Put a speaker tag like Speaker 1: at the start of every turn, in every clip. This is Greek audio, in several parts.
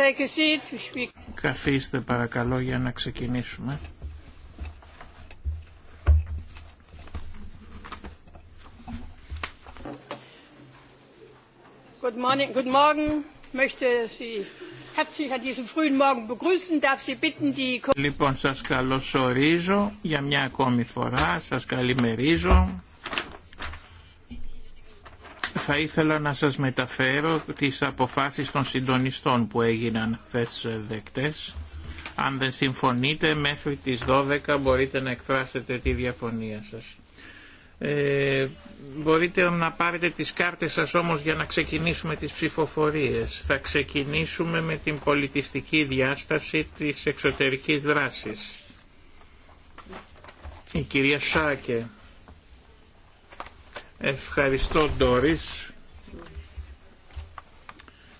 Speaker 1: Take a seat. Καθίστε παρακαλώ για να ξεκινήσουμε. Good morning. Good morning. Möchte Sie herzlich an diesem frühen Morgen begrüßen. Darf Sie
Speaker 2: bitten, die...
Speaker 1: Λοιπόν, σας καλωσορίζω για μια ακόμη φορά. Σας καλημερίζω θα ήθελα να σας μεταφέρω τις αποφάσεις των συντονιστών που έγιναν χθε δεκτές. Αν δεν συμφωνείτε μέχρι τις 12 μπορείτε να εκφράσετε τη διαφωνία σας. Ε, μπορείτε να πάρετε τις κάρτες σας όμως για να ξεκινήσουμε τις ψηφοφορίες. Θα ξεκινήσουμε με την πολιτιστική διάσταση της εξωτερικής δράσης. Η κυρία Σάκε. Ευχαριστώ Ντόρις.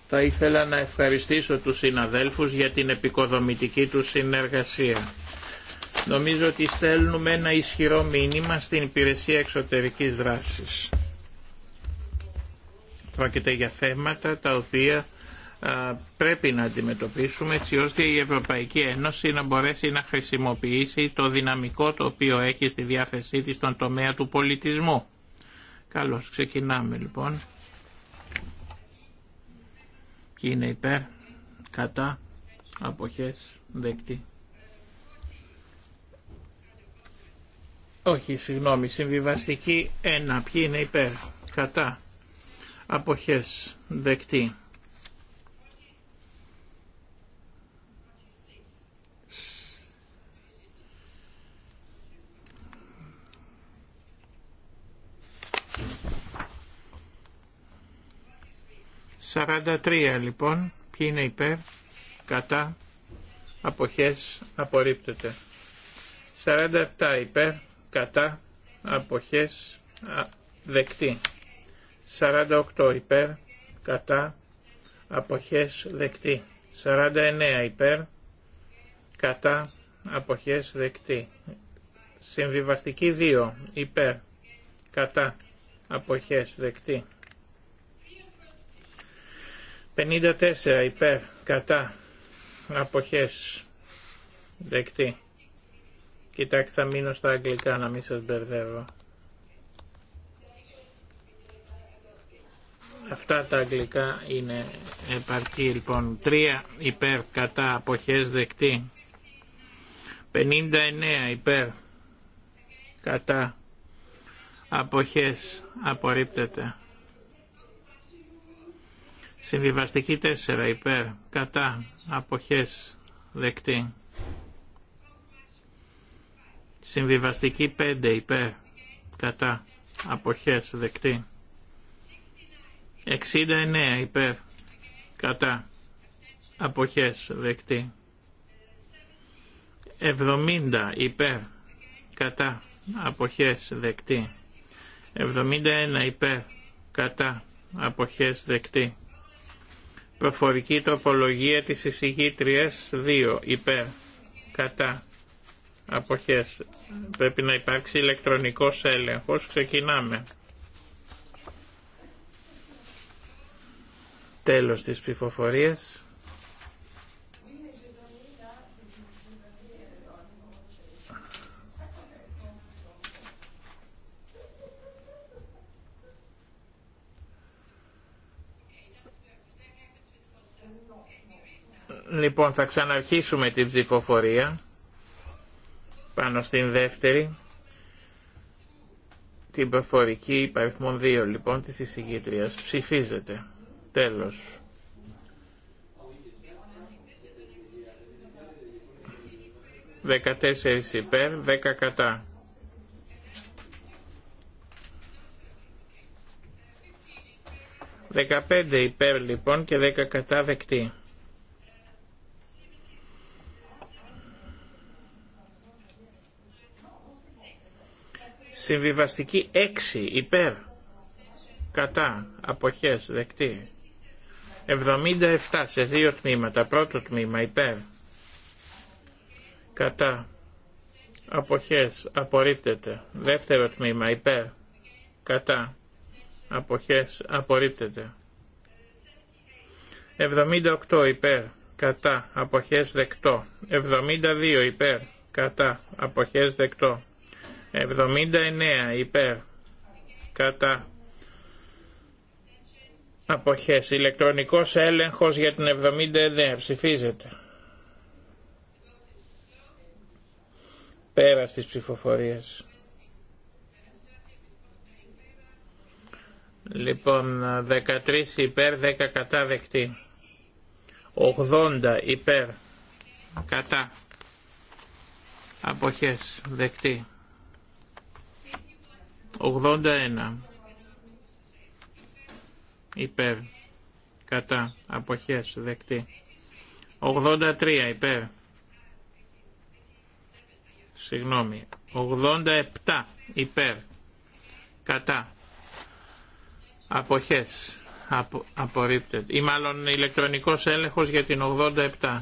Speaker 1: Θα ήθελα να ευχαριστήσω τους συναδέλφους για την επικοδομητική τους συνεργασία. Νομίζω ότι στέλνουμε ένα ισχυρό μήνυμα στην υπηρεσία εξωτερικής δράσης. Πρόκειται για θέματα τα οποία πρέπει να αντιμετωπίσουμε έτσι ώστε η Ευρωπαϊκή Ένωση να μπορέσει να χρησιμοποιήσει το δυναμικό το οποίο έχει στη διάθεσή της στον τομέα του πολιτισμού. Καλώς, ξεκινάμε λοιπόν. Ποιοι είναι υπέρ, κατά, αποχές, δεκτή. Όχι, συγγνώμη, συμβιβαστική Ένα Ποιοι είναι υπέρ, κατά, αποχές, δεκτή. 43 λοιπόν, ποιοι είναι υπέρ, κατά, αποχές, απορρίπτεται. 47 υπέρ, κατά, αποχές, δεκτή. 48 υπέρ, κατά, αποχές, δεκτή. 49 υπέρ, κατά, αποχές, δεκτή. Συμβιβαστική 2 υπέρ, κατά, αποχές, δεκτή. 54 υπέρ κατά αποχές δεκτή. Κοιτάξτε θα μείνω στα αγγλικά να μην σας μπερδεύω. Αυτά τα αγγλικά είναι επαρκή λοιπόν. 3 υπέρ κατά αποχές δεκτή. 59 υπέρ κατά αποχές απορρίπτεται. Συμβιβαστική 4 υπέρ κατά αποχές δεκτή. Συμβιβαστική 5 υπέρ κατά αποχές δεκτή. 69 υπέρ κατά αποχές δεκτή. 70 υπέρ κατά αποχές δεκτή. 71 υπέρ κατά αποχές δεκτή. Προφορική τροπολογία της εισηγήτριας 2 υπέρ κατά αποχές. Πρέπει να υπάρξει ηλεκτρονικός έλεγχος. Ξεκινάμε. Τέλος της ψηφοφορίας. Λοιπόν, θα ξαναρχίσουμε την ψηφοφορία πάνω στην δεύτερη, την προφορική υπαριθμών 2, λοιπόν, της εισηγήτριας. Ψηφίζεται. Τέλος. Δεκατέσσερις υπέρ, δέκα κατά. Δεκαπέντε υπέρ λοιπόν και 10 κατά δεκτή. Συμβιβαστική 6 υπέρ. Κατά. Αποχές. Δεκτή. 77 σε δύο τμήματα. Πρώτο τμήμα υπέρ. Κατά. Αποχές. Απορρίπτεται. Δεύτερο τμήμα υπέρ. Κατά. Αποχές. Απορρίπτεται. 78 υπέρ. Κατά. Αποχές δεκτό. 72 υπέρ. Κατά. Αποχές δεκτό. 79 υπέρ κατά αποχές. Ηλεκτρονικός έλεγχος για την 79 ψηφίζεται. Πέρα στις ψηφοφορίες. Λοιπόν, 13 υπέρ, 10 κατά δεκτή. 80 υπέρ, κατά. Αποχές, δεκτή. 81 υπέρ κατά αποχές δεκτή 83 υπέρ συγγνώμη 87 υπέρ κατά αποχές απο, απορρίπτεται ή μάλλον ηλεκτρονικός έλεγχος για την 87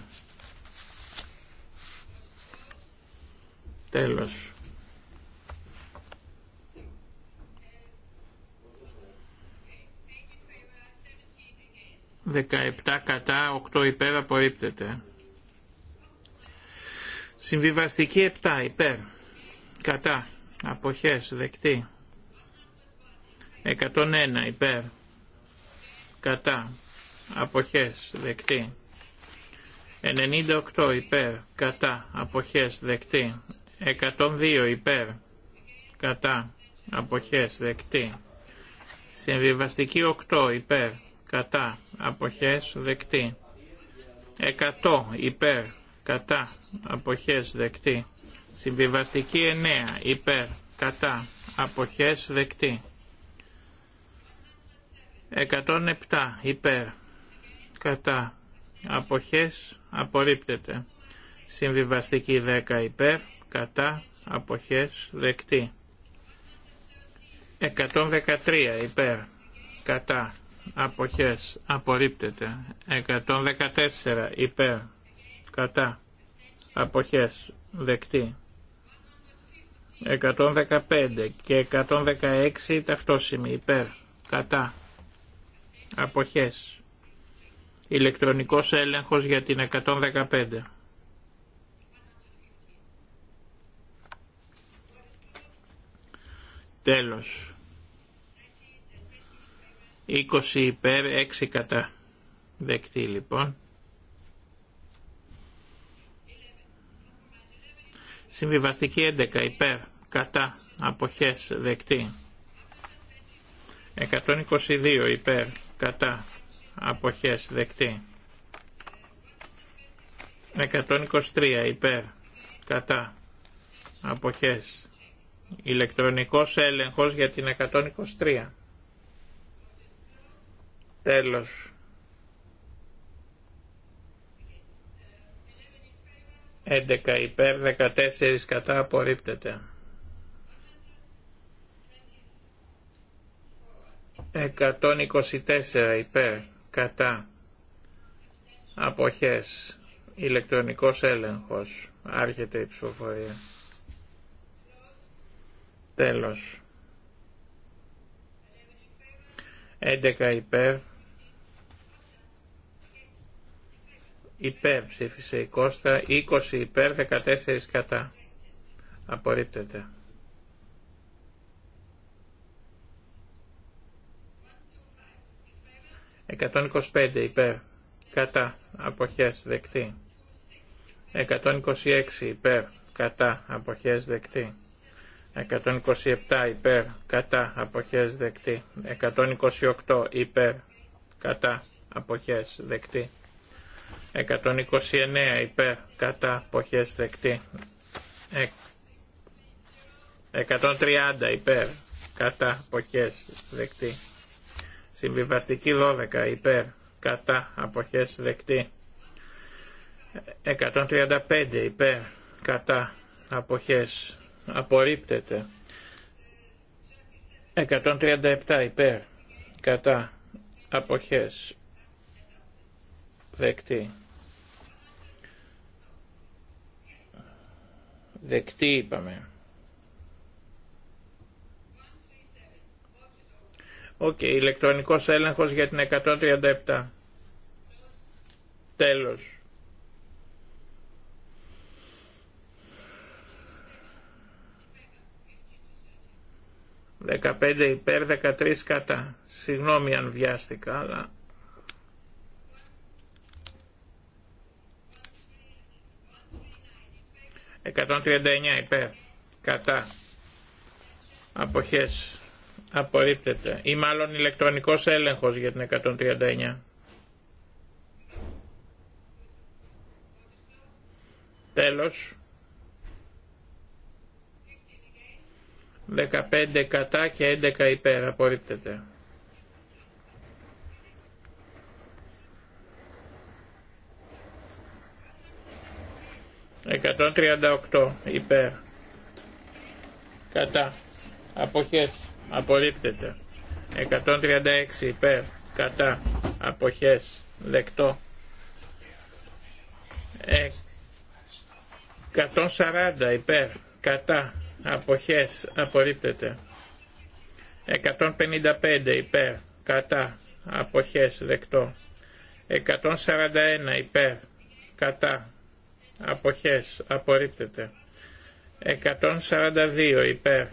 Speaker 1: τέλος 17 κατά, 8 υπέρ απορρίπτεται. Συμβιβαστική 7 υπέρ, κατά, αποχές, δεκτή. 101 υπέρ, κατά, αποχές, δεκτή. 98 υπέρ, κατά, αποχές, δεκτή. 102 υπέρ, κατά, αποχές, δεκτή. Συμβιβαστική 8 υπέρ, κατά αποχές δεκτή 100 υπέρ κατά αποχές δεκτή συμβιβαστική 9 υπέρ κατά αποχές δεκτή 107 υπέρ κατά αποχές απορρίπτεται συμβιβαστική 10 υπέρ κατά αποχές δεκτή 113 υπέρ κατά αποχές απορρίπτεται 114 υπέρ κατά αποχές δεκτή 115 και 116 ταυτόσημοι υπέρ κατά αποχές ηλεκτρονικός έλεγχος για την 115 Τέλος. 20 υπέρ 6 κατά. Δεκτή λοιπόν. Συμβιβαστική 11 υπέρ κατά αποχές δεκτή. 122 υπέρ κατά αποχές δεκτή. 123 υπέρ κατά αποχές ηλεκτρονικός έλεγχος για την 123 Τέλος. 11 υπέρ, 14 κατά απορρίπτεται. 124 υπέρ, κατά, αποχές, ηλεκτρονικός έλεγχος, άρχεται η ψηφοφορία. Τέλο 11 υπέρ, υπέρ ψήφισε η Κώστα, 20 υπέρ, 14 κατά. Απορρίπτεται. 125 υπέρ, κατά, αποχές, δεκτή. 126 υπέρ, κατά, αποχές, δεκτή. 127 υπέρ, κατά, αποχές, δεκτή. 128 υπέρ, κατά, αποχές, δεκτή. 129 υπέρ κατά αποχές δεκτή. 130 ε, υπέρ κατά αποχές δεκτή. Συμβιβαστική 12 υπέρ κατά αποχές δεκτή. 135 υπέρ κατά αποχές απορρίπτεται. 137 υπέρ κατά αποχές Δεκτή. Δεκτή είπαμε. Οκ, okay, ηλεκτρονικός έλεγχος για την 137. Τέλος. 15 υπέρ, 13 κατά. Συγγνώμη αν βιάστηκα, αλλά 139 υπέρ. Κατά. Αποχές. Απορρίπτεται. Ή μάλλον ηλεκτρονικός έλεγχος για την 139. Τέλος. 15 κατά και 11 υπέρ. Απορρίπτεται. 138 υπέρ. Κατά. Αποχές. Απορρίπτεται. 136 υπέρ. Κατά. Αποχές. Δεκτό. 140 υπέρ. Κατά. Αποχές. Απορρίπτεται. 155 υπέρ. Κατά. Αποχές. Δεκτό. 141 υπέρ. Κατά αποχές απορρίπτεται 142 υπέρ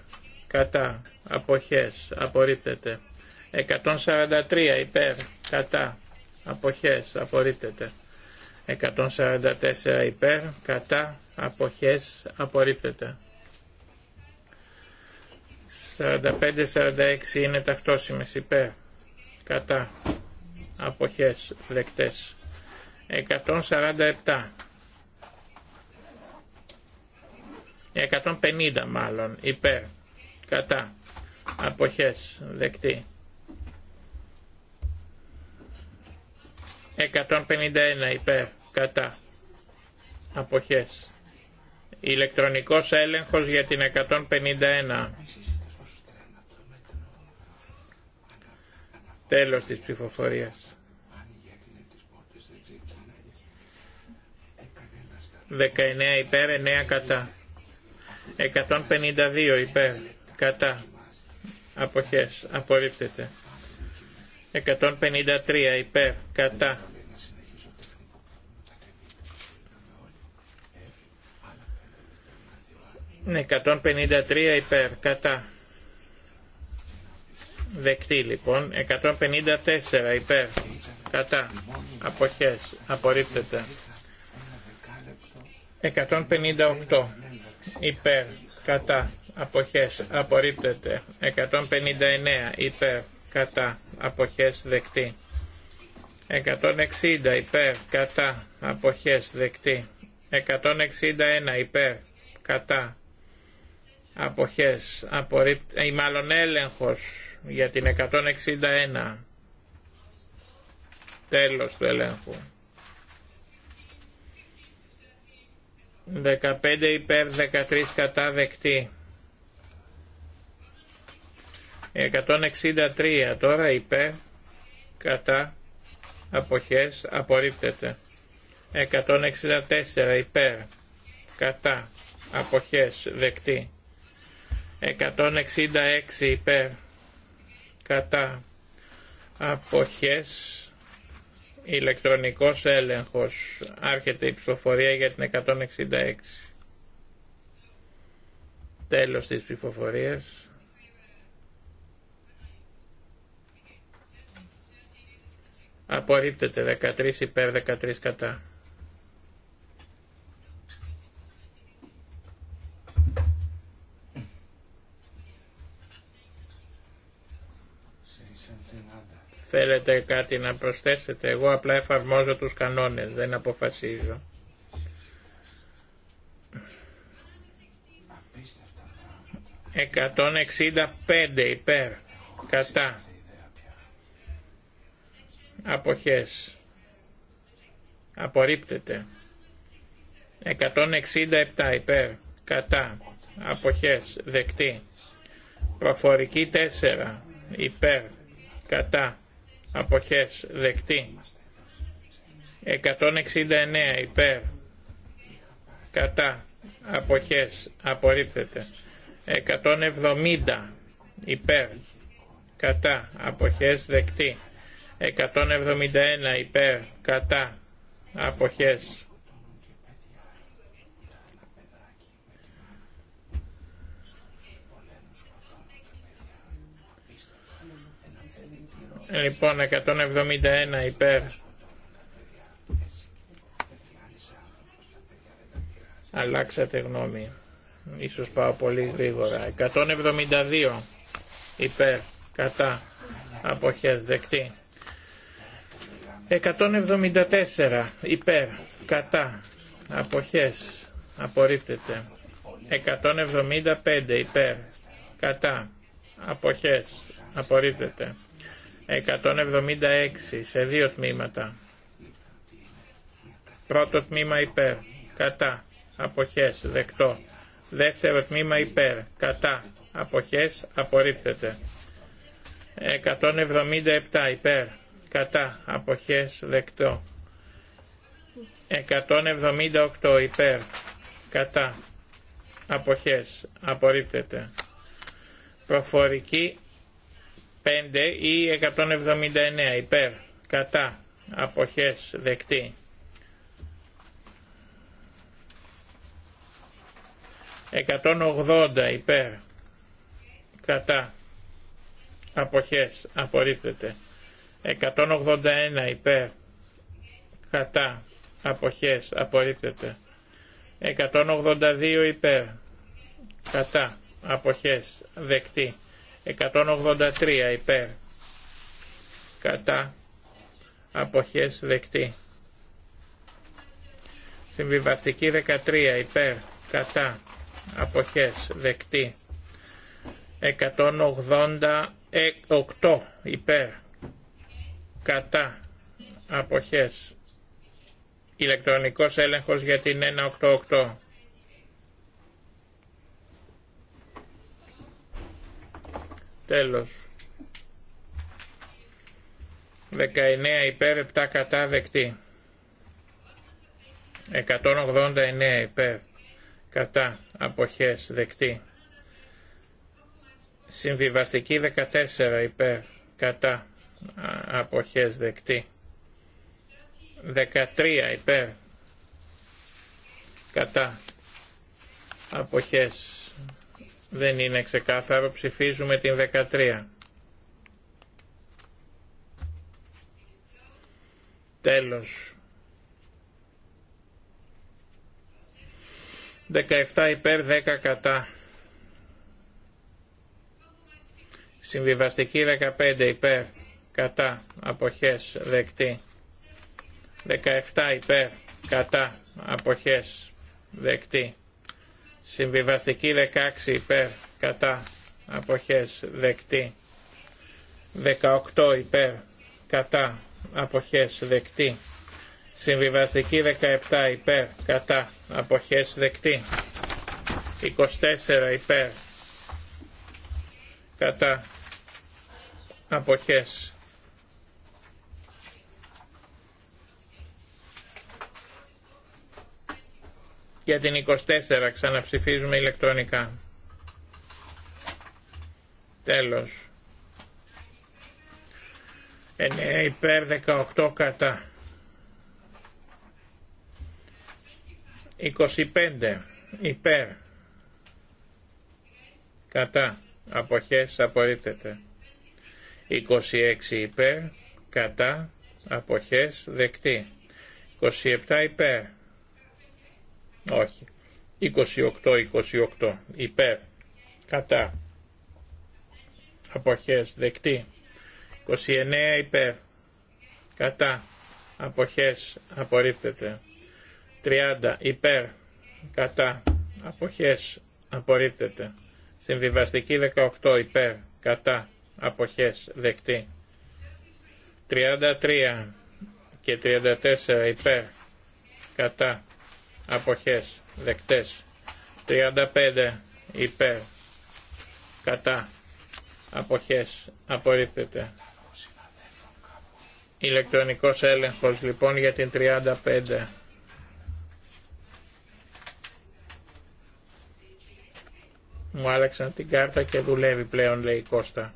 Speaker 1: κατά αποχές απορρίπτεται 143 υπέρ κατά αποχές απορρίπτεται 144 υπέρ κατά αποχές απορρίπτεται 45-46 είναι ταυτόσιμες υπέρ κατά αποχές δεκτές 147 150 μάλλον, υπέρ, κατά, αποχές, δεκτή. 151 υπέρ, κατά, αποχές. Ηλεκτρονικός έλεγχος για την 151. Τέλος της ψηφοφορίας. 19 υπέρ, 9 κατά. 152 υπέρ κατά αποχές απορρίπτεται 153 υπέρ κατά 153 ναι, υπέρ, κατά. Δεκτή λοιπόν. 154 υπέρ, κατά. Αποχές, απορρίπτεται. 158 υπέρ, κατά, αποχές, απορρίπτεται. 159 υπέρ, κατά, αποχές, δεκτή. 160 υπέρ, κατά, αποχές, δεκτή. 161 υπέρ, κατά, αποχές, απορρίπτεται, ή μάλλον έλεγχος για την 161. Τέλος του ελέγχου. 15 υπέρ 13 κατά δεκτή. 163 τώρα υπέρ κατά αποχές απορρίπτεται. 164 υπέρ κατά αποχές δεκτή. 166 υπέρ κατά αποχές Ηλεκτρονικός έλεγχος. Άρχεται η ψηφοφορία για την 166. Τέλος της ψηφοφορίας. Απορρίπτεται 13 υπέρ 13 κατά. Θέλετε κάτι να προσθέσετε. Εγώ απλά εφαρμόζω τους κανόνες, δεν αποφασίζω. Εκατόν εξήντα υπέρ. Κατά. Αποχές. Απορρίπτεται. 167 υπέρ, κατά, αποχές, δεκτή. Προφορική 4, υπέρ, κατά, αποχές δεκτή 169 υπέρ κατά αποχές απορρίπτεται 170 υπέρ κατά αποχές δεκτή 171 υπέρ κατά αποχές
Speaker 3: Λοιπόν, 171
Speaker 1: υπέρ. Αλλάξατε γνώμη. Ίσως πάω πολύ γρήγορα. 172 υπέρ. Κατά. Αποχές δεκτή. 174 υπέρ. Κατά. Αποχές. Απορρίπτεται. 175 υπέρ. Κατά. Αποχές. Απορρίπτεται. 176 σε δύο τμήματα. Πρώτο τμήμα υπέρ, κατά, αποχές, δεκτό. Δεύτερο τμήμα υπέρ, κατά, αποχές, απορρίπτεται. 177 υπέρ, κατά, αποχές, δεκτό. 178 υπέρ, κατά, αποχές, απορρίπτεται. Προφορική ή 179 υπέρ κατά αποχές δεκτή. 180 υπέρ κατά αποχές απορρίπτεται. 181 υπέρ κατά αποχές απορρίπτεται. 182 υπέρ κατά αποχές δεκτή. 183 υπέρ κατά αποχές δεκτή. Συμβιβαστική 13 υπέρ κατά αποχές δεκτή. 188 υπέρ κατά αποχές. Ηλεκτρονικός έλεγχος για την 188. Τέλος. 19 υπέρ, 7 κατά δεκτή. 189 υπέρ, κατά αποχές δεκτή. Συμβιβαστική 14 υπέρ, κατά αποχές δεκτή. 13 υπέρ, κατά αποχές δεν είναι ξεκάθαρο, ψηφίζουμε την 13. Τέλος. 17 υπέρ 10 κατά. Συμβιβαστική 15 υπέρ κατά αποχές δεκτή. 17 υπέρ κατά αποχές δεκτή. Συμβιβαστική 16 υπέρ κατά αποχές δεκτή. 18 υπέρ κατά αποχές δεκτή. Συμβιβαστική 17 υπέρ κατά αποχές δεκτή. 24 υπέρ κατά αποχές Για την 24 ξαναψηφίζουμε ηλεκτρονικά. Τέλος. 9 ε, ναι, υπέρ 18 κατά. 25 υπέρ κατά αποχές απορρίπτεται 26 υπέρ κατά αποχές δεκτή 27 υπέρ όχι. 28-28 υπέρ κατά αποχές δεκτή. 29 υπέρ κατά αποχές απορρίπτεται. 30 υπέρ κατά αποχές απορρίπτεται. Συμβιβαστική 18 υπέρ κατά αποχές δεκτή. 33 και 34 υπέρ κατά αποχές δεκτές 35 υπέρ κατά αποχές απορρίπτεται ηλεκτρονικός έλεγχος λοιπόν για την 35 μου άλλαξαν την κάρτα και δουλεύει πλέον λέει Κώστα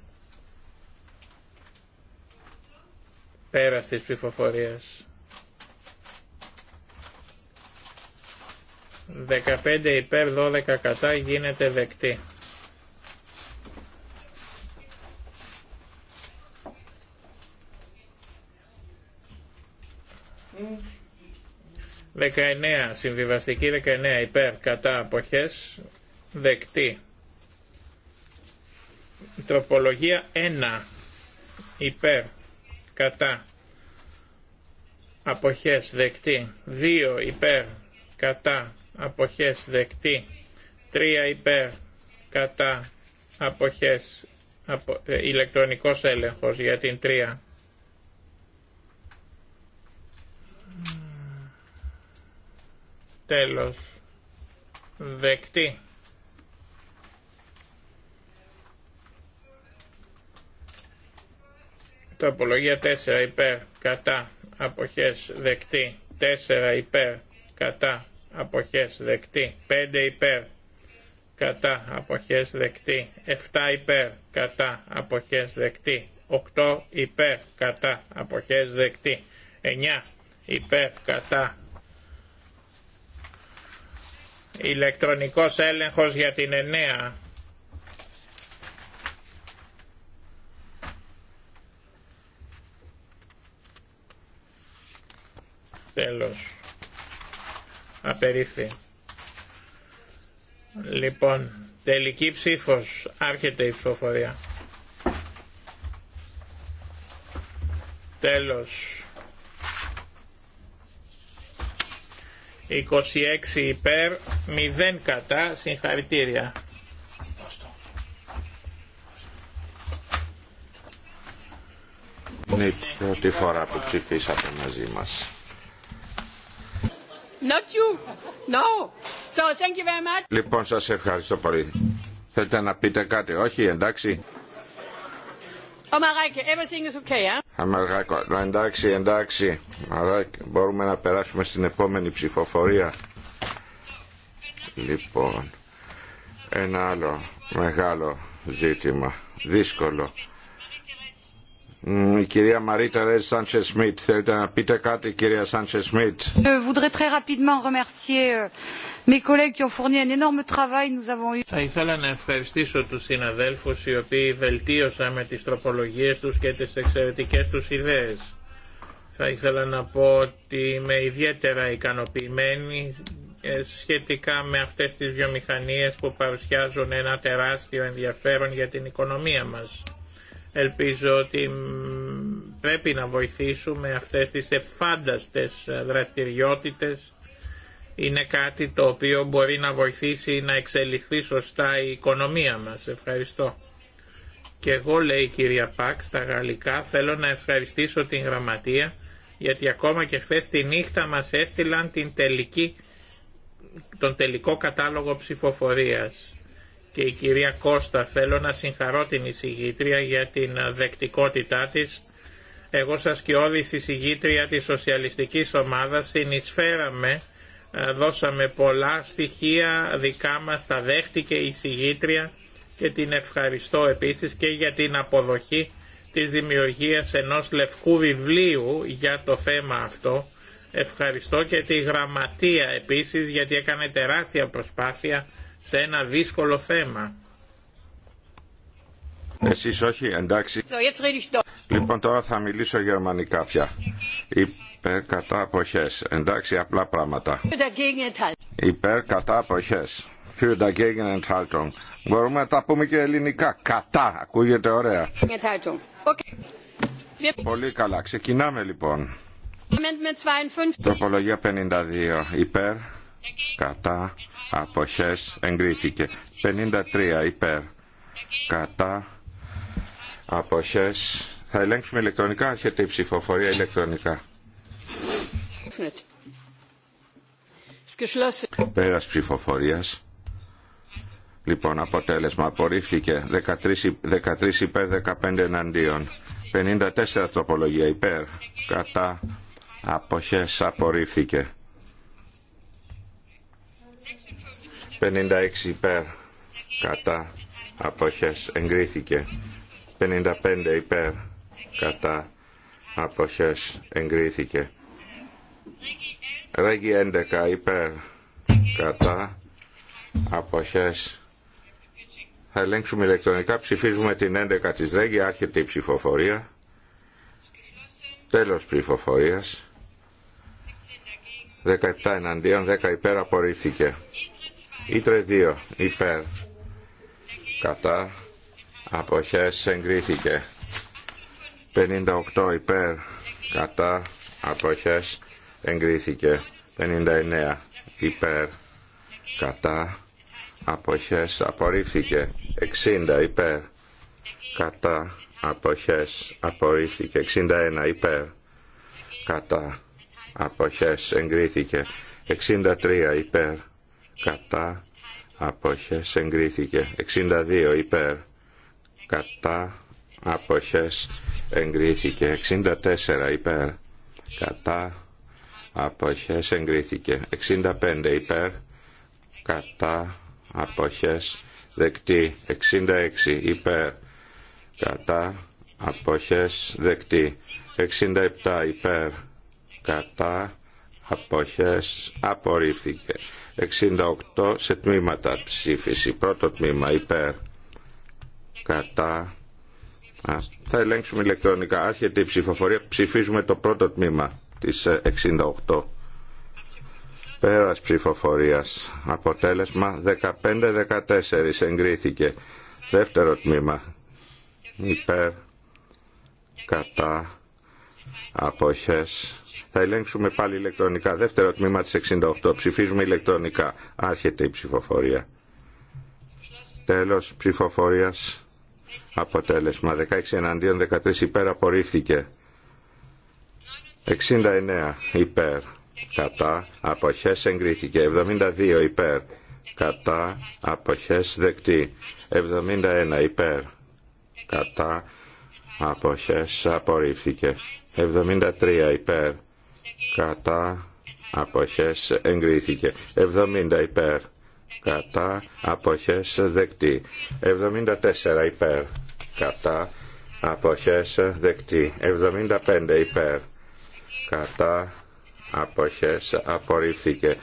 Speaker 1: πέρα στις ψηφοφορίες 15 υπέρ 12 κατά γίνεται δεκτή. Mm. 19, συμβιβαστική 19 υπέρ κατά αποχές δεκτή. Τροπολογία 1 υπέρ κατά αποχές δεκτή. 2 υπέρ κατά αποχές δεκτή τρία υπέρ κατά αποχές απο, ε, ηλεκτρονικός έλεγχος για την τρία. τέλος δεκτή Τοπολογία 4 υπέρ κατά αποχές δεκτή 4 υπέρ κατά αποχές δεκτή, 5 υπέρ, κατά αποχές δεκτή, 7 υπέρ, κατά αποχές δεκτή, 8 υπέρ, κατά αποχές δεκτή, 9 υπέρ, κατά ηλεκτρονικός έλεγχος για την 9. Τέλος. Απερίφθη. Λοιπόν, τελική ψήφος. Άρχεται η ψηφοφορία. Τέλος. 26 υπέρ, 0 κατά, συγχαρητήρια.
Speaker 3: Είναι η πρώτη φορά που ψηφίσατε μαζί μας.
Speaker 2: Not you. No.
Speaker 3: Λοιπόν, σας ευχαριστώ πολύ. Θέλετε να πείτε κάτι, όχι, εντάξει.
Speaker 2: Ο oh, Μαράκη, everything is
Speaker 3: okay, εντάξει, εντάξει. Μαράκη, μπορούμε να περάσουμε στην επόμενη ψηφοφορία. Λοιπόν, ένα άλλο μεγάλο ζήτημα, δύσκολο η κυρία Μαρίτα Σμιτ. Θέλετε να πείτε κάτι κυρία Σάντσε Σμιτ.
Speaker 1: Θα ήθελα να ευχαριστήσω τους συναδέλφους οι οποίοι βελτίωσαν με τις τροπολογίες τους και τις εξαιρετικέ τους ιδέες. Θα ήθελα να πω ότι είμαι ιδιαίτερα ικανοποιημένη ε, σχετικά με αυτές τις βιομηχανίες που παρουσιάζουν ένα τεράστιο ενδιαφέρον για την οικονομία μας. Ελπίζω ότι πρέπει να βοηθήσουμε αυτές τις εφάνταστες δραστηριότητες. Είναι κάτι το οποίο μπορεί να βοηθήσει να εξελιχθεί σωστά η οικονομία μας. Ευχαριστώ. Και εγώ λέει η κυρία Πακ στα γαλλικά θέλω να ευχαριστήσω την γραμματεία γιατί ακόμα και χθε τη νύχτα μας έστειλαν την τελική, τον τελικό κατάλογο ψηφοφορίας και η κυρία Κώστα θέλω να συγχαρώ την εισηγήτρια για την ε, δεκτικότητά της. Εγώ σας και η εισηγήτρια της σοσιαλιστικής ομάδας συνεισφέραμε, ε, δώσαμε πολλά στοιχεία δικά μας, τα δέχτηκε η εισηγήτρια και την ευχαριστώ επίσης και για την αποδοχή της δημιουργίας ενός λευκού βιβλίου για το θέμα αυτό. Ευχαριστώ και τη γραμματεία επίσης γιατί έκανε τεράστια προσπάθεια σε ένα δύσκολο θέμα.
Speaker 3: Εσείς όχι, εντάξει. Λοιπόν, τώρα θα μιλήσω γερμανικά πια. Υπέρ κατά αποχές. Εντάξει, απλά πράγματα. Υπέρ κατά αποχές. Für dagegen Μπορούμε να τα πούμε και ελληνικά. Κατά. Ακούγεται ωραία. Πολύ καλά. Ξεκινάμε λοιπόν. Τροπολογία 52. Υπέρ κατά αποχές εγκρίθηκε 53 υπέρ κατά αποχές θα ελέγξουμε ηλεκτρονικά έρχεται η ψηφοφορία ηλεκτρονικά πέρας ψηφοφορίας λοιπόν αποτέλεσμα απορρίφθηκε 13, 13 υπέρ 15 εναντίον 54 τροπολογία υπέρ κατά αποχές απορρίφθηκε 56 υπέρ κατά αποχές εγκρίθηκε 55 υπέρ κατά αποχές εγκρίθηκε Ρέγγι 11 υπέρ κατά αποχές θα ελέγξουμε ηλεκτρονικά ψηφίζουμε την 11 της Ρέγγι άρχεται η ψηφοφορία τέλος ψηφοφορίας 17 εναντίον 10 υπέρ απορρίφθηκε Ήτρε 2 υπέρ κατά αποχές εγκρίθηκε 58 υπέρ κατά αποχές εγκρίθηκε 59 υπέρ κατά αποχές απορρίφθηκε 60 υπέρ κατά αποχές απορρίφθηκε 61 υπέρ κατά αποχές εγκρίθηκε 63 υπέρ κατά αποχές εγκρίθηκε 62 υπέρ κατά αποχές εγκρίθηκε 64 υπέρ κατά αποχές εγκρίθηκε 65 υπέρ κατά αποχές δεκτή 66 υπέρ κατά αποχές δεκτή 67 υπέρ κατά αποχές απορρίφθηκε 68 σε τμήματα ψήφιση πρώτο τμήμα υπέρ κατά Α, θα ελέγξουμε ηλεκτρονικά άρχεται η ψηφοφορία ψηφίζουμε το πρώτο τμήμα της 68 ε, πέρας ψηφοφορίας αποτέλεσμα 15-14 εγκρίθηκε δεύτερο τμήμα υπέρ κατά αποχές θα ελέγξουμε πάλι ηλεκτρονικά. Δεύτερο τμήμα τη 68. Ψηφίζουμε ηλεκτρονικά. Άρχεται η ψηφοφορία. Τέλο ψηφοφορία Αποτέλεσμα. 16 εναντίον 13 υπέρ απορρίφθηκε. 69 υπέρ. Κατά. Αποχές εγκρίθηκε. 72 υπέρ. Κατά. Αποχές δεκτή. 71 υπέρ. Κατά. Αποχές απορρίφθηκε. 73 υπέρ κατά αποχές εγκρίθηκε 70 υπέρ κατά αποχές δεκτή 74 υπέρ κατά αποχές δεκτή 75 υπέρ κατά αποχές απορρίφθηκε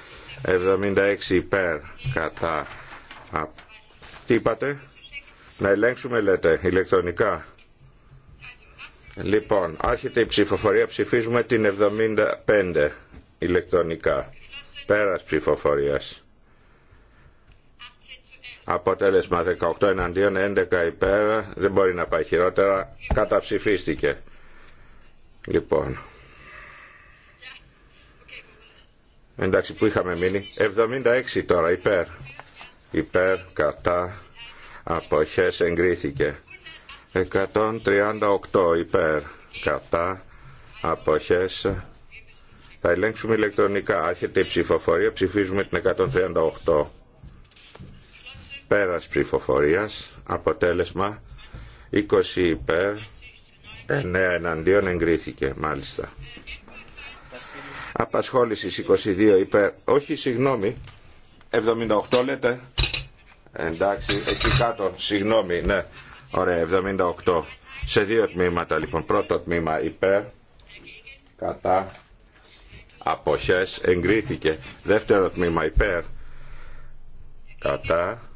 Speaker 3: 76 υπέρ κατά α... τι είπατε να ελέγξουμε λέτε ηλεκτρονικά Λοιπόν, άρχεται η ψηφοφορία. Ψηφίζουμε την 75 ηλεκτρονικά. Πέρας ψηφοφορίας. Αποτέλεσμα 18 εναντίον 11 υπέρ. Δεν μπορεί να πάει χειρότερα. Καταψηφίστηκε. Λοιπόν. Εντάξει, που είχαμε μείνει. 76 τώρα υπέρ. Υπέρ, κατά, αποχές εγκρίθηκε. 138 υπέρ κατά αποχές θα ελέγξουμε ηλεκτρονικά άρχεται η ψηφοφορία ψηφίζουμε την 138 πέρας ψηφοφορίας αποτέλεσμα 20 υπέρ 9 εναντίον εγκρίθηκε μάλιστα Απασχόληση 22 υπέρ όχι συγγνώμη 78 λέτε εντάξει εκεί κάτω συγγνώμη ναι Ωραία, 78. Σε δύο τμήματα λοιπόν. Πρώτο τμήμα υπέρ, κατά, αποχές, εγκρίθηκε. Δεύτερο τμήμα υπέρ, κατά,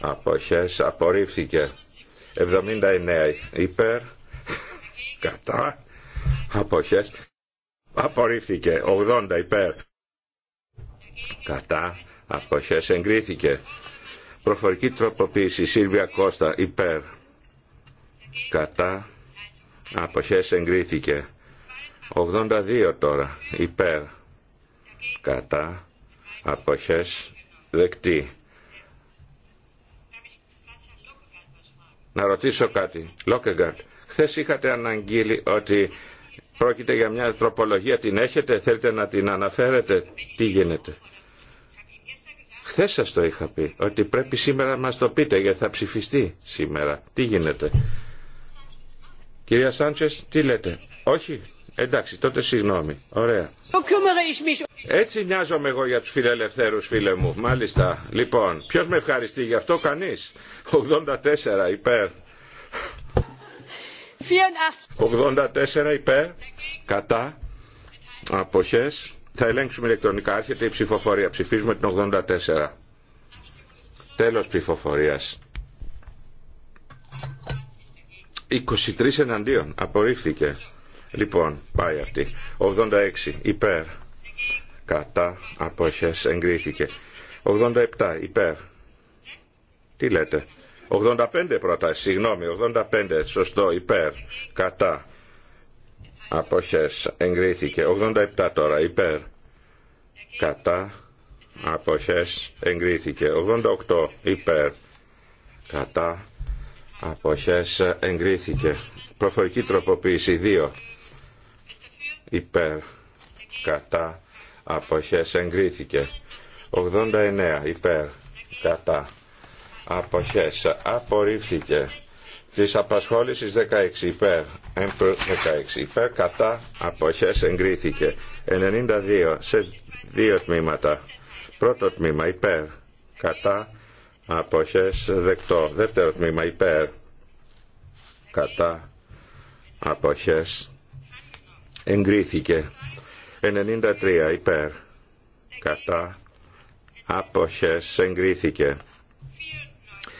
Speaker 3: αποχές, απορρίφθηκε. 79 υπέρ, κατά, αποχές, απορρίφθηκε. 80 υπέρ, κατά, αποχές, εγκρίθηκε. Προφορική τροποποίηση. Σίλβια Κώστα υπέρ. Κατά. Αποχές εγκρίθηκε. 82 τώρα. Υπέρ. Κατά. Αποχές δεκτή. Να ρωτήσω κάτι. Λόκεγκαρτ. Χθες είχατε αναγγείλει ότι πρόκειται για μια τροπολογία. Την έχετε. Θέλετε να την αναφέρετε. Τι γίνεται. Χθε σα το είχα πει, ότι πρέπει σήμερα να μας το πείτε, γιατί θα ψηφιστεί σήμερα. Τι γίνεται. Κυρία Σάντσες, τι λέτε. Όχι. Εντάξει, τότε συγγνώμη. Ωραία. Έτσι νοιάζομαι εγώ για τους φιλελευθέρους, φίλε μου. Μάλιστα. Λοιπόν, ποιος με ευχαριστεί γι' αυτό, κανείς. 84 υπέρ. 84 υπέρ. Κατά. Αποχές. Θα ελέγξουμε ηλεκτρονικά. Άρχεται η ψηφοφορία. Ψηφίζουμε την 84. Τέλος ψηφοφορίας. 23 εναντίον. Απορρίφθηκε. Λοιπόν, πάει αυτή. 86 υπέρ. Κατά αποχές εγκρίθηκε. 87 υπέρ. Τι λέτε. 85 πρωτά. συγγνώμη, 85, σωστό, υπέρ, κατά, αποχές εγκρίθηκε 87 τώρα υπέρ κατά αποχές εγκρίθηκε 88 υπέρ κατά αποχές εγκρίθηκε προφορική τροποποίηση 2 υπέρ κατά αποχές εγκρίθηκε 89 υπέρ κατά αποχές απορρίφθηκε της απασχόλησης 16 υπέρ, 16 υπέρ κατά αποχές εγκρίθηκε 92 σε δύο τμήματα πρώτο τμήμα υπέρ κατά αποχές δεκτό δεύτερο τμήμα υπέρ κατά αποχές εγκρίθηκε 93 υπέρ κατά αποχές εγκρίθηκε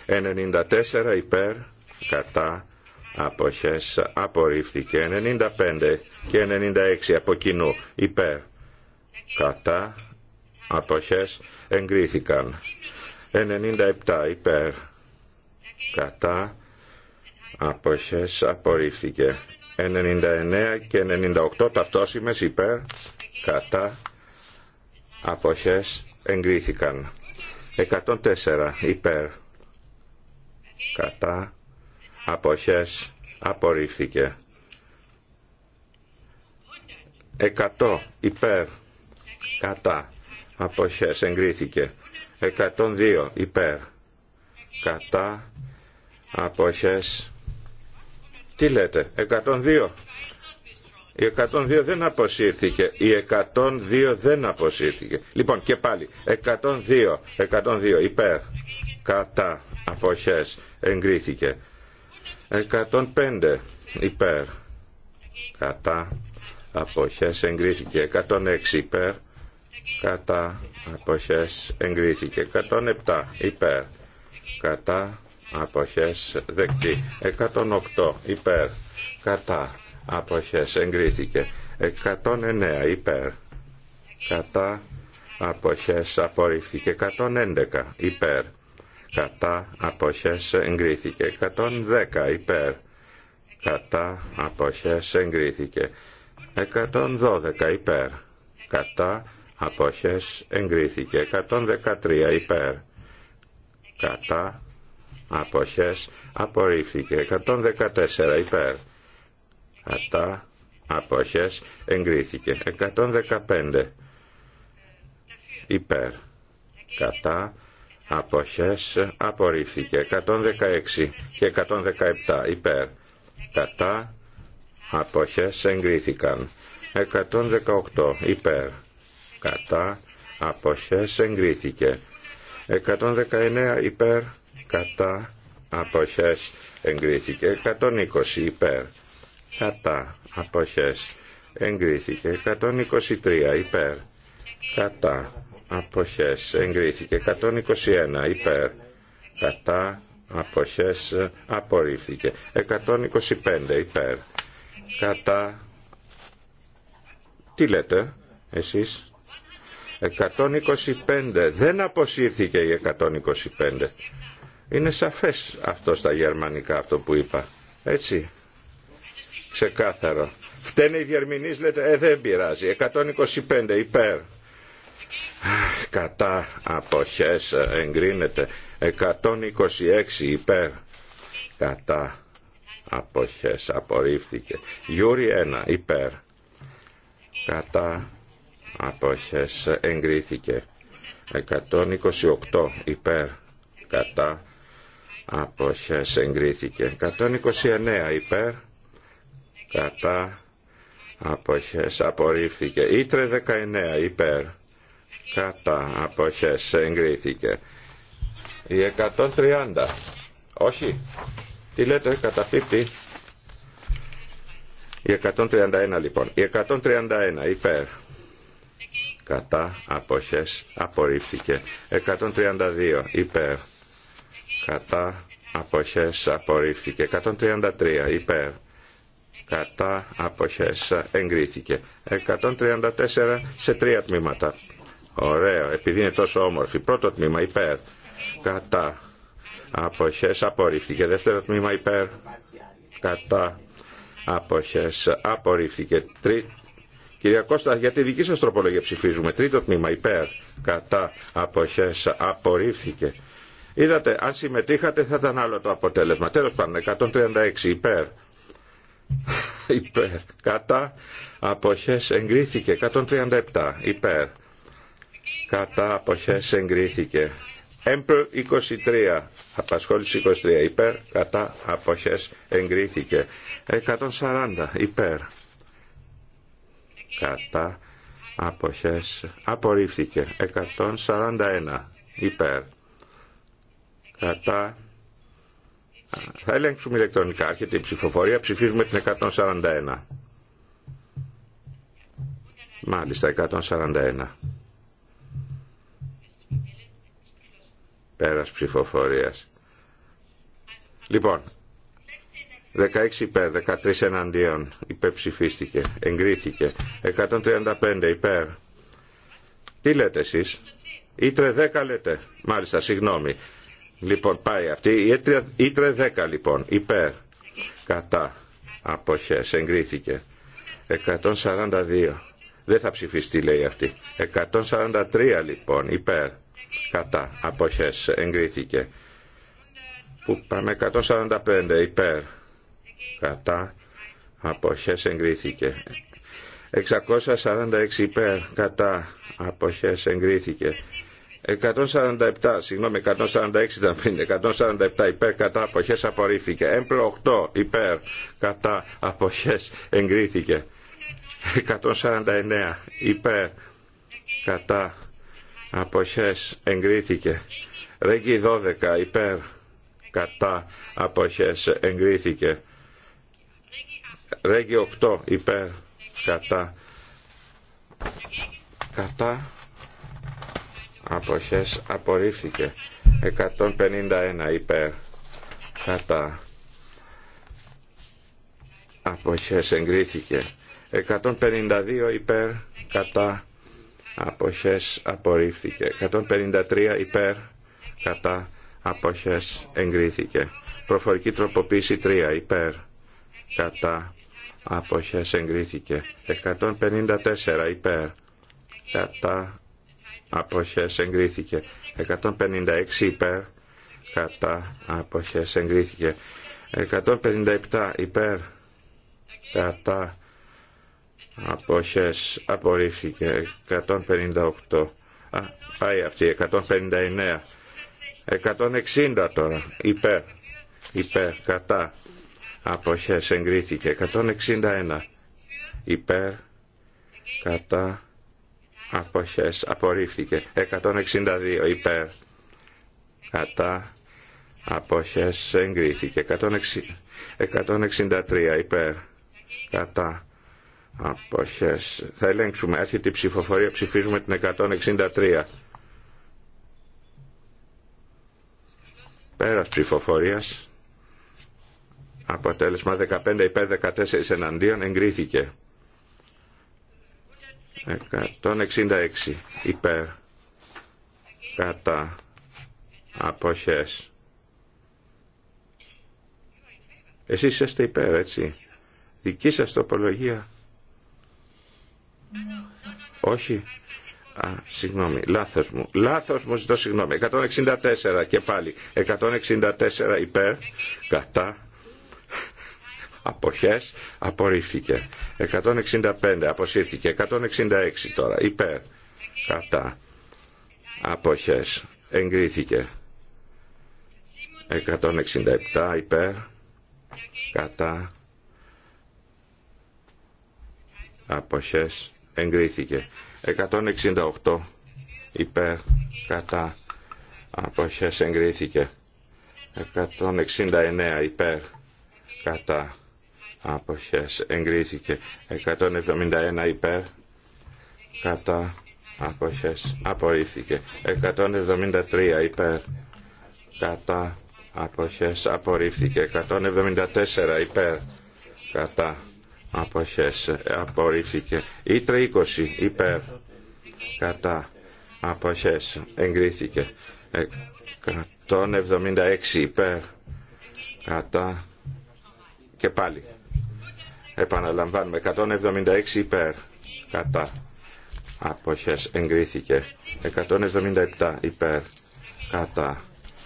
Speaker 3: 94 υπέρ κατά αποχές απορρίφθηκε 95 και 96 από κοινού υπέρ κατά αποχές εγκρίθηκαν 97 υπέρ κατά αποχές απορρίφθηκε 99 και 98 ταυτόσιμες υπέρ κατά αποχές εγκρίθηκαν 104 υπέρ κατά αποχές απορρίφθηκε 100 υπέρ κατά αποχές εγκρίθηκε 102 υπέρ κατά αποχές τι λέτε 102 η 102 δεν αποσύρθηκε. Η 102 δεν αποσύρθηκε. Λοιπόν και πάλι 102, 102 υπέρ, κατά, αποχές, εγκρίθηκε. 105 υπέρ κατά αποχές εγκρίθηκε 106 υπέρ κατά αποχές εγκρίθηκε 107 υπέρ κατά αποχές δεκτή 108 υπέρ κατά αποχές εγκρίθηκε 109 υπέρ κατά αποχές απορρίφθηκε 111 υπέρ κατά αποχές εγκρίθηκε 110 υπέρ κατά αποχές εγκρίθηκε 112 υπέρ κατά αποχές εγκρίθηκε 113 υπέρ κατά αποχές απορρίφθηκε 114 υπέρ κατά αποχές εγκρίθηκε 115 υπέρ κατά αποχές απορρίφθηκε 116 και 117 υπέρ κατά αποχές εγκρίθηκαν 118 υπέρ κατά αποχές εγκρίθηκε 119 υπέρ κατά αποχές εγκρίθηκε 120 υπέρ κατά αποχές εγκρίθηκε 123 υπέρ κατά αποχές εγκρίθηκε 121 υπέρ κατά αποχές απορρίφθηκε 125 υπέρ κατά τι λέτε εσείς 125 δεν αποσύρθηκε η 125 είναι σαφές αυτό στα γερμανικά αυτό που είπα έτσι ξεκάθαρο φταίνε οι διερμηνείς λέτε ε δεν πειράζει 125 υπέρ κατά αποχές ε, εγκρίνεται 126 υπέρ κατά αποχές απορρίφθηκε Γιούρι 1 υπέρ κατά αποχές εγκρίθηκε 128 υπέρ κατά αποχές εγκρίθηκε 129 υπέρ κατά αποχές απορρίφθηκε Ήτρε 19 υπέρ κατά αποχές εγκρίθηκε η 130 όχι τι λέτε καταπίπτει η 131 λοιπόν η 131 υπέρ κατά αποχές απορρίφθηκε 132 υπέρ κατά αποχές απορρίφθηκε 133 υπέρ κατά αποχές εγκρίθηκε 134 σε τρία τμήματα Ωραίο, επειδή είναι τόσο όμορφη. Πρώτο τμήμα υπέρ. Κατά. απόχέ απορρίφθηκε. Δεύτερο τμήμα υπέρ. Κατά. απόχέ απορρίφθηκε. Τρί... Κυρία Κώστα, για τη δική σας τροπολογία ψηφίζουμε. Τρίτο τμήμα υπέρ. Κατά. απόχέ απορρίφθηκε. Είδατε, αν συμμετείχατε θα ήταν άλλο το αποτέλεσμα. Τέλο πάντων, 136 υπέρ. υπέρ. Κατά. απόχέ εγκρίθηκε. 137 υπέρ κατά αποχές εγκρίθηκε. Έμπρο 23, απασχόληση 23, υπέρ, κατά, αποχές, εγκρίθηκε. 140, υπέρ, κατά, αποχές, απορρίφθηκε. 141, υπέρ, κατά, θα ελέγξουμε ηλεκτρονικά, έρχεται η ψηφοφορία, ψηφίζουμε την 141. Μάλιστα, 141. Πέρας ψηφοφορίας. Λοιπόν, 16 υπέρ, 13 εναντίον, υπεψηφίστηκε, εγκρίθηκε. 135 υπέρ. Τι λέτε εσείς, Ήτρε 10 λέτε, μάλιστα, συγγνώμη. Λοιπόν, πάει αυτή, Ήτρε 10 λοιπόν, υπέρ, κατά, αποχές, εγκρίθηκε. 142, δεν θα ψηφιστεί λέει αυτή. 143 λοιπόν, υπέρ, κατά αποχές εγκρίθηκε που πάμε 145 υπέρ κατά αποχές εγκρίθηκε 646 υπέρ κατά αποχές εγκρίθηκε 147, συγγνώμη 146 ήταν πριν, 147 υπέρ κατά αποχές απορρίφθηκε. Έμπλο 8 υπέρ κατά αποχές εγκρίθηκε. 149 υπέρ κατά αποχές εγκρίθηκε. Ρέγγι 12 υπέρ κατά αποχές εγκρίθηκε. Ρέγγι 8 υπέρ κατά κατά αποχές απορρίφθηκε. 151 υπέρ κατά αποχές εγκρίθηκε. 152 υπέρ κατά αποχές απορρίφθηκε 153 υπέρ κατά αποχές εγκρίθηκε προφορική τροποποίηση 3 υπέρ κατά αποχές εγκρίθηκε 154 υπέρ κατά αποχές εγκρίθηκε 156 υπέρ κατά αποχές εγκρίθηκε 157 υπέρ κατά αποχές απορρίφθηκε 158 Α, πάει αυτή 159 160 τώρα υπέρ υπέρ κατά αποχές εγκρίθηκε 161 υπέρ κατά αποχές απορρίφθηκε 162 υπέρ κατά αποχές εγκρίθηκε 163 υπέρ κατά Αποχές. Θα ελέγξουμε. έρχεται η ψηφοφορία. Ψηφίζουμε την 163. Πέρας ψηφοφορίας. Αποτέλεσμα 15 υπέρ 14 εναντίον εγκρίθηκε. 166 υπέρ κατά αποχές. Εσείς είστε υπέρ, έτσι. Δική σας τοπολογία. Όχι. Α, συγγνώμη, λάθος μου. Λάθος μου, ζητώ συγγνώμη. 164 και πάλι. 164 υπέρ, κατά, αποχές, απορρίφθηκε. 165 αποσύρθηκε. 166 τώρα, υπέρ, κατά, αποχές, εγκρίθηκε. 167 υπέρ, κατά, αποχές, εγκρίθηκε. 168 υπέρ κατά αποχές εγκρίθηκε. 169 υπέρ κατά αποχές εγκρίθηκε. 171 υπέρ κατά αποχές απορρίφθηκε. 173 υπέρ κατά αποχές απορρίφθηκε. 174 υπέρ κατά αποχές απορρίφθηκε ήτρε 20 υπέρ κατά αποχές εγκρίθηκε 176 ε, υπέρ κατά και πάλι επαναλαμβάνουμε 176 υπέρ κατά αποχές εγκρίθηκε 177 υπέρ κατά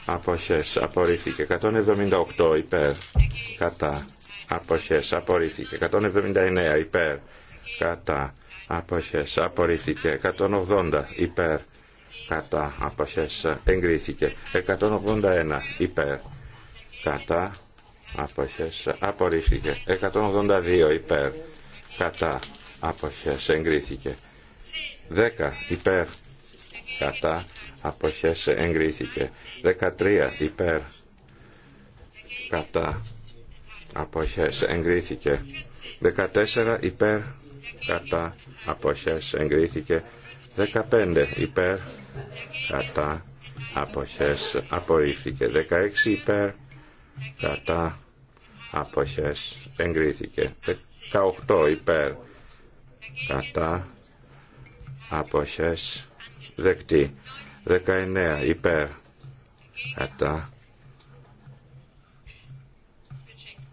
Speaker 3: αποχές απορρίφθηκε 178 υπέρ κατά αποχές απορρίφθηκε 179 υπέρ κατά αποχές απορρίφθηκε 180 υπέρ κατά αποχές εγκρίθηκε 181 υπέρ κατά αποχές απορρίφθηκε 182 υπέρ κατά αποχές εγκρίθηκε 10 υπέρ κατά αποχές εγκρίθηκε 13 υπέρ κατά αποχές εγκρίθηκε 14 υπέρ κατά αποχές εγκρίθηκε 15 υπέρ κατά αποχές απορρίφθηκε 16 υπέρ κατά αποχές εγκρίθηκε 18 υπέρ κατά αποχές δεκτή 19 υπέρ κατά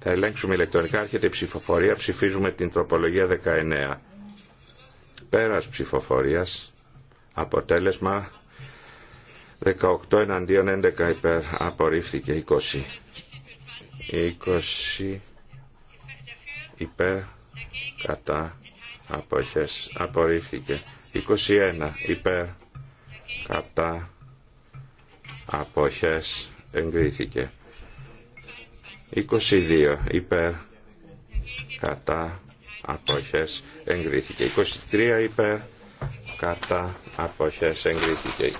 Speaker 3: Θα ελέγξουμε ηλεκτρονικά. Άρχεται η ψηφοφορία. Ψηφίζουμε την τροπολογία 19. Πέρας ψηφοφορίας. Αποτέλεσμα 18 εναντίον 11 υπέρ. Απορρίφθηκε 20. 20 υπέρ κατά αποχές απορρίφθηκε 21 υπέρ κατά αποχές εγκρίθηκε 22 υπέρ κατά αποχές εγκρίθηκε 23 υπέρ κατά αποχές εγκρίθηκε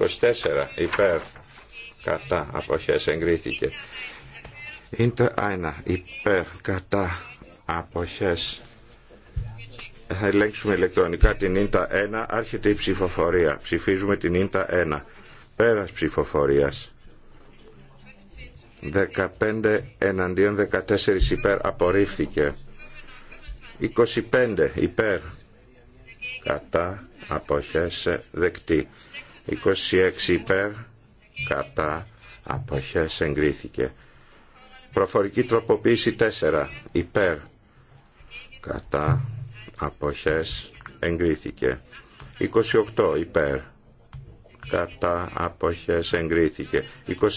Speaker 3: 24 υπέρ κατά αποχές εγκρίθηκε είναι 1 υπέρ κατά αποχές θα ελέγξουμε ηλεκτρονικά την ίντα 1 άρχεται η ψηφοφορία ψηφίζουμε την ίντα 1 πέρας ψηφοφορίας 15 εναντίον 14 υπέρ απορρίφθηκε 25 υπέρ κατά αποχές δεκτή 26 υπέρ κατά αποχές εγκρίθηκε προφορική τροποποίηση 4 υπέρ κατά αποχές εγκρίθηκε 28 υπέρ κατά αποχές εγκρίθηκε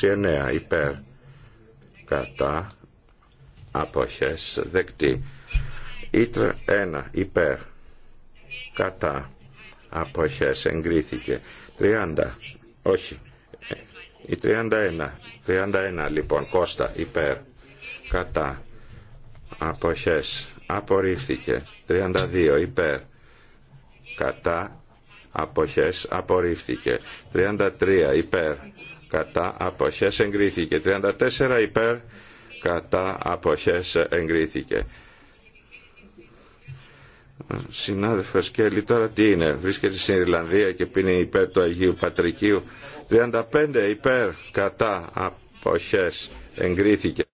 Speaker 3: 29 υπέρ κατά αποχές δεκτή ήτρ 1 υπέρ κατά αποχές εγκρίθηκε 30 όχι η 31 31 λοιπόν Κώστα υπέρ κατά αποχές απορρίφθηκε 32 υπέρ κατά αποχές απορρίφθηκε 33 υπέρ κατά αποχές εγκρίθηκε. 34 υπέρ κατά αποχές εγκρίθηκε. Συνάδελφε Κέλλη τώρα τι είναι, βρίσκεται στην Ιρλανδία και πίνει υπέρ του Αγίου Πατρικίου. 35 υπέρ κατά αποχές εγκρίθηκε.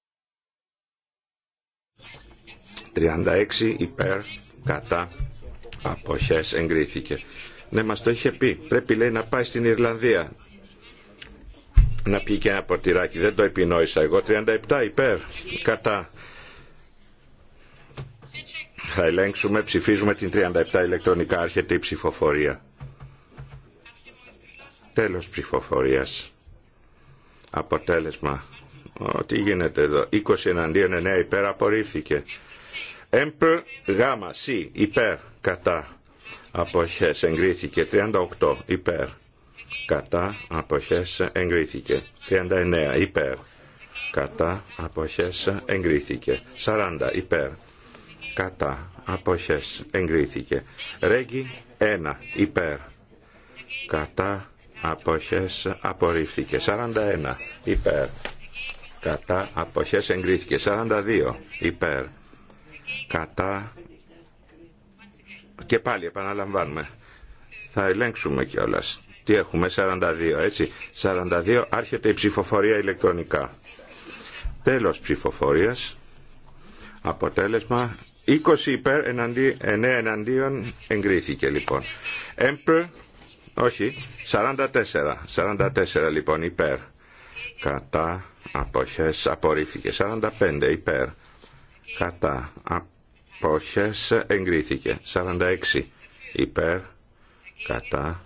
Speaker 3: 36 υπέρ κατά αποχές εγκρίθηκε. Ναι, μας το είχε πει. Πρέπει λέει να πάει στην Ιρλανδία να πει και ένα ποτηράκι. Δεν το επινόησα εγώ. 37 υπέρ. Κατά. Θα ελέγξουμε, ψηφίζουμε την 37 ηλεκτρονικά. Άρχεται η ψηφοφορία. Τέλος ψηφοφορίας. Αποτέλεσμα. τι γίνεται εδώ. 20 εναντίον 9 υπέρ απορρίφθηκε. Εμπρ γάμα σι υπέρ κατά αποχές εγκρίθηκε. 38 υπέρ κατά αποχές εγκρίθηκε 39 υπέρ κατά αποχές εγκρίθηκε 40 υπέρ κατά αποχές εγκρίθηκε ρέγγι 1 υπέρ κατά αποχές απορρίφθηκε 41 υπέρ κατά αποχές εγκρίθηκε 42 υπέρ κατά και πάλι επαναλαμβάνουμε θα ελέγξουμε κιόλας τι έχουμε, 42, έτσι. 42 άρχεται η ψηφοφορία ηλεκτρονικά. Τέλος ψηφοφορίας. Αποτέλεσμα 20 υπέρ, 9 εναντίον εγκρίθηκε λοιπόν. Έμπρ, όχι, 44. 44 λοιπόν υπέρ. Κατά αποχές απορρίφθηκε. 45 υπέρ. Κατά αποχές εγκρίθηκε. 46 υπέρ. Κατά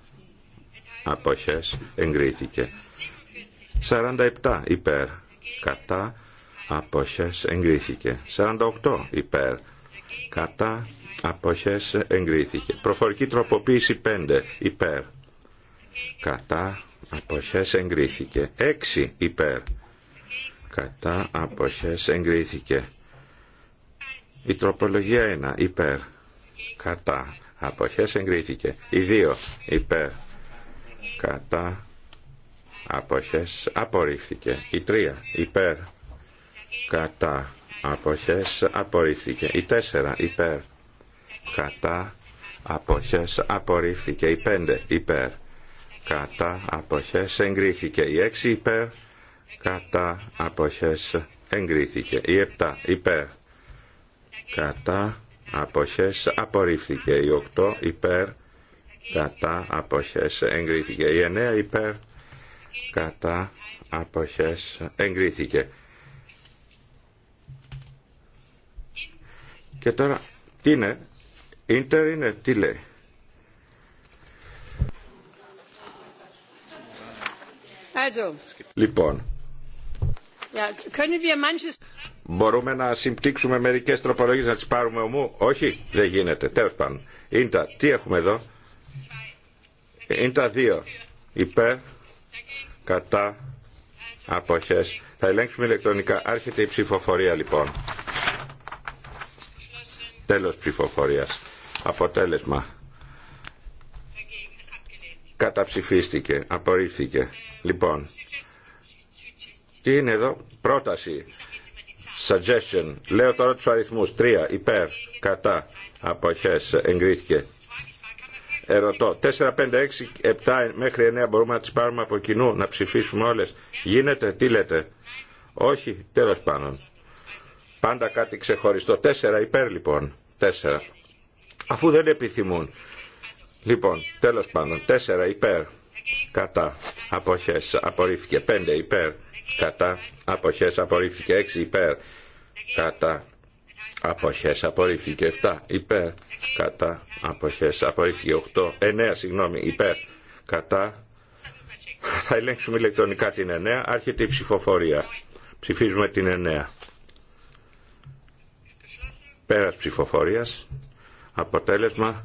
Speaker 3: αποχές εγκρίθηκε 47 υπέρ κατά αποχές εγκρίθηκε 48 υπέρ κατά αποχές εγκρίθηκε προφορική τροποποίηση 5 υπέρ κατά αποχές εγκρίθηκε 6 υπέρ κατά αποχές εγκρίθηκε η τροπολογία 1 υπέρ κατά αποχές εγκρίθηκε η 2 υπέρ κατά αποχές απορρίφθηκε η τρία υπέρ κατά αποχές απορρίφθηκε η τέσσερα υπέρ κατά αποχές απορρίφθηκε η πέντε υπέρ κατά αποχές εγκρίθηκε η έξι υπέρ κατά αποχές εγκρίθηκε η επτά υπέρ κατά αποχές απορρίφθηκε η οκτώ υπέρ κατά αποχές εγκρίθηκε. Η εννέα υπέρ κατά αποχές εγκρίθηκε. Και τώρα τι είναι, ίντερ είναι, τι λέει. Λοιπόν, μπορούμε να συμπτύξουμε μερικές τροπολογίες να τις πάρουμε ομού. Όχι, δεν γίνεται. Τέλος πάντων. Ίντα, τι έχουμε εδώ. Είναι τα δύο. Υπέρ, κατά, αποχές. Θα ελέγξουμε ηλεκτρονικά. Άρχεται η ψηφοφορία λοιπόν. Τέλος ψηφοφορίας. Αποτέλεσμα. Καταψηφίστηκε, απορρίφθηκε. Λοιπόν, τι είναι εδώ, πρόταση, suggestion. Λέω τώρα τους αριθμούς. Τρία, υπέρ, κατά, αποχές, εγκρίθηκε. Ερωτώ. 4, 5, 6, 7 μέχρι 9 μπορούμε να τις πάρουμε από κοινού, να ψηφίσουμε όλες. Γίνεται, τι λέτε. Όχι, τέλος πάντων. Πάντα κάτι ξεχωριστό. 4 υπέρ λοιπόν. 4. Αφού δεν επιθυμούν. Λοιπόν, τέλος πάντων. 4 υπέρ. Κατά. Αποχές. Απορρίφθηκε. 5 υπέρ. Κατά. Αποχές. Απορρίφθηκε. 6 υπέρ. Κατά αποχές απορρίφθηκε 7 υπέρ κατά αποχές απορρίφθηκε 8 9 συγγνώμη υπέρ κατά θα ελέγξουμε ηλεκτρονικά την 9 άρχεται η ψηφοφορία ψηφίζουμε την 9 πέρας ψηφοφορίας αποτέλεσμα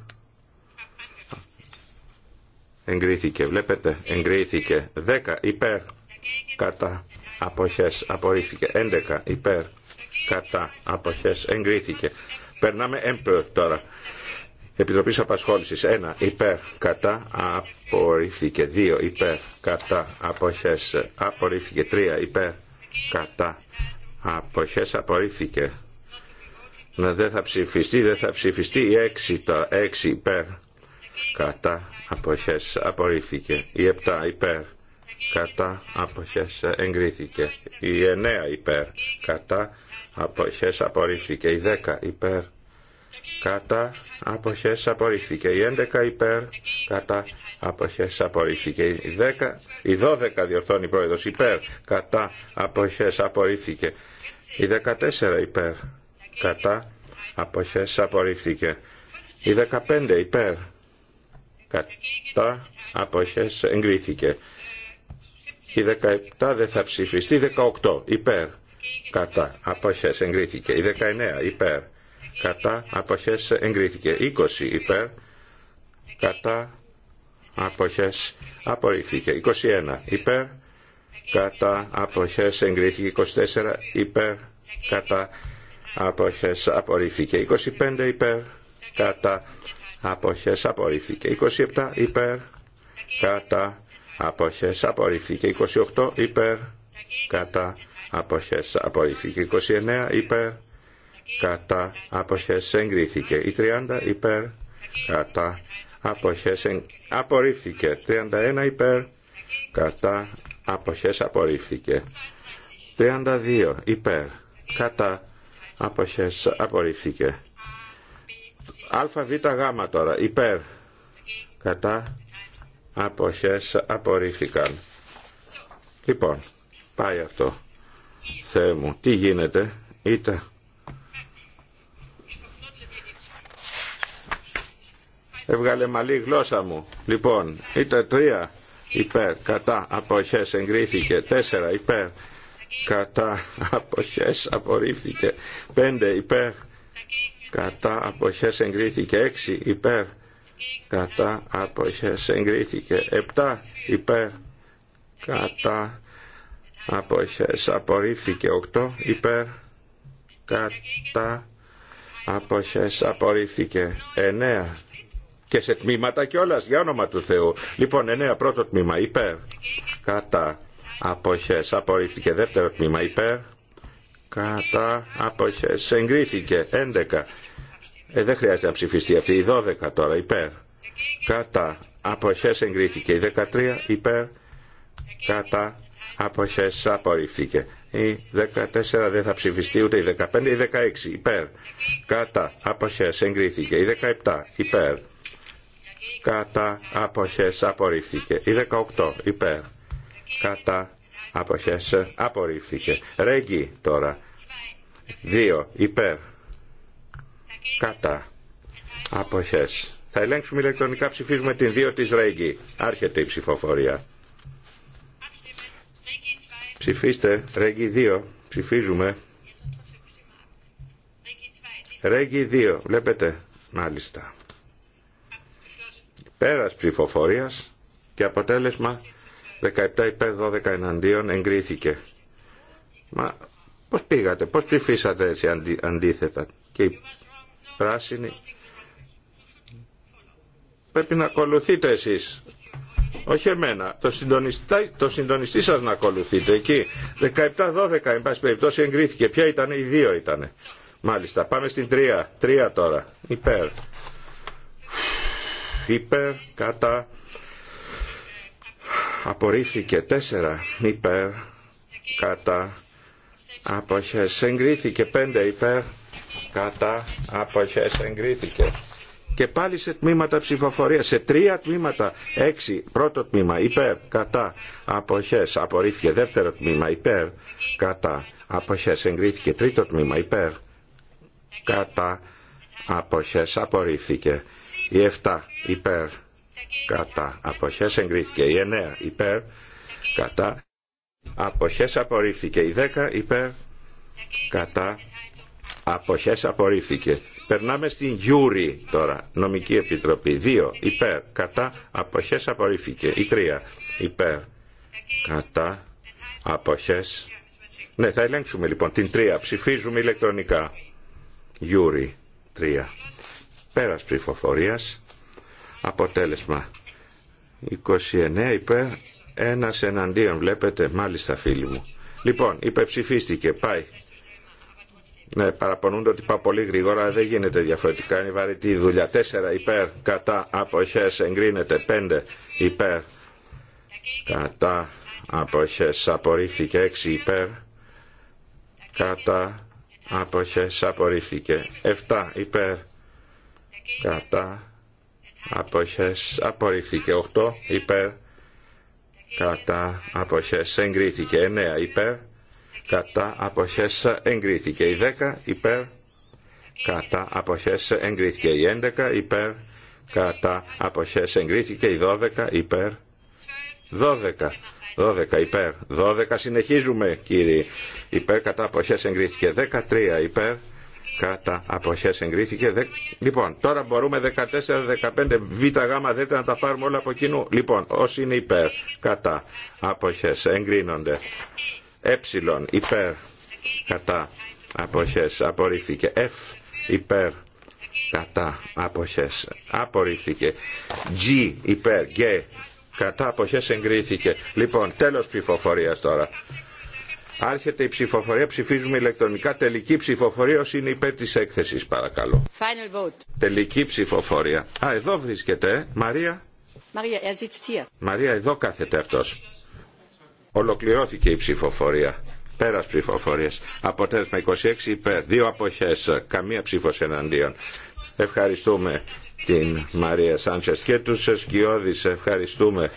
Speaker 3: εγκρίθηκε βλέπετε εγκρίθηκε 10 υπέρ κατά αποχές απορρίφθηκε 11 υπέρ κατά αποχές εγκρίθηκε. Περνάμε έμπρο τώρα. Επιτροπή απασχόληση 1. Υπέρ κατά απορρίφθηκε. 2. Υπέρ κατά αποχές απορρίφθηκε. 3. Υπέρ κατά Αποχέ απορρίφθηκε. Να δεν θα ψηφιστεί, δεν θα ψηφιστεί η 6 τώρα. 6 υπέρ κατά απόχέ απορρίφθηκε. Η 7 υπέρ κατά αποχές εγκρίθηκε. Η 9 υπέρ κατά αποχές απορρίφθηκε. Η 10 υπέρ κατά αποχές απορρίφθηκε. Η 11 υπέρ κατά αποχές απορρίφθηκε. Η, 10, η 12 διορθώνει η υπέρ κατά αποχές απορρίφθηκε. Η 14 υπέρ κατά αποχές απορρίφθηκε. Η 15 υπέρ κατά αποχές εγκρίθηκε. Η 17 δεν θα ψηφιστεί. Η 18 υπέρ. Κατά. Αποχές εγκρίθηκε. Η 19 υπέρ. Κατά. απόχέ εγκρίθηκε. 20 υπέρ. Κατά. απόχέ, απορρίφθηκε. 21 υπέρ. Κατά. απόχέ, εγκρίθηκε. 24 υπέρ. Κατά. απόχέ, απορρίφθηκε. 25 υπέρ. Κατά. απόχέ, απορρίφθηκε. 27 υπέρ. Κατά αποχές απορρίφθηκε 28 υπέρ κατά αποχές απορρίφθηκε 29 υπέρ κατά αποχές εγκρίθηκε η 30 υπέρ κατά αποχές απορρίφθηκε 31 υπέρ κατά αποχές απορρίφθηκε 32 υπέρ κατά αποχές απορρίφθηκε ΑΒΓ τώρα υπέρ κατά αποχές απορρίφθηκαν. Λοιπόν, πάει αυτό. Θεέ μου, τι γίνεται, είτε... Έβγαλε μαλλί γλώσσα μου. Λοιπόν, είτε τρία υπέρ, κατά, αποχές εγκρίθηκε. Τέσσερα υπέρ, κατά, αποχές απορρίφθηκε. Πέντε υπέρ, κατά, αποχές εγκρίθηκε. Έξι υπέρ, κατά αποχές εγκρίθηκε 7 υπέρ κατά αποχές απορρίφθηκε 8 υπέρ κατά αποχές απορρίφθηκε 9 και σε τμήματα κιόλα για όνομα του Θεού. Λοιπόν, 9 πρώτο τμήμα υπέρ κατά αποχές απορρίφθηκε δεύτερο τμήμα υπέρ κατά αποχές εγκρίθηκε 11 ε, δεν χρειάζεται να ψηφιστεί αυτή. Η 12 τώρα υπέρ. Κατά αποχές εγκρίθηκε. Η 13 υπέρ. Κατά αποχές απορρίφθηκε. Η 14 δεν θα ψηφιστεί ούτε η 15. Η 16 υπέρ. Κατά αποχές εγκρίθηκε. Η 17 υπέρ. Κατά αποχές απορρίφθηκε. Η 18 υπέρ. Κατά αποχές απορρίφθηκε. Ρέγγι τώρα. 2 υπέρ Κατά. Αποχές. Θα ελέγξουμε ηλεκτρονικά ψηφίζουμε την 2 της Ρέγγι. Άρχεται η ψηφοφορία. Ψηφίστε. Ρέγγι 2. Ψηφίζουμε. Ρέγγι 2. Βλέπετε. Μάλιστα. Πέρας ψηφοφορίας και αποτέλεσμα 17 υπέρ 12 εναντίον εγκρίθηκε. Μα πώς πήγατε, πώς ψηφίσατε έτσι αντίθετα. Και πράσινη. Πρέπει να ακολουθείτε εσείς. Όχι εμένα. Το συντονιστή, το συντονιστή σας να ακολουθείτε εκεί. 17-12 εν πάση περιπτώσει εγκρίθηκε. Ποια ήταν οι δύο ήταν. Μάλιστα. Πάμε στην τρία. Τρία τώρα. Υπέρ. Υπέρ κατά. Απορρίφθηκε. Τέσσερα. Υπέρ κατά. Αποχές. Εγκρίθηκε. Πέντε υπέρ κατά αποχές εγκρίθηκε και πάλι σε τμήματα ψηφοφορία, σε τρία τμήματα, έξι, πρώτο τμήμα, υπέρ, κατά, αποχές, απορρίφθηκε, δεύτερο τμήμα, υπέρ, κατά, αποχές, εγκρίθηκε, τρίτο τμήμα, υπέρ, κατά, αποχές, απορρίφθηκε, η εφτά υπέρ, κατά, αποχές, εγκρίθηκε, η εννέα υπέρ, κατά, αποχές, απορρίφθηκε, η δέκα υπέρ, κατά, Αποχές απορρίφθηκε. Περνάμε στην Γιούρι τώρα, νομική επιτροπή. Δύο Υπέρ. Κατά. Αποχές απορρίφθηκε. Η τρία Υπέρ. Κατά. Αποχές. Ναι, θα ελέγξουμε λοιπόν την τρία. Ψηφίζουμε ηλεκτρονικά. Γιούρι. τρία. Πέρας ψηφοφορίας. Αποτέλεσμα. 29 υπέρ. Ένας εναντίον βλέπετε μάλιστα φίλοι μου. Λοιπόν, υπεψηφίστηκε. Πάει ναι, παραπονούνται ότι πάω πολύ γρήγορα, δεν γίνεται διαφορετικά, είναι βαρετή η δουλειά. Τέσσερα υπέρ, κατά, αποχές, εγκρίνεται. Πέντε υπέρ, κατά, αποχές, απορρίφθηκε. Έξι υπέρ, κατά, αποχές, απορρίφθηκε. Εφτά υπέρ, κατά, αποχές, απορρίφθηκε. 8 υπέρ, κατά, αποχές, εγκρίθηκε. εννέα υπέρ, κατά αποχές εγκρίθηκε. Η 10 υπέρ κατά αποχές εγκρίθηκε. Η 11 υπέρ κατά αποχές εγκρίθηκε. Η 12 υπέρ 12. 12 υπέρ. 12 συνεχίζουμε κύριοι. Υπέρ κατά αποχές εγκρίθηκε. 13 υπέρ κατά αποχές εγκρίθηκε. Λοιπόν, τώρα μπορούμε 14, 15, β, γ, δ να τα πάρουμε όλα από κοινού. Λοιπόν, όσοι είναι υπέρ κατά αποχές εγκρίνονται ε υπέρ κατά αποχές απορρίφθηκε F υπέρ κατά αποχές απορρίφθηκε G υπέρ γε κατά αποχές εγκρίθηκε λοιπόν τέλος ψηφοφορίας τώρα Άρχεται η ψηφοφορία, ψηφίζουμε ηλεκτρονικά. Τελική ψηφοφορία όσοι είναι υπέρ τη έκθεση, παρακαλώ. Τελική ψηφοφορία. Α, εδώ βρίσκεται, Μαρία. Μαρία, er εδώ κάθεται αυτό. Ολοκληρώθηκε η ψηφοφορία. Πέρας ψηφοφορία. Αποτέλεσμα 26 υπέρ. Δύο αποχές. Καμία ψήφος εναντίον. Ευχαριστούμε την Μαρία Σάντσες και τους Σκιώδη. Ευχαριστούμε.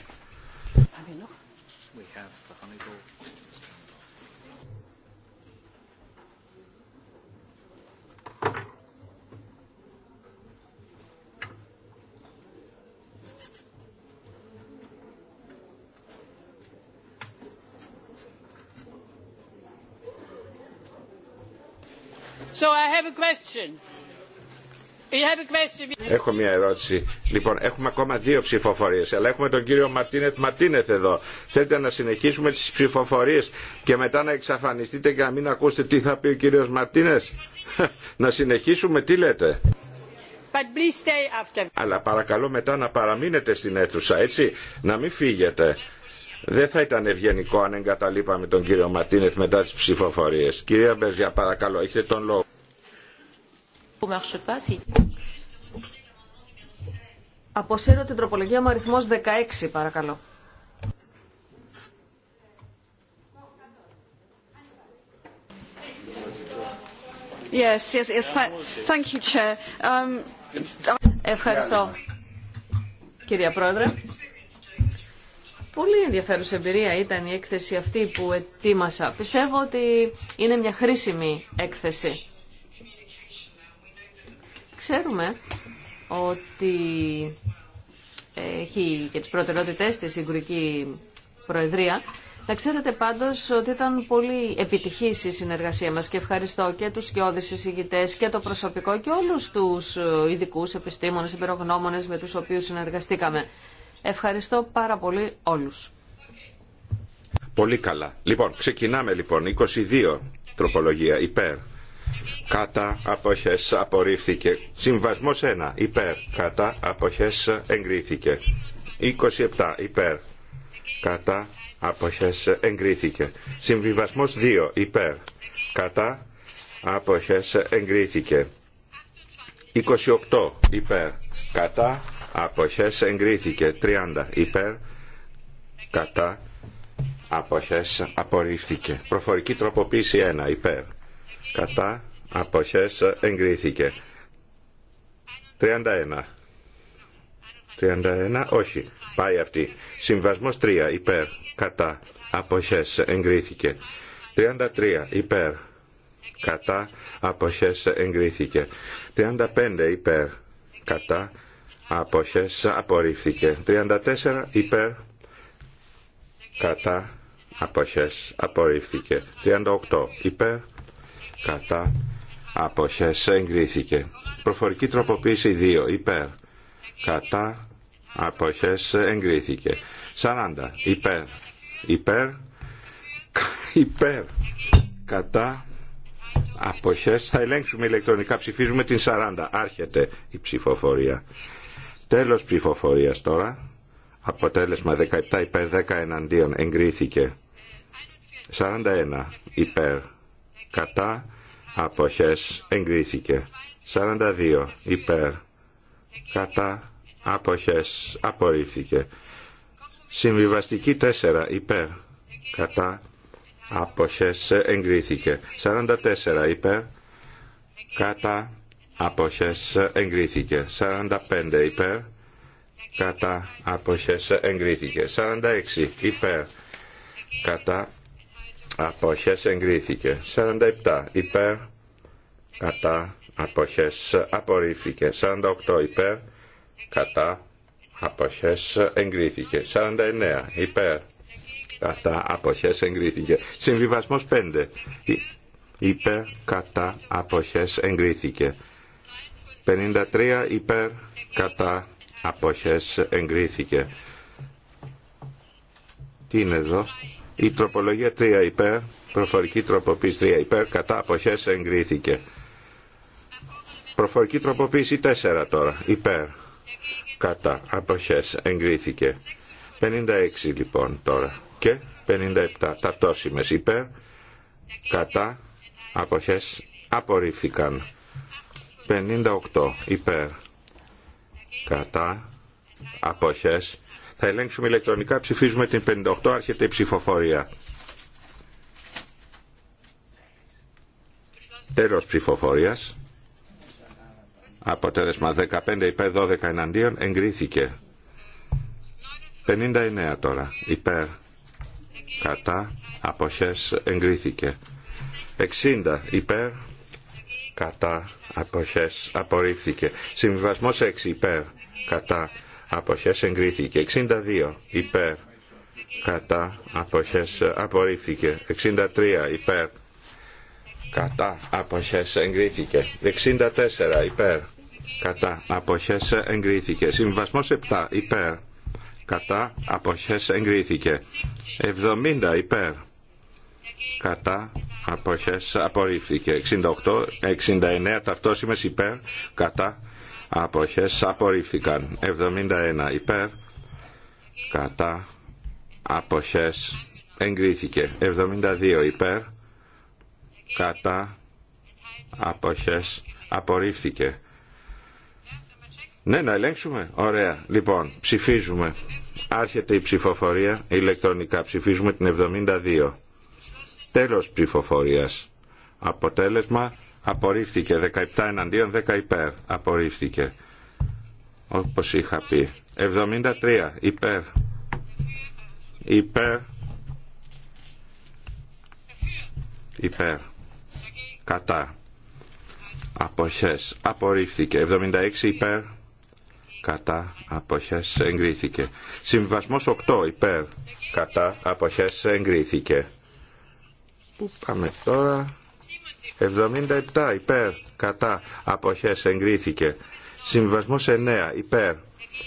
Speaker 3: Έχω μια ερώτηση. Λοιπόν, έχουμε ακόμα δύο ψηφοφορίε, αλλά έχουμε τον κύριο Μαρτίνεθ Μαρτίνεθ εδώ. Θέλετε να συνεχίσουμε τι ψηφοφορίε και μετά να εξαφανιστείτε και να μην ακούσετε τι θα πει ο κύριο Μαρτίνεθ. Να συνεχίσουμε, τι λέτε. Αλλά παρακαλώ μετά να παραμείνετε στην αίθουσα, έτσι. Να μην φύγετε. Δεν θα ήταν ευγενικό αν εγκαταλείπαμε τον κύριο Μαρτίνεθ μετά τι ψηφοφορίε. Κυρία Μπεζιά, παρακαλώ, έχετε τον λόγο
Speaker 2: που Αποσύρω την τροπολογία μου αριθμός 16, παρακαλώ. Yes, yes, Thank you, Chair. Um, Ευχαριστώ, κυρία Πρόεδρε. Πολύ ενδιαφέρουσα εμπειρία ήταν η έκθεση αυτή που ετοίμασα. Πιστεύω ότι είναι μια χρήσιμη έκθεση Ξέρουμε ότι έχει και τις προτεραιότητες της η Προεδρία. Να ξέρετε πάντως ότι ήταν πολύ επιτυχής η συνεργασία μας και ευχαριστώ και τους σκιώδεις εισηγητές και το προσωπικό και όλους τους ειδικούς επιστήμονες, υπερογνώμονες με τους οποίους συνεργαστήκαμε. Ευχαριστώ πάρα πολύ όλους.
Speaker 3: Πολύ καλά. Λοιπόν, ξεκινάμε λοιπόν. 22 τροπολογία υπέρ κατά αποχές απορρίφθηκε. Συμβασμός 1 υπέρ κατά αποχές εγκρίθηκε. 27 υπέρ κατά αποχές εγκρίθηκε. Συμβιβασμός 2 υπέρ κατά αποχές εγκρίθηκε. 28 υπέρ κατά αποχές εγκρίθηκε. 30 υπέρ κατά αποχές απορρίφθηκε. Προφορική τροποποίηση 1 υπέρ κατά Αποχές εγκρίθηκε. 31. 31, όχι. Πάει αυτή. Συμβασμός 3, υπέρ, κατά, αποχές, εγκρίθηκε. 33, υπέρ, κατά, αποχές, εγκρίθηκε. 35, υπέρ, κατά, αποχές, απορρίφθηκε. 34, υπέρ, κατά, αποχές, απορρίφθηκε. 38, υπέρ, κατά, αποχές εγκρίθηκε. Προφορική τροποποίηση 2 υπέρ κατά αποχές εγκρίθηκε. 40 υπέρ υπέρ υπέρ κατά αποχές θα ελέγξουμε ηλεκτρονικά ψηφίζουμε την 40 άρχεται η ψηφοφορία τέλος ψηφοφορίας τώρα αποτέλεσμα 17 υπέρ 10 εναντίον εγκρίθηκε 41 υπέρ κατά αποχές εγκρίθηκε 42 υπέρ κατά αποχές απορρίφθηκε συμβιβαστική 4 υπέρ κατά αποχές εγκρίθηκε 44 υπέρ κατά αποχές εγκρίθηκε 45 υπέρ κατά αποχές εγκρίθηκε 46 υπέρ κατά αποχές εγκρίθηκε 47 υπέρ κατά αποχές απορρίφθηκε 48 υπέρ κατά αποχές εγκρίθηκε 49 υπέρ κατά αποχές εγκρίθηκε συμβιβασμός 5 υπέρ κατά αποχές εγκρίθηκε 53 υπέρ κατά αποχές εγκρίθηκε τι είναι εδώ η τροπολογία 3 υπέρ, προφορική τροποποίηση 3 υπέρ, κατά αποχές εγκρίθηκε. Προφορική τροποποίηση 4 τώρα, υπέρ, κατά αποχές εγκρίθηκε. 56 λοιπόν τώρα και 57 ταυτόσημες υπέρ, κατά αποχές απορρίφθηκαν. 58 υπέρ, κατά αποχές θα ελέγξουμε ηλεκτρονικά, ψηφίζουμε την 58, άρχεται η ψηφοφορία. Τέλος ψηφοφορίας. Αποτέλεσμα 15 υπέρ 12 εναντίον εγκρίθηκε. 59 τώρα υπέρ κατά αποχές εγκρίθηκε. 60 υπέρ κατά αποχές απορρίφθηκε. Συμβιβασμός 6 υπέρ κατά αποχές εγκρίθηκε. 62 υπέρ κατά αποχές απορρίφθηκε. 63 υπέρ κατά αποχές εγκρίθηκε. 64 υπέρ κατά αποχές εγκρίθηκε. Συμβασμός 7 υπέρ κατά αποχές εγκρίθηκε. 70 υπέρ κατά αποχές απορρίφθηκε. 68, 69 ταυτόσημες υπέρ κατά αποχές απορρίφθηκαν 71 υπέρ κατά αποχές εγκρίθηκε 72 υπέρ κατά αποχές απορρίφθηκε ναι να ελέγξουμε ωραία λοιπόν ψηφίζουμε άρχεται η ψηφοφορία ηλεκτρονικά ψηφίζουμε την 72 τέλος ψηφοφορίας αποτέλεσμα απορρίφθηκε 17 εναντίον 10 υπέρ απορρίφθηκε όπως είχα πει 73 υπέρ υπέρ υπέρ κατά αποχές απορρίφθηκε 76 υπέρ κατά αποχές εγκρίθηκε συμβασμός 8 υπέρ κατά αποχές εγκρίθηκε που πάμε τώρα 77 υπέρ κατά αποχές εγκρίθηκε. Συμβασμός 9 υπέρ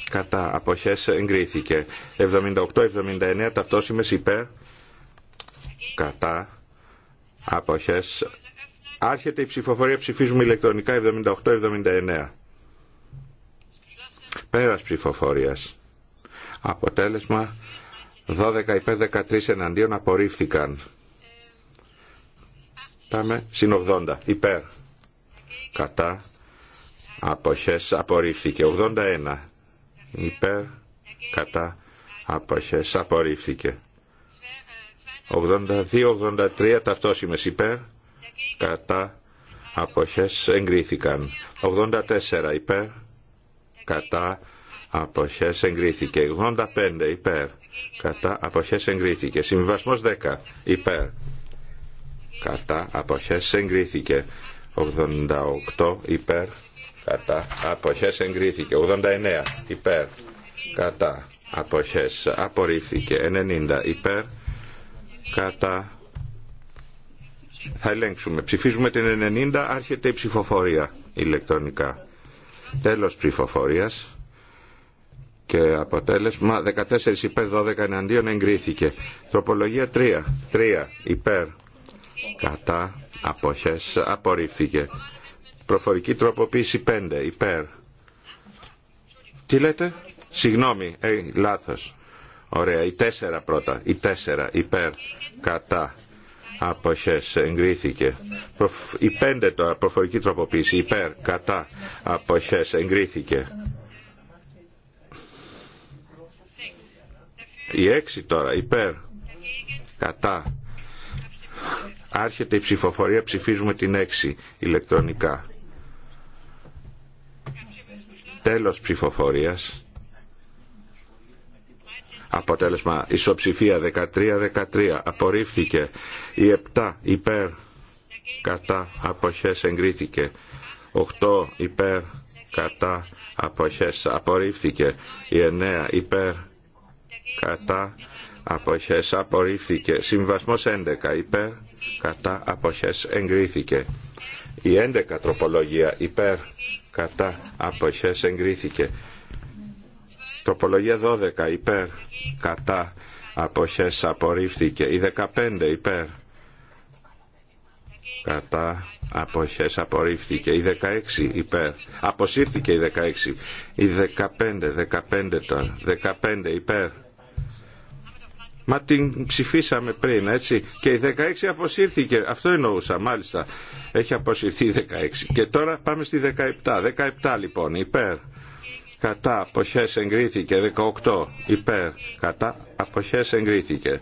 Speaker 3: κατά αποχές εγκρίθηκε. 78-79 ταυτόσημες υπέρ κατά αποχές. Άρχεται η ψηφοφορία ψηφίζουμε ηλεκτρονικά 78-79. Πέρας ψηφοφορίας. Αποτέλεσμα 12 υπέρ 13 εναντίον απορρίφθηκαν. Πάμε στην 80. Υπέρ. Κατά. Αποχές απορρίφθηκε. 81. Υπέρ. Κατά. Αποχές απορρίφθηκε. 82-83 ταυτόσημες υπέρ. Κατά. Αποχές εγκρίθηκαν. 84 υπέρ. Κατά. Αποχές εγκρίθηκε. 85 υπέρ. Κατά. Αποχές εγκρίθηκε. Συμβιβασμός 10 υπέρ κατά αποχές εγκρίθηκε 88 υπέρ κατά αποχές εγκρίθηκε 89 υπέρ κατά αποχές απορρίφθηκε 90 υπέρ κατά θα ελέγξουμε ψηφίζουμε την 90 άρχεται η ψηφοφορία ηλεκτρονικά τέλος ψηφοφορίας και αποτέλεσμα 14 υπέρ 12 εναντίον εγκρίθηκε τροπολογία 3 3 υπέρ κατά αποχές απορρίφθηκε προφορική τροποποίηση 5 υπέρ τι λέτε συγγνώμη ε, λάθος ωραία η 4 πρώτα η 4 υπέρ κατά αποχές εγκρίθηκε η 5 τώρα προφορική τροποποίηση υπέρ κατά αποχές εγκρίθηκε η 6 τώρα υπέρ κατά Άρχεται η ψηφοφορία, ψηφίζουμε την 6 ηλεκτρονικά. Τέλος ψηφοφορίας. Αποτέλεσμα ισοψηφία 13-13. Απορρίφθηκε. Η 7 υπέρ κατά αποχές εγκρίθηκε. 8 υπέρ κατά αποχές απορρίφθηκε. Η 9 υπέρ κατά αποχές απορρίφθηκε. Συμβασμός 11 υπέρ κατά αποχές εγκρίθηκε. Η 11 τροπολογία υπέρ κατά αποχές εγκρίθηκε. Τροπολογία 12 υπέρ κατά αποχές απορρίφθηκε. Η 15 υπέρ κατά αποχές απορρίφθηκε. Η 16 υπέρ αποσύρθηκε η 16. Η 15, 15, 15 υπέρ Μα την ψηφίσαμε πριν, έτσι. Και η 16 αποσύρθηκε. Αυτό εννοούσα, μάλιστα. Έχει αποσυρθεί η 16. Και τώρα πάμε στη 17. 17 λοιπόν, υπέρ. Κατά αποχές εγκρίθηκε. 18 υπέρ. Κατά αποχές εγκρίθηκε.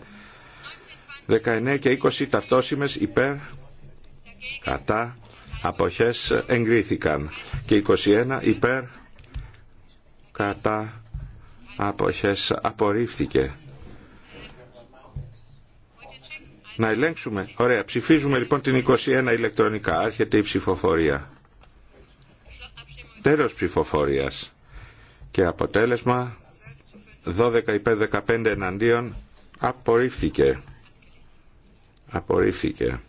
Speaker 3: 19 και 20 ταυτόσημες υπέρ. Κατά αποχές εγκρίθηκαν. Και 21 υπέρ. Κατά αποχές απορρίφθηκε. Να ελέγξουμε. Ωραία. Ψηφίζουμε λοιπόν την 21 ηλεκτρονικά. Άρχεται η ψηφοφορία. Τέλος ψηφοφορίας. Και αποτέλεσμα 12 υπέρ 15 εναντίον απορρίφθηκε. Απορρίφθηκε.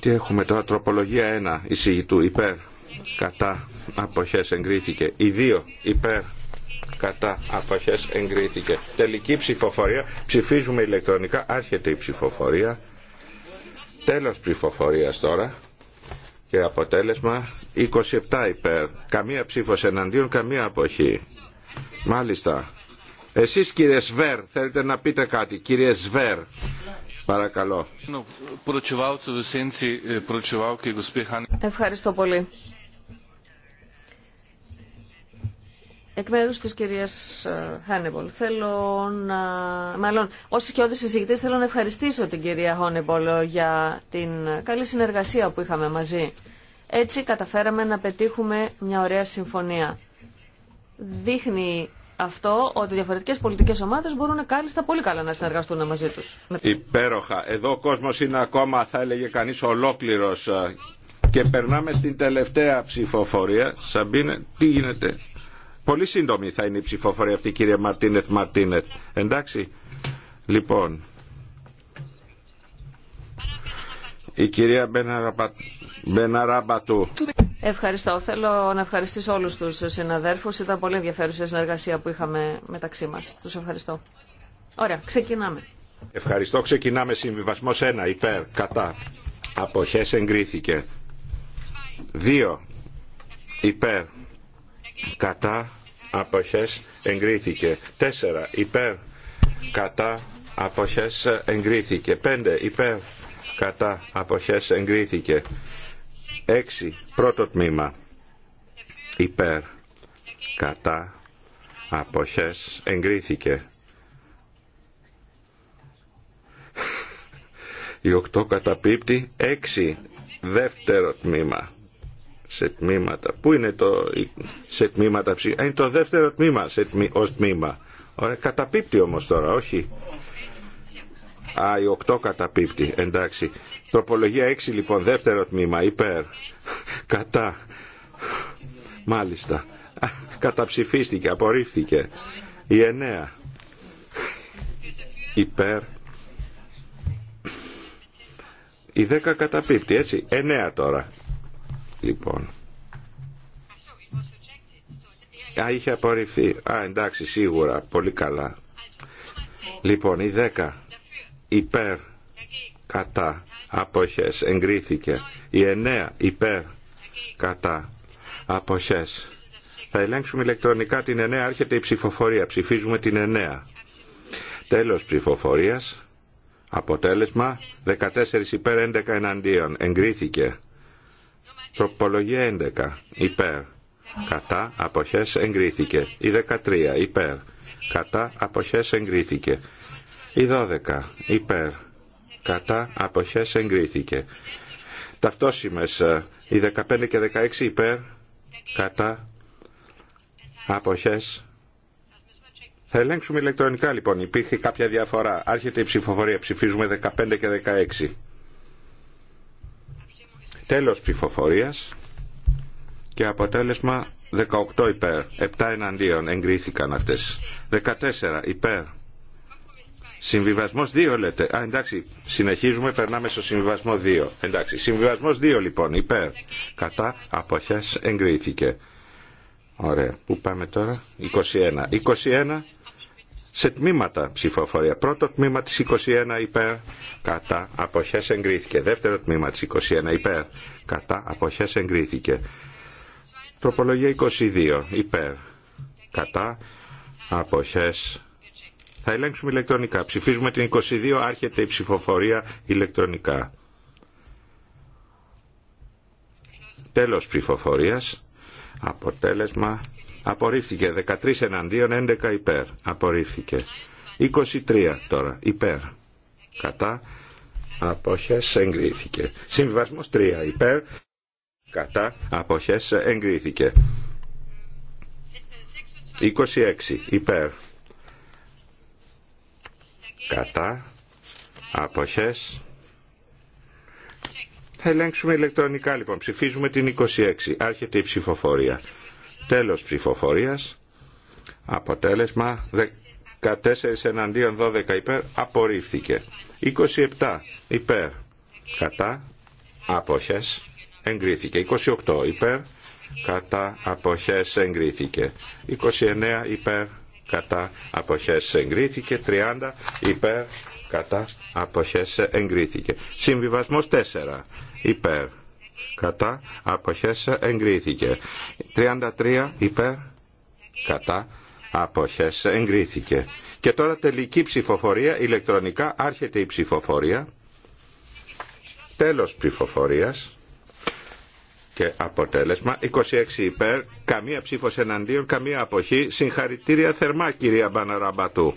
Speaker 3: Τι έχουμε τώρα, τροπολογία 1, εισηγητού, υπέρ, κατά, αποχές εγκρίθηκε. Η 2, υπέρ, κατά αποχές εγκρίθηκε. Τελική ψηφοφορία. Ψηφίζουμε ηλεκτρονικά. Άρχεται η ψηφοφορία. Τέλος ψηφοφορίας τώρα. Και αποτέλεσμα 27 υπέρ. Καμία ψήφος εναντίον, καμία αποχή. Μάλιστα. Εσείς κύριε Σβέρ, θέλετε να πείτε κάτι. Κύριε Σβέρ, παρακαλώ.
Speaker 2: Ευχαριστώ πολύ. Εκ μέρου τη κυρία Χάνεμπολ, θέλω να... Μάλλον, ω και όντως θέλω να ευχαριστήσω την κυρία Χάνεμπολ για την καλή συνεργασία που είχαμε μαζί. Έτσι καταφέραμε να πετύχουμε μια ωραία συμφωνία. Δείχνει αυτό ότι διαφορετικέ πολιτικέ ομάδε μπορούν κάλλιστα πολύ καλά να συνεργαστούν μαζί του.
Speaker 3: Υπέροχα. Εδώ ο κόσμο είναι ακόμα, θα έλεγε κανεί, ολόκληρο. Και περνάμε στην τελευταία ψηφοφορία. Σαμπίνε, τι γίνεται. Πολύ σύντομη θα είναι η ψηφοφορία αυτή κύριε Μαρτίνεθ Μαρτίνεθ. Εντάξει. Λοιπόν. Η κυρία Μπεναράμπατου.
Speaker 2: Ευχαριστώ. Θέλω να ευχαριστήσω όλους τους συναδέρφους. Ήταν πολύ ενδιαφέρουσα η συνεργασία που είχαμε μεταξύ μας. Τους ευχαριστώ. Ωραία, ξεκινάμε.
Speaker 3: Ευχαριστώ. Ξεκινάμε συμβιβασμός 1. Υπέρ. Κατά. Αποχές εγκρίθηκε. 2. Υπέρ κατά αποχές εγκρίθηκε 4 υπέρ κατά αποχές εγκρίθηκε 5 υπέρ κατά αποχές εγκρίθηκε 6 πρώτο τμήμα υπέρ κατά αποχές εγκρίθηκε η 8 καταπίπτει 6 δεύτερο τμήμα σε τμήματα. Πού είναι το σε τμήματα ψυχή. Είναι το δεύτερο τμήμα σε τμή, ως τμήμα. Ωραία. Καταπίπτει όμως τώρα, όχι. Α, η οκτώ καταπίπτει. Εντάξει. Τροπολογία 6 λοιπόν, δεύτερο τμήμα, υπέρ. Κατά. Μάλιστα. Καταψηφίστηκε, απορρίφθηκε. Η εννέα Υπέρ. Η δέκα καταπίπτει, έτσι. εννέα τώρα λοιπόν. Α, είχε απορριφθεί. Α, εντάξει, σίγουρα. Πολύ καλά. Λοιπόν, η 10 υπέρ κατά αποχές εγκρίθηκε. Η 9 υπέρ κατά αποχές. Θα ελέγξουμε ηλεκτρονικά την 9. Άρχεται η ψηφοφορία. Ψηφίζουμε την 9. Τέλος ψηφοφορίας. Αποτέλεσμα 14 υπέρ 11 εναντίον. Εγκρίθηκε. Τροπολογία 11. Υπέρ. Κατά αποχές εγκρίθηκε. Η 13. Υπέρ. Κατά αποχές εγκρίθηκε. Η 12. Υπέρ. Κατά αποχές εγκρίθηκε. Ταυτόσημες. Η ε, 15 και 16 υπέρ. Κατά αποχές θα ελέγξουμε ηλεκτρονικά λοιπόν. Υπήρχε κάποια διαφορά. Άρχεται η ψηφοφορία. Ψηφίζουμε 15 και 16. Τέλος ψηφοφορίας και αποτέλεσμα 18 υπέρ, 7 εναντίον εγκρίθηκαν αυτές. 14 υπέρ. Συμβιβασμός 2 λέτε. Α, εντάξει, συνεχίζουμε, περνάμε στο συμβιβασμό 2. Εντάξει, συμβιβασμός 2 λοιπόν, υπέρ. Κατά, αποχές, εγκρίθηκε. Ωραία, πού πάμε τώρα, 21. 21 σε τμήματα ψηφοφορία. Πρώτο τμήμα της 21 υπέρ, κατά, αποχές εγκρίθηκε. Δεύτερο τμήμα της 21 υπέρ, κατά, αποχές εγκρίθηκε. Τροπολογία 22 υπέρ, κατά, αποχές. Θα ελέγξουμε ηλεκτρονικά. Ψηφίζουμε την 22, άρχεται η ψηφοφορία ηλεκτρονικά. Τέλος ψηφοφορίας. Αποτέλεσμα Απορρίφθηκε. 13 εναντίον, 11 υπέρ. Απορρίφθηκε. 23 τώρα. Υπέρ. Κατά. Αποχές εγκρίθηκε. Συμβιβασμός 3. Υπέρ. Κατά. Αποχές εγκρίθηκε. 26. Υπέρ. Κατά. Αποχές. Θα ελέγξουμε ηλεκτρονικά λοιπόν. Ψηφίζουμε την 26. Άρχεται η ψηφοφορία. Τέλος ψηφοφορίας. Αποτέλεσμα 14 εναντίον 12 υπέρ απορρίφθηκε. 27 υπέρ κατά αποχές εγκρίθηκε. 28 υπέρ κατά αποχές εγκρίθηκε. 29 υπέρ κατά αποχές εγκρίθηκε. 30 υπέρ κατά αποχές εγκρίθηκε. Συμβιβασμός 4 υπέρ κατά αποχέσα εγκρίθηκε 33 υπέρ κατά αποχέσα εγκρίθηκε και τώρα τελική ψηφοφορία ηλεκτρονικά άρχεται η ψηφοφορία τέλος ψηφοφορίας και αποτέλεσμα 26 υπέρ καμία ψήφος εναντίον καμία αποχή συγχαρητήρια θερμά κυρία Μπαναραμπατού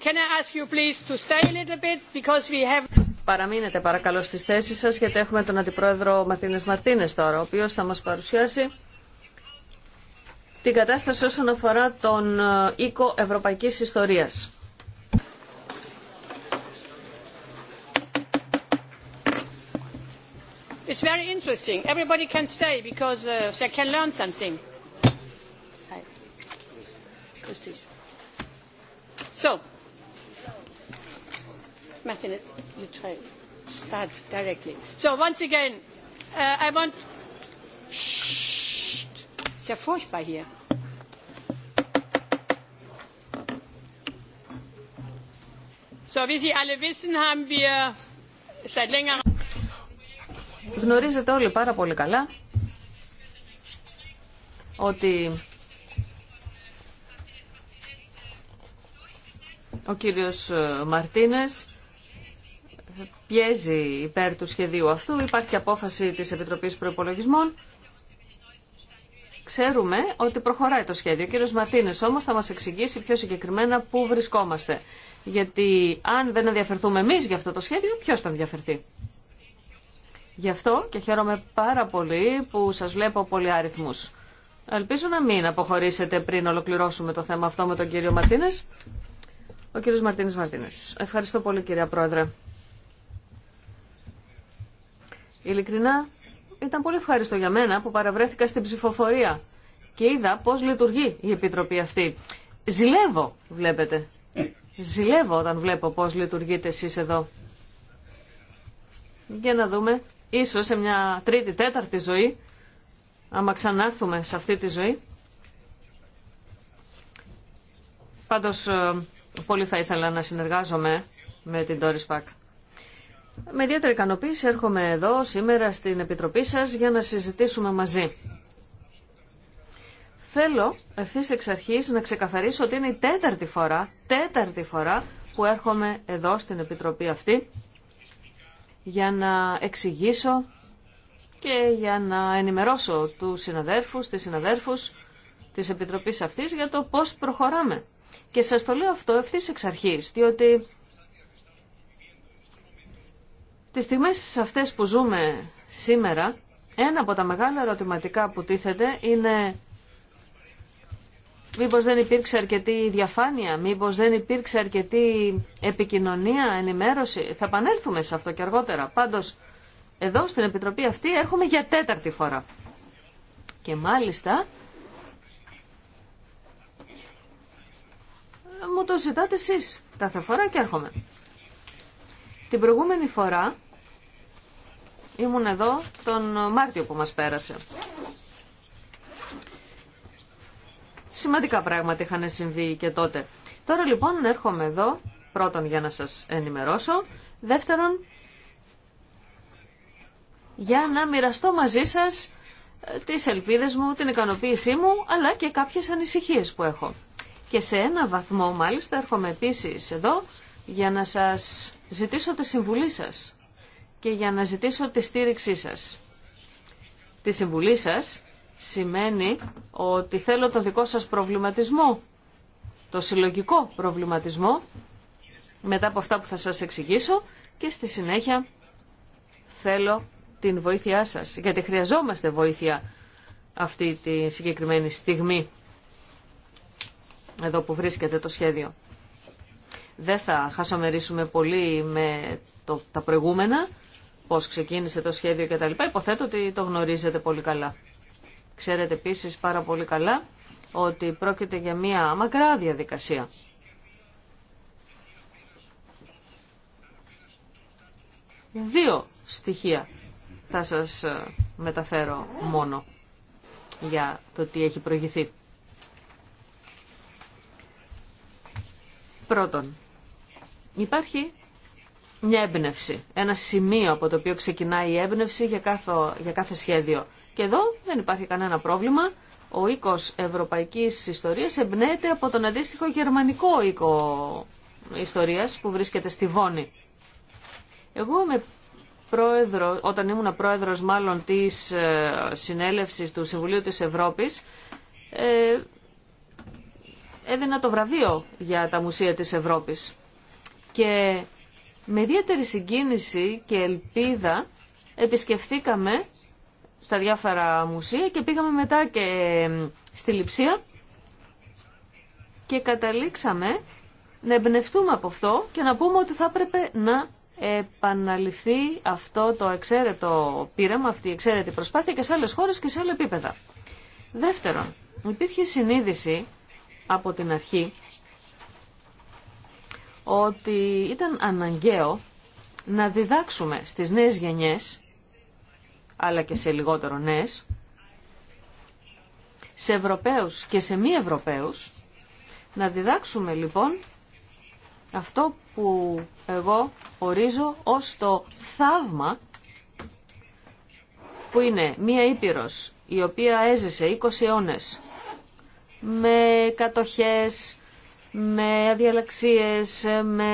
Speaker 2: Can I ask you please to stay a little bit because we have... Παραμείνετε παρακαλώ στις θέσεις σας γιατί έχουμε τον Αντιπρόεδρο Μαρτίνες Μαρτίνες τώρα, ο οποίος θα μας παρουσιάσει την κατάσταση όσον αφορά τον ε, οίκο Ευρωπαϊκής Ιστορίας. It's very interesting. Everybody can stay because uh, they can learn something. So, Martin, you try. Start directly. So once again, I want. Ist ja furchtbar hier.
Speaker 1: So, wie Sie alle wissen, haben wir seit längerem.
Speaker 2: Γνωρίζετε όλοι πάρα πολύ καλά ότι ο κύριος Μαρτίνες πιέζει υπέρ του σχεδίου αυτού. Υπάρχει και απόφαση της Επιτροπής Προϋπολογισμών. Ξέρουμε ότι προχωράει το σχέδιο. Ο κύριος Μαρτίνες όμως θα μας εξηγήσει πιο συγκεκριμένα πού βρισκόμαστε. Γιατί αν δεν ενδιαφερθούμε εμείς για αυτό το σχέδιο, ποιος θα ενδιαφερθεί. Γι' αυτό και χαίρομαι πάρα πολύ που σας βλέπω πολλοί αριθμούς. Ελπίζω να μην αποχωρήσετε πριν ολοκληρώσουμε το θέμα αυτό με τον κύριο Μαρτίνες. Ο κύριος Μαρτίνες Μαρτίνες. Ευχαριστώ πολύ κυρία Πρόεδρε. Ειλικρινά ήταν πολύ ευχαριστώ για μένα που παραβρέθηκα στην ψηφοφορία και είδα πώς λειτουργεί η Επιτροπή αυτή. Ζηλεύω, βλέπετε. Ζηλεύω όταν βλέπω πώς λειτουργείτε εσείς εδώ. Για να δούμε, ίσως σε μια τρίτη, τέταρτη ζωή, άμα ξανάρθουμε σε αυτή τη ζωή. Πάντως, ε, πολύ θα ήθελα να συνεργάζομαι με την Doris με ιδιαίτερη ικανοποίηση έρχομαι εδώ σήμερα στην Επιτροπή σας για να συζητήσουμε μαζί. Θέλω ευθύ εξ αρχής να ξεκαθαρίσω ότι είναι η τέταρτη φορά, τέταρτη φορά που έρχομαι εδώ στην Επιτροπή αυτή για να εξηγήσω και για να ενημερώσω του συναδέρφους, τις συναδέρφους της Επιτροπής αυτής για το πώς προχωράμε. Και σας το λέω αυτό ευθύ εξ αρχής, διότι Τις στιγμές αυτές που ζούμε σήμερα, ένα από τα μεγάλα ερωτηματικά που τίθεται είναι μήπως δεν υπήρξε αρκετή διαφάνεια, μήπως δεν υπήρξε αρκετή επικοινωνία, ενημέρωση. Θα επανέλθουμε σε αυτό και αργότερα. Πάντως, εδώ στην Επιτροπή αυτή έχουμε για τέταρτη φορά. Και μάλιστα μου το ζητάτε εσείς κάθε φορά και έρχομαι. Την προηγούμενη φορά Ήμουν εδώ τον Μάρτιο που μας πέρασε. Σημαντικά πράγματα είχαν συμβεί και τότε. Τώρα λοιπόν έρχομαι εδώ, πρώτον για να σας ενημερώσω, δεύτερον για να μοιραστώ μαζί σας ε, τις ελπίδες μου, την ικανοποίησή μου, αλλά και κάποιες ανησυχίες που έχω. Και σε ένα βαθμό μάλιστα έρχομαι επίσης εδώ για να σας ζητήσω τη συμβουλή σας και για να ζητήσω τη στήριξή σας. Τη συμβουλή σας σημαίνει ότι θέλω το δικό σας προβληματισμό, το συλλογικό προβληματισμό, μετά από αυτά που θα σας εξηγήσω και στη συνέχεια θέλω την βοήθειά σας, γιατί χρειαζόμαστε βοήθεια αυτή τη συγκεκριμένη στιγμή, εδώ που βρίσκεται το σχέδιο. Δεν θα χασομερίσουμε πολύ με το, τα προηγούμενα, πώς ξεκίνησε το σχέδιο κτλ. Υποθέτω ότι το γνωρίζετε πολύ καλά. Ξέρετε επίσης πάρα πολύ καλά ότι πρόκειται για μια μακρά διαδικασία. Δύο στοιχεία θα σας ε, μεταφέρω μόνο για το τι έχει προηγηθεί. Πρώτον, υπάρχει μια έμπνευση, ένα σημείο από το οποίο ξεκινάει η έμπνευση για κάθε, για σχέδιο. Και εδώ δεν υπάρχει κανένα πρόβλημα. Ο οίκο Ευρωπαϊκής Ιστορίας εμπνέεται από τον αντίστοιχο γερμανικό οίκο Ιστορίας που βρίσκεται στη Βόνη. Εγώ πρόεδρο, όταν ήμουν πρόεδρο μάλλον της ε, συνέλευσης του Συμβουλίου της Ευρώπη, ε, έδινα το βραβείο για τα μουσεία της Ευρώπης. Και με ιδιαίτερη συγκίνηση και ελπίδα επισκεφθήκαμε τα διάφορα μουσεία και πήγαμε μετά και στη Λιψία και καταλήξαμε να εμπνευτούμε από αυτό και να πούμε ότι θα έπρεπε να επαναληφθεί αυτό το εξαίρετο πείραμα, αυτή η εξαίρετη προσπάθεια και σε άλλες χώρες και σε άλλα επίπεδα. Δεύτερον, υπήρχε συνείδηση από την αρχή ότι ήταν αναγκαίο να διδάξουμε στις νέες γενιές, αλλά και σε λιγότερο νέες, σε Ευρωπαίους και σε μη Ευρωπαίους, να διδάξουμε λοιπόν αυτό που εγώ ορίζω ως το θαύμα που είναι μία Ήπειρος η οποία έζησε 20 αιώνες με κατοχές, με αδιαλαξίες, με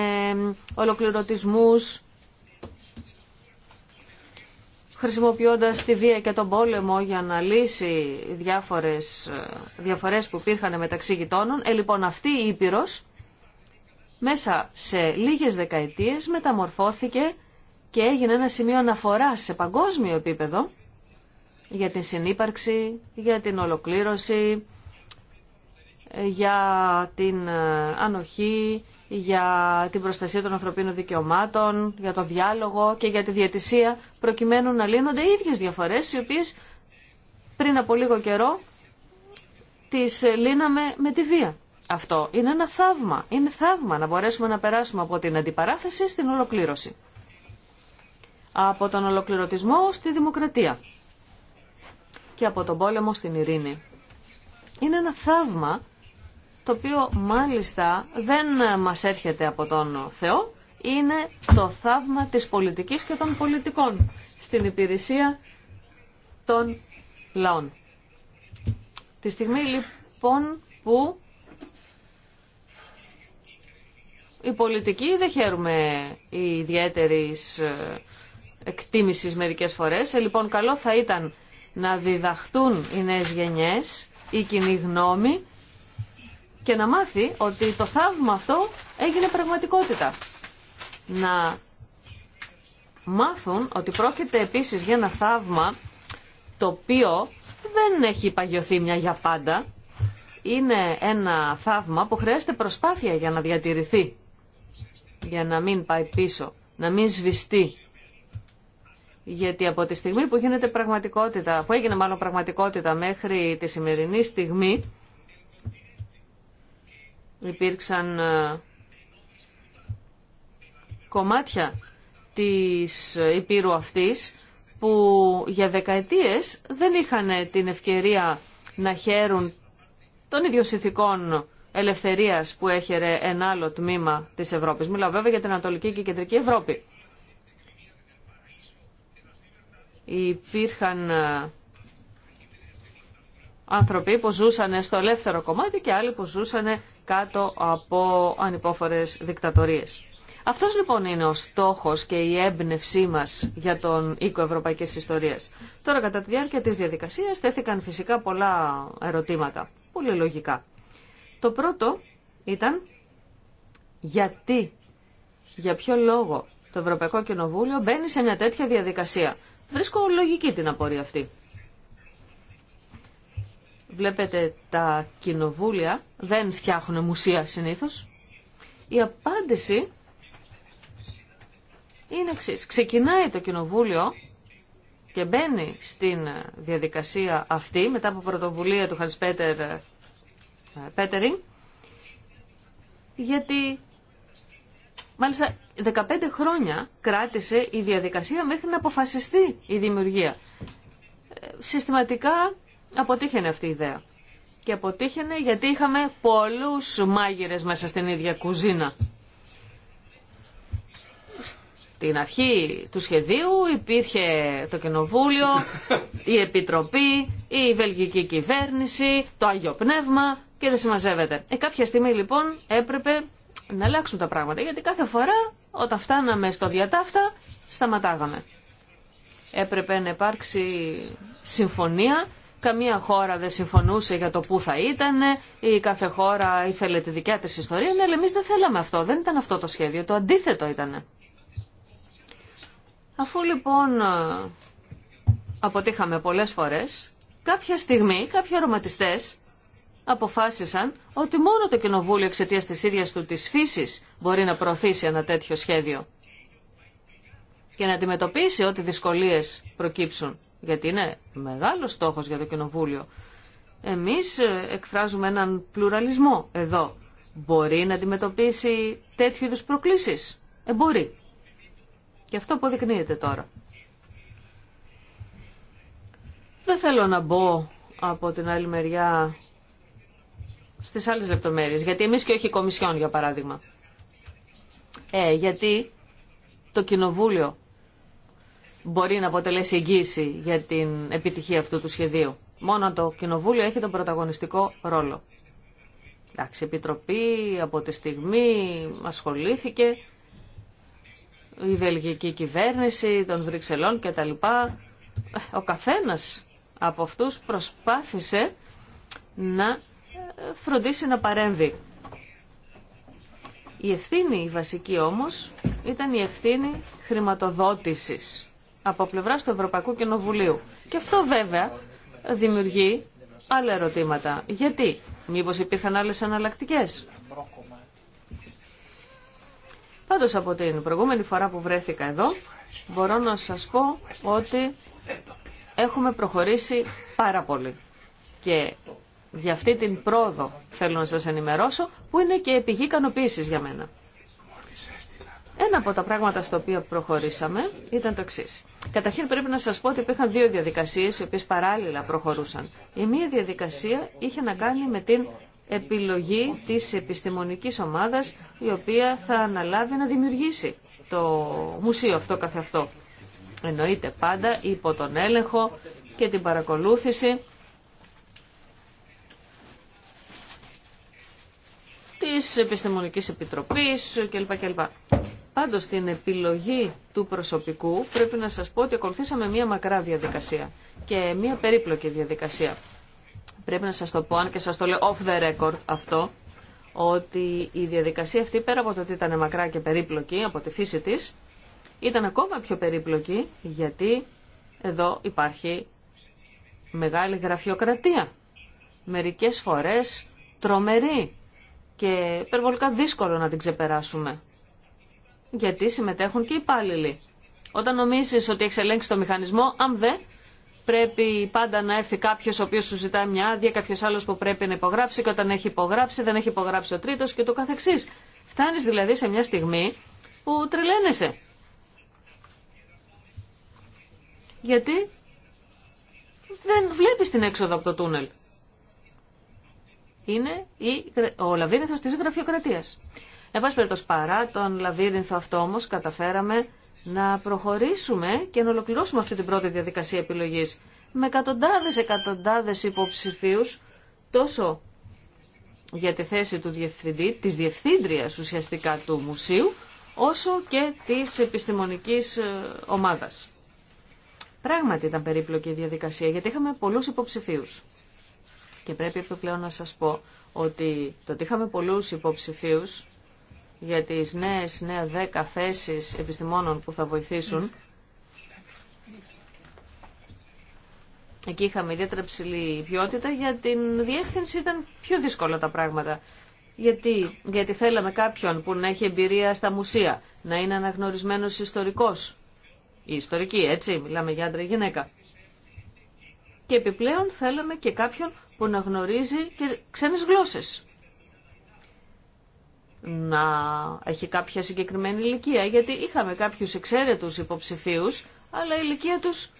Speaker 2: ολοκληρωτισμούς, χρησιμοποιώντας τη βία και τον πόλεμο για να λύσει διάφορες διαφορές που υπήρχαν μεταξύ γειτόνων. Ε, λοιπόν, αυτή η Ήπειρος μέσα σε λίγες δεκαετίες μεταμορφώθηκε και έγινε ένα σημείο αναφοράς σε παγκόσμιο επίπεδο για την συνύπαρξη, για την ολοκλήρωση, για την ε, ανοχή, για την προστασία των ανθρωπίνων δικαιωμάτων, για το διάλογο και για τη διατησία προκειμένου να λύνονται οι ίδιες διαφορές, οι οποίες πριν από λίγο καιρό τις λύναμε με τη βία. Αυτό είναι ένα θαύμα. Είναι θαύμα να μπορέσουμε να περάσουμε από την αντιπαράθεση στην ολοκλήρωση. Από τον ολοκληρωτισμό στη δημοκρατία. Και από τον πόλεμο στην ειρήνη. Είναι ένα θαύμα το οποίο μάλιστα δεν μας έρχεται από τον Θεό, είναι το θαύμα της πολιτικής και των πολιτικών στην υπηρεσία των λαών. Τη στιγμή λοιπόν που οι πολιτικοί δεν χαίρουμε ιδιαίτερης ε, εκτίμησης μερικές φορές. Ε, λοιπόν, καλό θα ήταν να διδαχτούν οι νέες γενιές, η κοινή γνώμη, και να μάθει ότι το θαύμα αυτό έγινε πραγματικότητα. Να μάθουν ότι πρόκειται επίσης για ένα θαύμα το οποίο δεν έχει παγιωθεί μια για πάντα. Είναι ένα θαύμα που χρειάζεται προσπάθεια για να διατηρηθεί, για να μην πάει πίσω, να μην σβηστεί. Γιατί από τη στιγμή που γίνεται πραγματικότητα, που έγινε μάλλον πραγματικότητα μέχρι τη σημερινή στιγμή, υπήρξαν ε, κομμάτια της ε, Υπήρου αυτής που για δεκαετίες δεν είχαν την ευκαιρία να χαίρουν των ίδιων ελευθερίας που έχερε ένα άλλο τμήμα της Ευρώπης. Μιλάω βέβαια για την Ανατολική και Κεντρική Ευρώπη. Υπήρχαν ε, άνθρωποι που ζούσαν στο ελεύθερο κομμάτι και άλλοι που ζούσαν κάτω από ανυπόφορες δικτατορίες. Αυτός λοιπόν είναι ο στόχος και η έμπνευσή μας για τον οίκο Ευρωπαϊκής Ιστορίας. Τώρα κατά τη διάρκεια της διαδικασίας θέθηκαν φυσικά πολλά ερωτήματα, πολύ λογικά. Το πρώτο ήταν γιατί, για ποιο λόγο το Ευρωπαϊκό Κοινοβούλιο μπαίνει σε μια τέτοια διαδικασία. Βρίσκω λογική την απορία αυτή. Βλέπετε τα κοινοβούλια δεν φτιάχνουν μουσεία συνήθως. Η απάντηση είναι εξή. Ξεκινάει το κοινοβούλιο και μπαίνει στην διαδικασία αυτή μετά από πρωτοβουλία του Χανς Πέτερ γιατί μάλιστα 15 χρόνια κράτησε η διαδικασία μέχρι να αποφασιστεί η δημιουργία. Ε, συστηματικά αποτύχαινε αυτή η ιδέα. Και αποτύχαινε γιατί είχαμε πολλούς μάγειρες μέσα στην ίδια κουζίνα. Στην αρχή του σχεδίου υπήρχε το Κοινοβούλιο, η Επιτροπή, η Βελγική Κυβέρνηση, το Άγιο Πνεύμα και δεν συμμαζεύεται. Ε, κάποια στιγμή λοιπόν έπρεπε να αλλάξουν τα πράγματα γιατί κάθε φορά όταν φτάναμε στο διατάφτα σταματάγαμε. Έπρεπε να υπάρξει συμφωνία Καμία χώρα δεν συμφωνούσε για το πού θα ήταν, η κάθε χώρα ήθελε τη δικιά της ιστορία. Ναι, αλλά εμείς δεν θέλαμε αυτό, δεν ήταν αυτό το σχέδιο, το αντίθετο ήταν. Αφού λοιπόν ε, αποτύχαμε πολλές φορές, κάποια στιγμή κάποιοι αρωματιστές αποφάσισαν ότι μόνο το Κοινοβούλιο εξαιτία της ίδιας του της φύσης μπορεί να προωθήσει ένα τέτοιο σχέδιο και να αντιμετωπίσει ό,τι δυσκολίες προκύψουν γιατί είναι μεγάλο στόχος για το Κοινοβούλιο. Εμείς ε, εκφράζουμε έναν πλουραλισμό εδώ. Μπορεί να αντιμετωπίσει τέτοιου είδους προκλήσεις. Ε, μπορεί. Και αυτό αποδεικνύεται τώρα. Δεν θέλω να μπω από την άλλη μεριά στις άλλες λεπτομέρειες, γιατί εμείς και όχι Κομισιόν, για παράδειγμα. Ε, γιατί το Κοινοβούλιο μπορεί να αποτελέσει εγγύηση για την επιτυχία αυτού του σχεδίου. Μόνο το Κοινοβούλιο έχει τον πρωταγωνιστικό ρόλο. Εντάξει, η Επιτροπή από τη στιγμή ασχολήθηκε, η βελγική κυβέρνηση των Βρυξελών κτλ. Ο καθένας από αυτούς προσπάθησε να φροντίσει να παρέμβει. Η ευθύνη η βασική όμως ήταν η ευθύνη χρηματοδότησης από πλευρά του Ευρωπαϊκού Κοινοβουλίου. Και αυτό βέβαια δημιουργεί άλλα ερωτήματα. Γιατί, μήπως υπήρχαν άλλες αναλλακτικέ. Πάντως από την προηγούμενη φορά που βρέθηκα εδώ, μπορώ να σας πω ότι έχουμε προχωρήσει πάρα πολύ. Και για αυτή την πρόοδο θέλω να σας ενημερώσω, που είναι και πηγή ικανοποίησης για μένα. Ένα από τα πράγματα στο οποία προχωρήσαμε ήταν το εξή. Καταρχήν πρέπει να σας πω ότι υπήρχαν δύο διαδικασίες οι οποίες παράλληλα προχωρούσαν. Η μία διαδικασία είχε να κάνει με την επιλογή της επιστημονικής ομάδας η οποία θα αναλάβει να δημιουργήσει το μουσείο αυτό καθ' αυτό. Εννοείται πάντα υπό τον έλεγχο και την παρακολούθηση της Επιστημονικής Επιτροπής κλπ. Πάντως στην επιλογή του προσωπικού πρέπει να σας πω ότι ακολουθήσαμε μία μακρά διαδικασία και μία περίπλοκη διαδικασία. Πρέπει να σας το πω, αν και σας το λέω off the record αυτό, ότι η διαδικασία αυτή πέρα από το ότι ήταν μακρά και περίπλοκη από τη φύση της, ήταν ακόμα πιο περίπλοκη γιατί εδώ υπάρχει μεγάλη γραφειοκρατία. Μερικές φορές τρομερή και υπερβολικά δύσκολο να την ξεπεράσουμε γιατί συμμετέχουν και οι υπάλληλοι. Όταν νομίζεις ότι έχει ελέγξει το μηχανισμό, αν δεν, πρέπει πάντα να έρθει κάποιος ο οποίος σου ζητάει μια άδεια, κάποιος άλλος που πρέπει να υπογράψει και όταν έχει υπογράψει δεν έχει υπογράψει ο τρίτος και το καθεξής. Φτάνεις δηλαδή σε μια στιγμή που τρελαίνεσαι. Γιατί δεν βλέπεις την έξοδο από το τούνελ. Είναι η, ο λαβύρινθος της γραφειοκρατίας. Εν παρά τον λαβύρινθο αυτό όμω καταφέραμε να προχωρήσουμε και να ολοκληρώσουμε αυτή την πρώτη διαδικασία επιλογής με εκατοντάδες εκατοντάδες υποψηφίους τόσο για τη θέση του διευθυντή, της διευθύντριας ουσιαστικά του μουσείου, όσο και της επιστημονικής ε, ομάδας. Πράγματι ήταν περίπλοκη η διαδικασία, γιατί είχαμε πολλούς υποψηφίους. Και πρέπει επιπλέον να σας πω ότι το ότι είχαμε πολλούς υποψηφίους για τις νέες, νέα δέκα θέσεις επιστημόνων που θα βοηθήσουν. Εκεί είχαμε ιδιαίτερα ψηλή ποιότητα, για την διεύθυνση ήταν πιο δύσκολα τα πράγματα. Γιατί, γιατί θέλαμε κάποιον που να έχει εμπειρία στα μουσεία, να είναι αναγνωρισμένος ιστορικός. Η ιστορική, έτσι, μιλάμε για άντρα γυναίκα. Και επιπλέον θέλαμε και κάποιον που να γνωρίζει και ξένες γλώσσες να έχει κάποια συγκεκριμένη ηλικία, γιατί είχαμε κάποιους εξαίρετους υποψηφίους, αλλά η ηλικία τους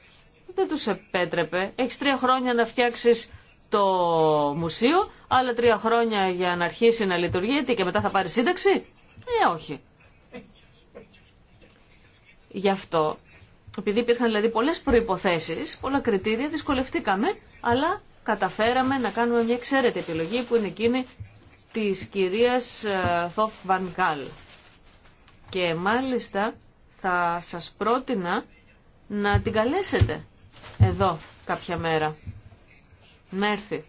Speaker 2: δεν τους επέτρεπε. Έχεις τρία χρόνια να φτιάξεις το μουσείο, άλλα τρία χρόνια για να αρχίσει να λειτουργεί, και μετά θα πάρει σύνταξη. Ε, όχι. Γι' αυτό, επειδή υπήρχαν δηλαδή πολλές προϋποθέσεις, πολλά κριτήρια, δυσκολευτήκαμε, αλλά καταφέραμε να κάνουμε μια εξαίρετη επιλογή που είναι εκείνη της κυρίας Φοφ ε, Γκάλ. Και μάλιστα θα σας πρότεινα να την καλέσετε εδώ κάποια μέρα. Να έρθει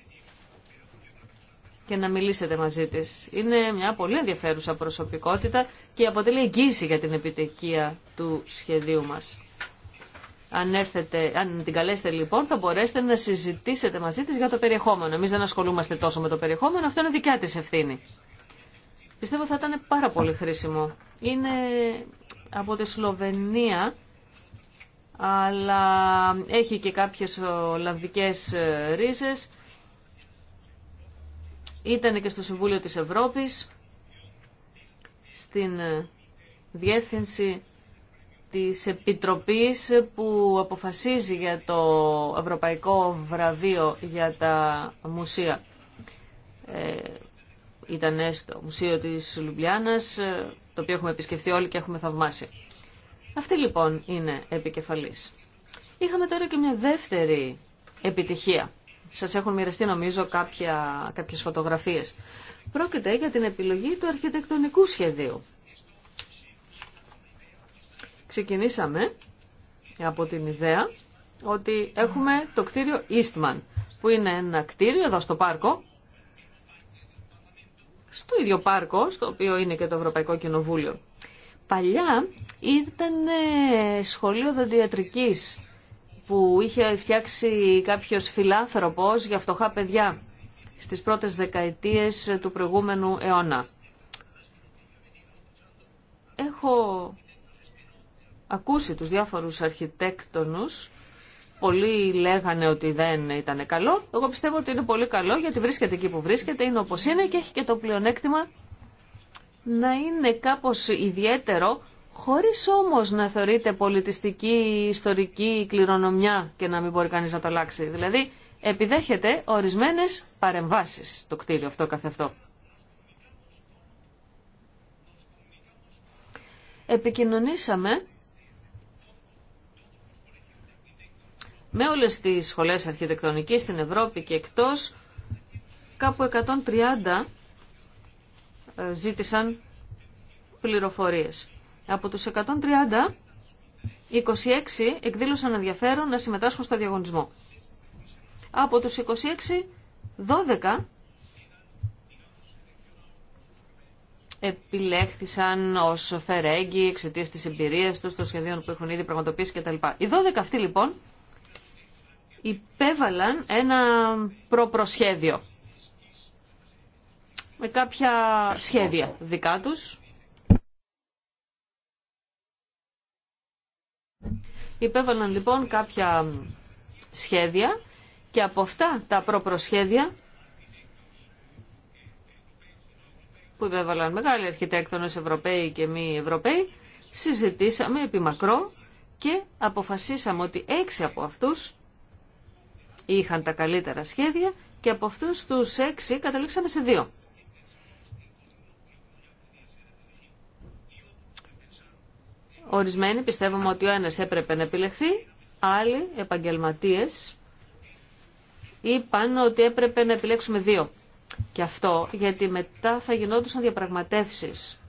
Speaker 2: και να μιλήσετε μαζί της. Είναι μια πολύ ενδιαφέρουσα προσωπικότητα και αποτελεί εγγύηση για την επιτυχία του σχεδίου μας. Αν, έρθετε, αν την καλέσετε λοιπόν θα μπορέσετε να συζητήσετε μαζί της για το περιεχόμενο. Εμείς δεν ασχολούμαστε τόσο με το περιεχόμενο, αυτό είναι δικιά της ευθύνη. Πιστεύω θα ήταν πάρα πολύ χρήσιμο. Είναι από τη Σλοβενία, αλλά έχει και κάποιες ολλανδικές ε, ρίζες. Ήταν και στο Συμβούλιο της Ευρώπης, στην ε, διεύθυνση της Επιτροπής που αποφασίζει για το Ευρωπαϊκό Βραβείο για τα Μουσεία. Ε, ήταν στο Μουσείο της Λουμπλιάνας, ε, το οποίο έχουμε επισκεφθεί όλοι και έχουμε θαυμάσει. Αυτή λοιπόν είναι επικεφαλής. Είχαμε τώρα και μια δεύτερη επιτυχία. Σας έχουν μοιραστεί νομίζω κάποια, κάποιες φωτογραφίες. Πρόκειται για την επιλογή του αρχιτεκτονικού σχεδίου ξεκινήσαμε από την ιδέα ότι έχουμε το κτίριο Eastman, που είναι ένα κτίριο εδώ στο πάρκο, στο ίδιο πάρκο, στο οποίο είναι και το Ευρωπαϊκό Κοινοβούλιο. Παλιά ήταν ε, σχολείο δοντιατρικής που είχε φτιάξει κάποιος φιλάνθρωπος για φτωχά παιδιά στις πρώτες δεκαετίες του προηγούμενου αιώνα. Έχω ακούσει τους διάφορους αρχιτέκτονους. Πολλοί λέγανε ότι δεν ήταν καλό. Εγώ πιστεύω ότι είναι πολύ καλό γιατί βρίσκεται εκεί που βρίσκεται, είναι όπως είναι και έχει και το πλεονέκτημα να είναι κάπως ιδιαίτερο χωρίς όμως να θεωρείται πολιτιστική, ιστορική κληρονομιά και να μην μπορεί κανείς να το αλλάξει. Δηλαδή επιδέχεται ορισμένες παρεμβάσεις το κτίριο αυτό καθ' αυτό. Επικοινωνήσαμε με όλες τις σχολές αρχιτεκτονικής στην Ευρώπη και εκτός, κάπου 130 ε, ζήτησαν πληροφορίες. Από τους 130, 26 εκδήλωσαν ενδιαφέρον να συμμετάσχουν στο διαγωνισμό. Από τους 26, 12 επιλέχθησαν ως φερέγγι εξαιτία της εμπειρίας του των σχεδίων που έχουν ήδη πραγματοποιήσει κτλ. Οι 12 αυτοί λοιπόν υπέβαλαν ένα προπροσχέδιο με κάποια σχέδια δικά τους. Υπέβαλαν λοιπόν κάποια σχέδια και από αυτά τα προπροσχέδια που υπέβαλαν μεγάλοι αρχιτέκτονες Ευρωπαίοι και μη Ευρωπαίοι, συζητήσαμε επί μακρό και αποφασίσαμε ότι έξι από αυτούς είχαν τα καλύτερα σχέδια και από αυτούς τους έξι καταλήξαμε σε δύο. Ορισμένοι πιστεύουμε ότι ο ένας έπρεπε να επιλεχθεί, άλλοι επαγγελματίες είπαν ότι έπρεπε να επιλέξουμε δύο. Και αυτό γιατί μετά θα γινόντουσαν διαπραγματεύσεις.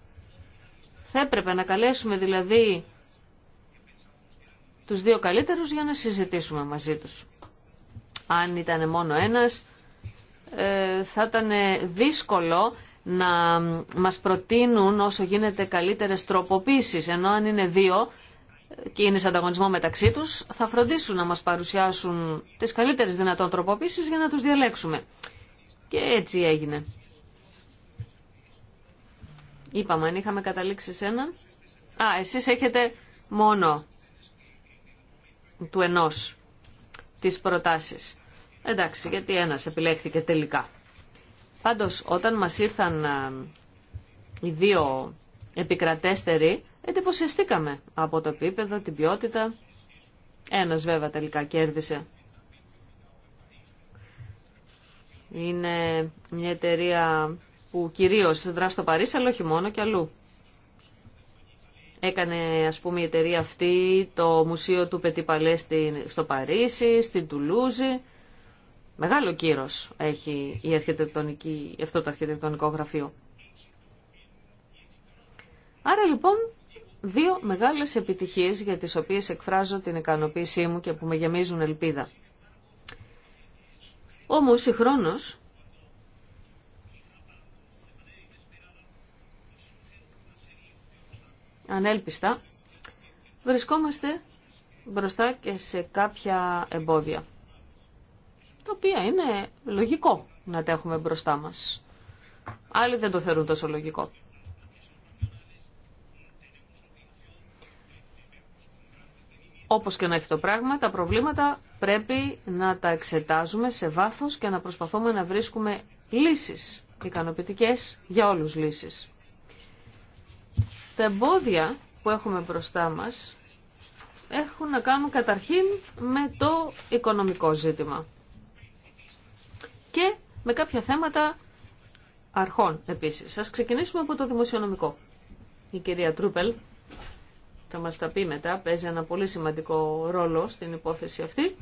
Speaker 2: Θα έπρεπε να καλέσουμε δηλαδή τους δύο καλύτερους για να συζητήσουμε μαζί τους. Αν ήταν μόνο ένας, ε, θα ήταν δύσκολο να μας προτείνουν όσο γίνεται καλύτερες τροποποίησεις, ενώ αν είναι δύο και είναι σε ανταγωνισμό μεταξύ τους, θα φροντίσουν να μας παρουσιάσουν τις καλύτερες δυνατόν τροποποίησεις για να τους διαλέξουμε. Και έτσι έγινε. Είπαμε, αν είχαμε καταλήξει σε έναν... Α, εσείς έχετε μόνο του ενός τις προτάσεις. Εντάξει, γιατί ένας επιλέχθηκε τελικά. Πάντως, όταν μας ήρθαν οι δύο επικρατέστεροι, εντυπωσιαστήκαμε από το επίπεδο, την ποιότητα. Ένας βέβαια τελικά κέρδισε. Είναι μια εταιρεία που κυρίως δρά στο Παρίσι, αλλά όχι μόνο και αλλού. Έκανε ας πούμε η εταιρεία αυτή το μουσείο του Πετυπαλέ στο Παρίσι, στην Τουλούζη. Μεγάλο κύρος έχει η αρχιτεκτονική, αυτό το αρχιτεκτονικό γραφείο. Άρα λοιπόν δύο μεγάλες επιτυχίες για τις οποίες εκφράζω την ικανοποίησή μου και που με γεμίζουν ελπίδα. Όμως χρόνος... ανέλπιστα, βρισκόμαστε μπροστά και σε κάποια εμπόδια, τα οποία είναι λογικό να τα έχουμε μπροστά μας. Άλλοι δεν το θεωρούν τόσο λογικό. Όπως και να έχει το πράγμα, τα προβλήματα πρέπει να τα εξετάζουμε σε βάθος και να προσπαθούμε να βρίσκουμε λύσεις ικανοποιητικές για όλους λύσεις. Τα εμπόδια που έχουμε μπροστά μας έχουν να κάνουν καταρχήν με το οικονομικό ζήτημα και με κάποια θέματα αρχών επίσης. Ας ξεκινήσουμε από το δημοσιονομικό. Η κυρία Τρούπελ θα μας τα πει μετά, παίζει ένα πολύ σημαντικό ρόλο στην υπόθεση αυτή.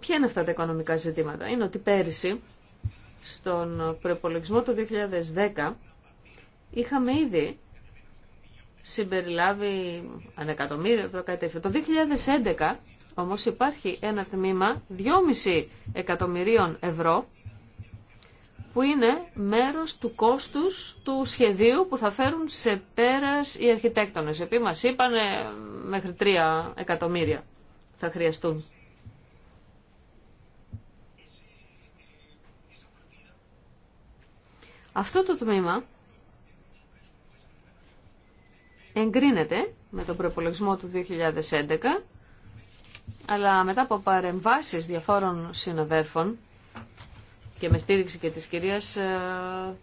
Speaker 2: Ποια είναι αυτά τα οικονομικά ζητήματα. Είναι ότι πέρυσι στον προπολογισμό του 2010 είχαμε ήδη συμπεριλάβει εκατομμύριο ευρώ κάτι τέτοιο. Το 2011 όμως υπάρχει ένα τμήμα 2,5 εκατομμυρίων ευρώ που είναι μέρος του κόστους του σχεδίου που θα φέρουν σε πέρας οι αρχιτέκτονες. Επειδή μας είπανε μέχρι 3 εκατομμύρια θα χρειαστούν. Αυτό το τμήμα εγκρίνεται με τον προπολογισμό του 2011, αλλά μετά από παρεμβάσεις διαφόρων συναδέρφων και με στήριξη και της κυρίας ε,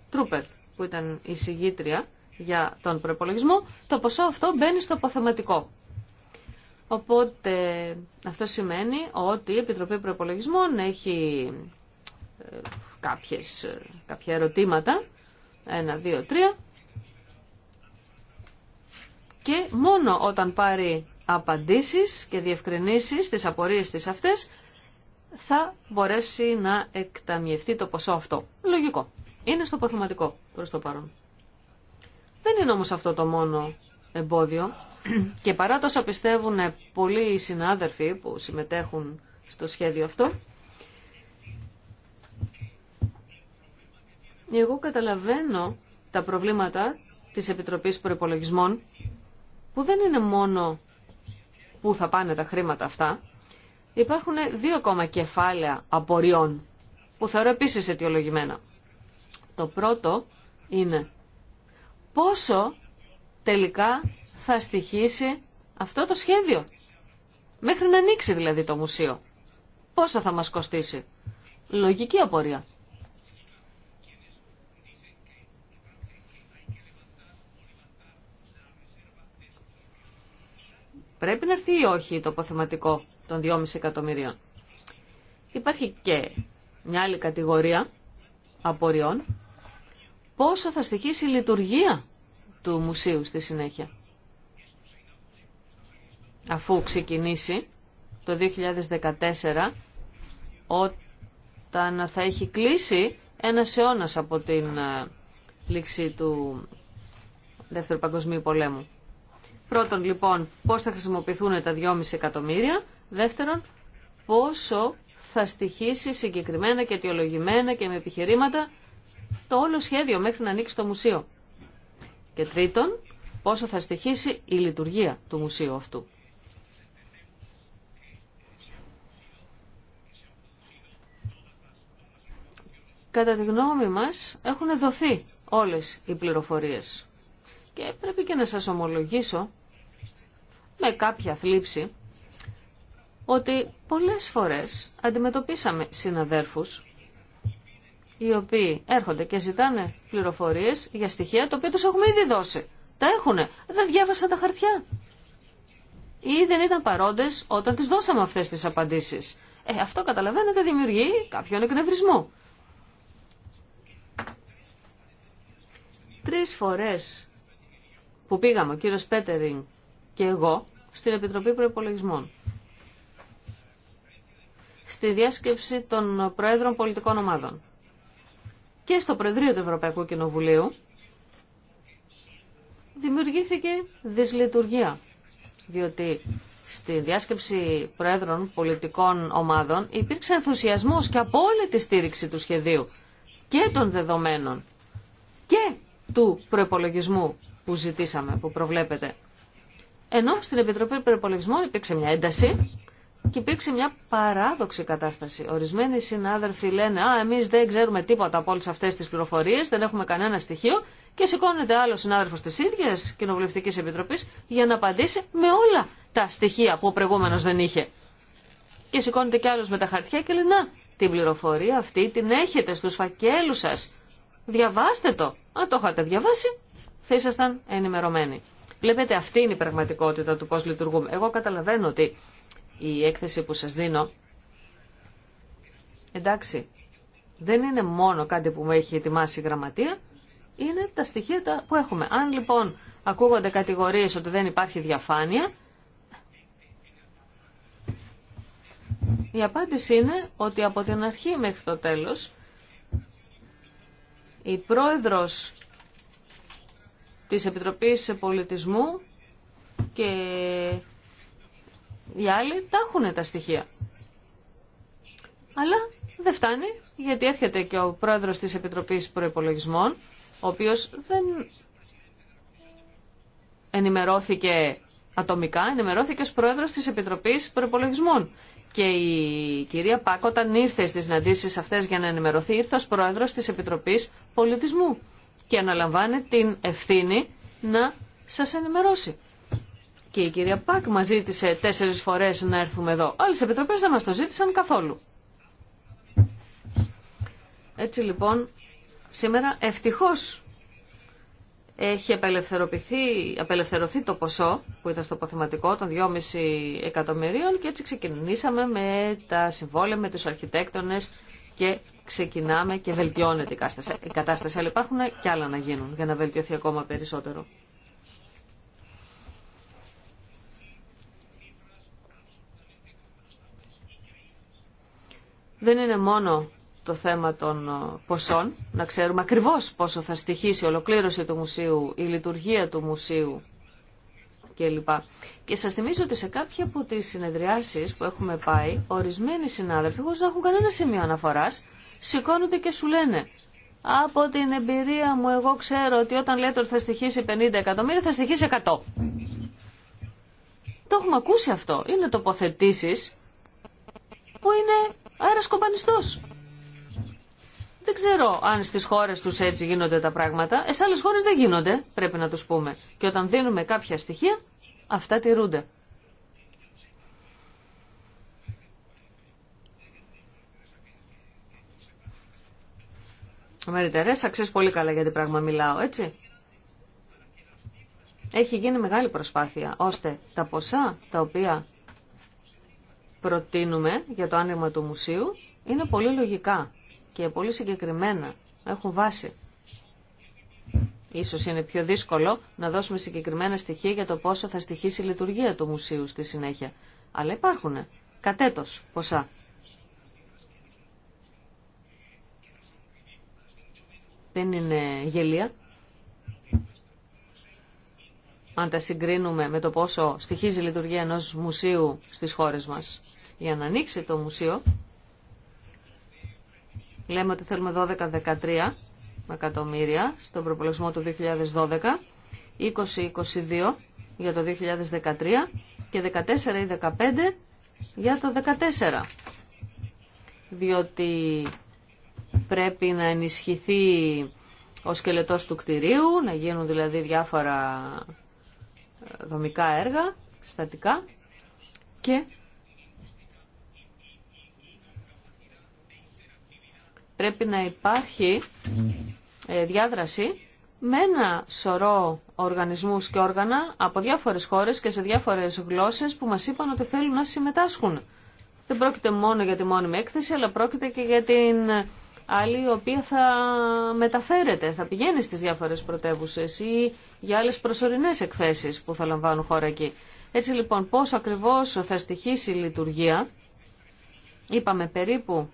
Speaker 2: Τρούπερ, που ήταν η συγγήτρια για τον προπολογισμό, το ποσό αυτό μπαίνει στο αποθεματικό. Οπότε αυτό σημαίνει ότι η Επιτροπή Προπολογισμών έχει ε, κάποιες, ε, κάποια ερωτήματα, ένα, δύο, τρία, και μόνο όταν πάρει απαντήσεις και διευκρινήσεις στις απορίες της αυτές θα μπορέσει να εκταμιευτεί το ποσό αυτό. Λογικό. Είναι στο ποθωματικό προς το παρόν. Δεν είναι όμως αυτό το μόνο εμπόδιο και παρά τόσα πιστεύουν πολλοί συνάδελφοι που συμμετέχουν στο σχέδιο αυτό, εγώ καταλαβαίνω τα προβλήματα της Επιτροπής Προϋπολογισμών που δεν είναι μόνο πού θα πάνε τα χρήματα αυτά. Υπάρχουν δύο ακόμα κεφάλαια απορριών που θεωρώ επίσης αιτιολογημένα. Το πρώτο είναι πόσο τελικά θα στοιχήσει αυτό το σχέδιο. Μέχρι να ανοίξει δηλαδή το μουσείο. Πόσο θα μας κοστίσει. Λογική απορία. πρέπει να έρθει ή όχι το αποθεματικό των 2,5 εκατομμυρίων. Υπάρχει και μια άλλη κατηγορία απορριών. Πόσο θα στοιχήσει η λειτουργία του μουσείου στη συνέχεια. Αφού ξεκινήσει το 2014, όταν θα έχει κλείσει ένα αιώνα από την ε, λήξη του Δεύτερου Παγκοσμίου Πολέμου. Πρώτον λοιπόν πώς θα χρησιμοποιηθούν τα 2,5 εκατομμύρια. Δεύτερον πόσο θα στοιχήσει συγκεκριμένα και αιτιολογημένα και με επιχειρήματα το όλο σχέδιο μέχρι να ανοίξει το μουσείο. Και τρίτον πόσο θα στοιχήσει η λειτουργία του μουσείου αυτού. Κατά τη γνώμη μας έχουν δοθεί όλες οι πληροφορίες και πρέπει και να σας ομολογήσω με κάποια θλίψη ότι πολλές φορές αντιμετωπίσαμε συναδέρφους οι οποίοι έρχονται και ζητάνε πληροφορίες για στοιχεία τα οποία τους έχουμε ήδη δώσει. Τα έχουνε, δεν διάβασαν τα χαρτιά. Ή δεν ήταν παρόντες όταν τις δώσαμε αυτές τις απαντήσεις. Ε, αυτό καταλαβαίνετε δημιουργεί κάποιον εκνευρισμό. Τρεις φορές που πήγαμε, ο κύριος Πέτερινγκ και εγώ, στην Επιτροπή Προϋπολογισμών. Στη διάσκεψη των Προέδρων Πολιτικών Ομάδων. Και στο Προεδρείο του Ευρωπαϊκού Κοινοβουλίου δημιουργήθηκε δυσλειτουργία. Διότι στη διάσκεψη Προέδρων Πολιτικών Ομάδων υπήρξε ενθουσιασμός και από όλη τη στήριξη του σχεδίου και των δεδομένων και του προπολογισμού που ζητήσαμε, που προβλέπετε. Ενώ στην Επιτροπή Περιπολογισμών υπήρξε μια ένταση και υπήρξε μια παράδοξη κατάσταση. Ορισμένοι συνάδελφοι λένε «Α, εμεί δεν ξέρουμε τίποτα από όλε αυτέ τι πληροφορίε, δεν έχουμε κανένα στοιχείο» και σηκώνεται άλλο συνάδελφο τη ίδια, κοινοβουλευτική επιτροπή, για να απαντήσει με όλα τα στοιχεία που ο προηγούμενος δεν είχε. Και σηκώνεται κι άλλο με τα χαρτιά και λέει «Να, την πληροφορία αυτή την έχετε στου φακέλου σα. Διαβάστε το. Αν το είχατε διαβάσει, θα ήσασταν ενημερωμένοι. Βλέπετε, αυτή είναι η πραγματικότητα του πώς λειτουργούμε. Εγώ καταλαβαίνω ότι η έκθεση που σας δίνω, εντάξει, δεν είναι μόνο κάτι που μου έχει ετοιμάσει η γραμματεία, είναι τα στοιχεία που έχουμε. Αν λοιπόν ακούγονται κατηγορίες ότι δεν υπάρχει διαφάνεια, η απάντηση είναι ότι από την αρχή μέχρι το τέλος η πρόεδρος της Επιτροπής Πολιτισμού και οι άλλοι τα έχουν τα στοιχεία. Αλλά δεν φτάνει γιατί έρχεται και ο πρόεδρος της Επιτροπής Προϋπολογισμών ο οποίος δεν ενημερώθηκε ατομικά, ενημερώθηκε ως πρόεδρος της Επιτροπής Προϋπολογισμών. Και η κυρία Πάκ όταν ήρθε στις συναντήσεις αυτές για να ενημερωθεί ήρθε ως πρόεδρος της Επιτροπής Πολιτισμού και αναλαμβάνει την ευθύνη να σας ενημερώσει. Και η κυρία Πακ μας ζήτησε τέσσερις φορές να έρθουμε εδώ. οι επιτροπές δεν μας το ζήτησαν καθόλου. Έτσι λοιπόν, σήμερα ευτυχώς έχει απελευθερωθεί το ποσό που ήταν στο ποθηματικό των 2,5 εκατομμυρίων και έτσι ξεκινήσαμε με τα συμβόλαια με τους αρχιτέκτονες και ξεκινάμε και βελτιώνεται η κατάσταση. Αλλά υπάρχουν και άλλα να γίνουν για να βελτιωθεί ακόμα περισσότερο. Δεν είναι μόνο το θέμα των ε, ποσών, να ξέρουμε ακριβώς πόσο θα στοιχήσει η ολοκλήρωση του μουσείου, η λειτουργία του μουσείου κλπ. Και σας θυμίζω ότι σε κάποια από τις συνεδριάσεις που έχουμε πάει, ορισμένοι συνάδελφοι, χωρίς να έχουν κανένα σημείο αναφοράς, σηκώνονται και σου λένε από την εμπειρία μου εγώ ξέρω ότι όταν λέτε ότι θα στοιχήσει 50 εκατομμύρια θα στοιχήσει 100. Το έχουμε ακούσει αυτό. Είναι τοποθετήσεις που είναι αέρας κομπανιστός. Δεν ξέρω αν στις χώρες τους έτσι γίνονται τα πράγματα. Ε, σε χώρες δεν γίνονται, πρέπει να τους πούμε. Και όταν δίνουμε κάποια στοιχεία, αυτά τηρούνται. Μέρη Τερέσα, ξέρει πολύ καλά για τι πράγμα μιλάω, έτσι. Έχει γίνει μεγάλη προσπάθεια, ώστε τα ποσά τα οποία προτείνουμε για το άνοιγμα του μουσείου είναι πολύ λογικά και πολύ συγκεκριμένα, έχουν βάση. Ίσως είναι πιο δύσκολο να δώσουμε συγκεκριμένα στοιχεία για το πόσο θα στοιχήσει η λειτουργία του μουσείου στη συνέχεια. Αλλά υπάρχουν κατέτος ποσά. δεν είναι γελία. Αν τα συγκρίνουμε με το πόσο στοιχίζει η λειτουργία ενός μουσείου στις χώρες μας. Για να ανοίξει το μουσείο, λέμε ότι θέλουμε 12-13 εκατομμύρια στον προπολογισμό του 2012, 20-22 για το 2013 και 14 15 για το 14. Διότι πρέπει να ενισχυθεί ο σκελετός του κτηρίου, να γίνουν δηλαδή διάφορα ε, δομικά έργα, στατικά και πρέπει να υπάρχει ε, διάδραση με ένα σωρό οργανισμούς και όργανα από διάφορες χώρες και σε διάφορες γλώσσες που μας είπαν ότι θέλουν να συμμετάσχουν. Δεν πρόκειται μόνο για τη μόνιμη έκθεση, αλλά πρόκειται και για την άλλη η οποία θα μεταφέρεται, θα πηγαίνει στις διάφορες πρωτεύουσες ή για άλλες προσωρινές εκθέσεις που θα λαμβάνουν χώρα εκεί. Έτσι λοιπόν πώς ακριβώς θα στοιχήσει η λειτουργία, είπαμε περίπου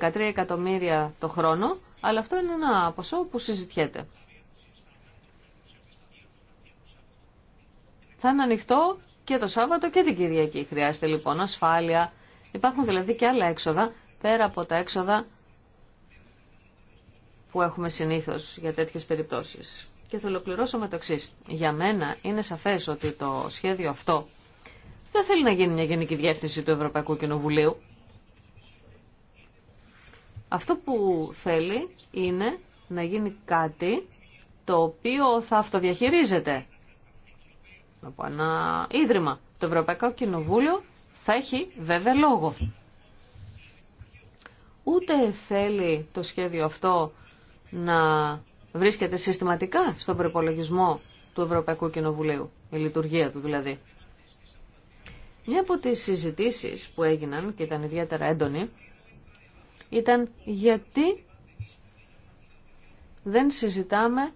Speaker 2: 13 εκατομμύρια το χρόνο, αλλά αυτό είναι ένα ποσό που συζητιέται. Θα είναι ανοιχτό και το Σάββατο και την Κυριακή. Χρειάζεται λοιπόν ασφάλεια. Υπάρχουν δηλαδή και άλλα έξοδα πέρα από τα έξοδα που έχουμε συνήθως για τέτοιες περιπτώσεις. Και θα ολοκληρώσω με το εξή. Για μένα είναι σαφές ότι το σχέδιο αυτό δεν θέλει να γίνει μια γενική διεύθυνση του Ευρωπαϊκού Κοινοβουλίου. Αυτό που θέλει είναι να γίνει κάτι το οποίο θα αυτοδιαχειρίζεται από ένα ίδρυμα. Το Ευρωπαϊκό Κοινοβούλιο θα έχει βέβαια λόγο. Ούτε θέλει το σχέδιο αυτό να βρίσκεται συστηματικά στον προπολογισμό του Ευρωπαϊκού Κοινοβουλίου, η λειτουργία του δηλαδή. Μια από τις συζητήσεις που έγιναν και ήταν ιδιαίτερα έντονη ήταν γιατί δεν συζητάμε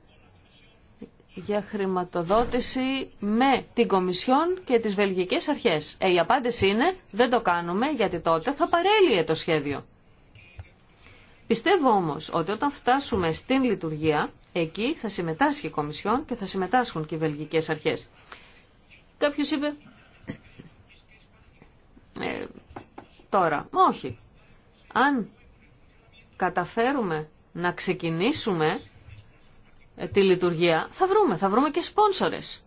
Speaker 2: για χρηματοδότηση με την Κομισιόν και τις Βελγικές Αρχές. Ε, η απάντηση είναι δεν το κάνουμε γιατί τότε θα παρέλειε το σχέδιο. Πιστεύω όμως ότι όταν φτάσουμε στην λειτουργία, εκεί θα συμμετάσχει η Κομισιόν και θα συμμετάσχουν και οι βελγικές αρχές. Κάποιος είπε, ε, τώρα, όχι. Αν καταφέρουμε να ξεκινήσουμε ε, τη λειτουργία, θα βρούμε, θα βρούμε και σπόνσορες.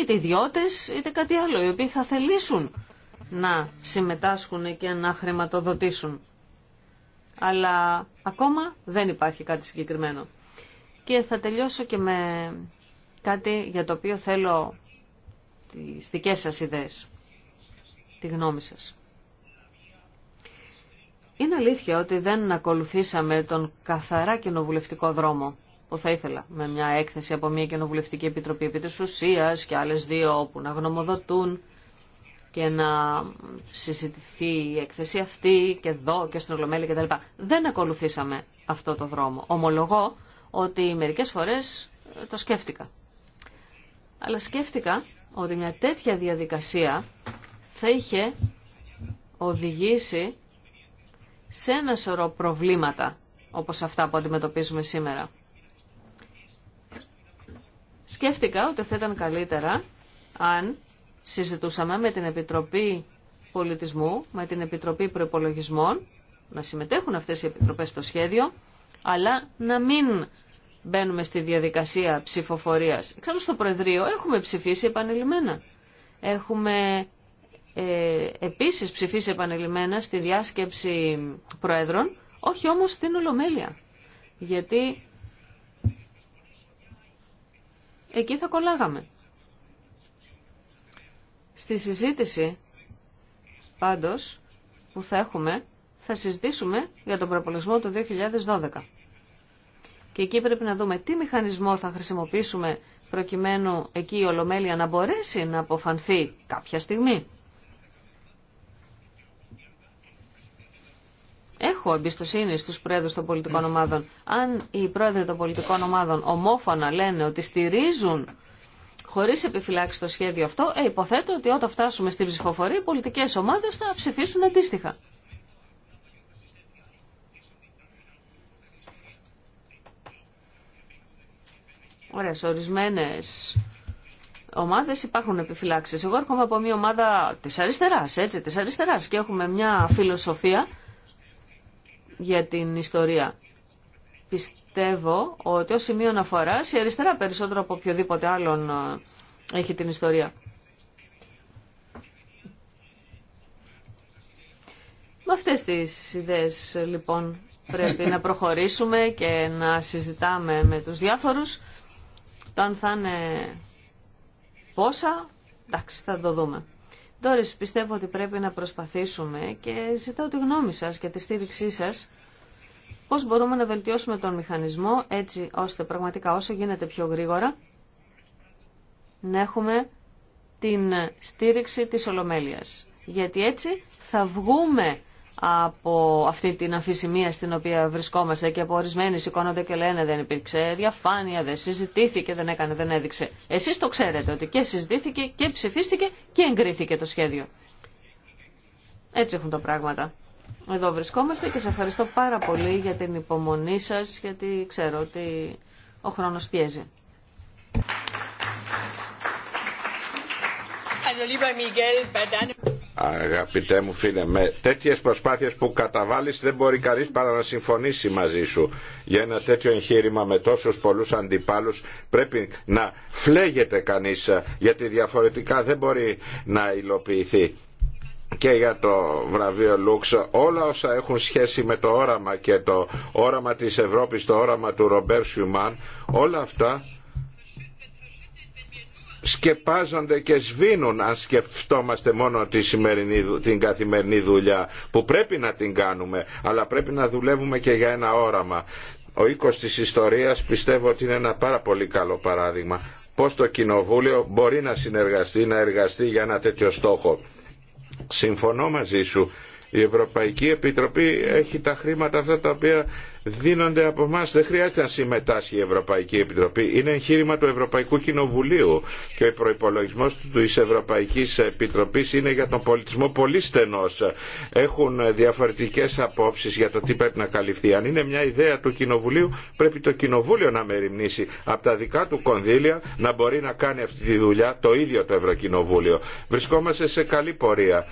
Speaker 2: Είτε ιδιώτες, είτε κάτι άλλο, οι οποίοι θα θελήσουν να συμμετάσχουν και να χρηματοδοτήσουν αλλά ακόμα δεν υπάρχει κάτι συγκεκριμένο. Και θα τελειώσω και με κάτι για το οποίο θέλω τις δικές σας ιδέες, τη γνώμη σας. Είναι αλήθεια ότι δεν ακολουθήσαμε τον καθαρά κοινοβουλευτικό δρόμο που θα ήθελα με μια έκθεση από μια κοινοβουλευτική επιτροπή επί της ουσίας και άλλες δύο όπου να γνωμοδοτούν και να συζητηθεί η έκθεση αυτή και εδώ και στην Ολομέλη κτλ. Δεν ακολουθήσαμε αυτό το δρόμο. Ομολογώ ότι μερικές φορές ε, το σκέφτηκα. Αλλά σκέφτηκα ότι μια τέτοια διαδικασία θα είχε οδηγήσει σε ένα σωρό προβλήματα όπως αυτά που αντιμετωπίζουμε σήμερα. Σκέφτηκα ότι θα ήταν καλύτερα αν συζητούσαμε με την Επιτροπή Πολιτισμού, με την Επιτροπή Προπολογισμών, να συμμετέχουν αυτές οι επιτροπές στο σχέδιο, αλλά να μην μπαίνουμε στη διαδικασία ψηφοφορίας. Εξάλλου στο Προεδρείο έχουμε ψηφίσει επανειλημμένα. Έχουμε ε, επίσης ψηφίσει επανειλημμένα στη διάσκεψη Προέδρων, όχι όμως στην Ολομέλεια. Γιατί εκεί θα κολλάγαμε. Στη συζήτηση πάντως που θα έχουμε θα συζητήσουμε για τον προπολογισμό του 2012. Και εκεί πρέπει να δούμε τι μηχανισμό θα χρησιμοποιήσουμε προκειμένου εκεί η Ολομέλεια να μπορέσει να αποφανθεί κάποια στιγμή. Έχω εμπιστοσύνη στους πρόεδρους των πολιτικών ναι. ομάδων. Αν οι πρόεδροι των πολιτικών ομάδων ομόφωνα λένε ότι στηρίζουν χωρίς επιφυλάξει το σχέδιο αυτό, ε, υποθέτω ότι όταν φτάσουμε στη ψηφοφορία οι πολιτικές ομάδες θα ψηφίσουν αντίστοιχα. Ωραία, σε ορισμένες ομάδες υπάρχουν επιφυλάξεις. Εγώ έρχομαι από μια ομάδα της αριστεράς, έτσι, της αριστεράς και έχουμε μια φιλοσοφία για την ιστορία πιστεύω ότι ως σημείο αναφορά η αριστερά περισσότερο από οποιοδήποτε άλλον ε, έχει την ιστορία. Με αυτές τις ιδέες λοιπόν πρέπει να προχωρήσουμε και να συζητάμε με τους διάφορους. αν θα είναι πόσα, εντάξει θα το δούμε. Τώρα πιστεύω ότι πρέπει να προσπαθήσουμε και ζητάω τη γνώμη σας και τη στήριξή σας πώς μπορούμε να βελτιώσουμε τον μηχανισμό έτσι ώστε πραγματικά όσο γίνεται πιο γρήγορα να έχουμε την στήριξη της Ολομέλειας. Γιατί έτσι θα βγούμε από αυτή την αφησιμία στην οποία βρισκόμαστε και από ορισμένοι σηκώνονται και λένε δεν υπήρξε διαφάνεια, δεν συζητήθηκε, δεν έκανε, δεν έδειξε. Εσείς το ξέρετε ότι και συζητήθηκε και ψηφίστηκε και εγκρίθηκε το σχέδιο. Έτσι έχουν τα πράγματα. Εδώ βρισκόμαστε και σε ευχαριστώ πάρα πολύ για την υπομονή σας, γιατί ξέρω ότι ο χρόνος πιέζει.
Speaker 3: Αγαπητέ μου φίλε, με τέτοιες προσπάθειες που καταβάλεις δεν μπορεί κανείς παρά να συμφωνήσει μαζί σου. Για ένα τέτοιο εγχείρημα με τόσους πολλούς αντιπάλους πρέπει να φλέγεται κανείς γιατί διαφορετικά δεν μπορεί να υλοποιηθεί και για το βραβείο Λούξ όλα όσα έχουν σχέση με το όραμα και το όραμα της Ευρώπης το όραμα του Ρομπέρ Σιουμάν όλα αυτά σκεπάζονται και σβήνουν αν σκεφτόμαστε μόνο τη σημερινή, την καθημερινή δουλειά που πρέπει να την κάνουμε αλλά πρέπει να δουλεύουμε και για ένα όραμα ο οίκος της ιστορίας πιστεύω ότι είναι ένα πάρα πολύ καλό παράδειγμα πως το κοινοβούλιο μπορεί να συνεργαστεί να εργαστεί για ένα τέτοιο στόχο Συμφωνώ μαζί σου η Ευρωπαϊκή Επιτροπή έχει τα χρήματα αυτά τα οποία δίνονται από εμά. Δεν χρειάζεται να συμμετάσχει η Ευρωπαϊκή Επιτροπή. Είναι εγχείρημα του Ευρωπαϊκού Κοινοβουλίου και ο προπολογισμό τη Ευρωπαϊκή Επιτροπή είναι για τον πολιτισμό πολύ στενό. Έχουν διαφορετικέ απόψει για το τι πρέπει να καλυφθεί. Αν είναι μια ιδέα του Κοινοβουλίου, πρέπει το Κοινοβούλιο να μεριμνήσει από τα δικά του κονδύλια να μπορεί να κάνει αυτή τη δουλειά το ίδιο το Ευρωκοινοβούλιο. Βρισκόμαστε σε καλή πορεία.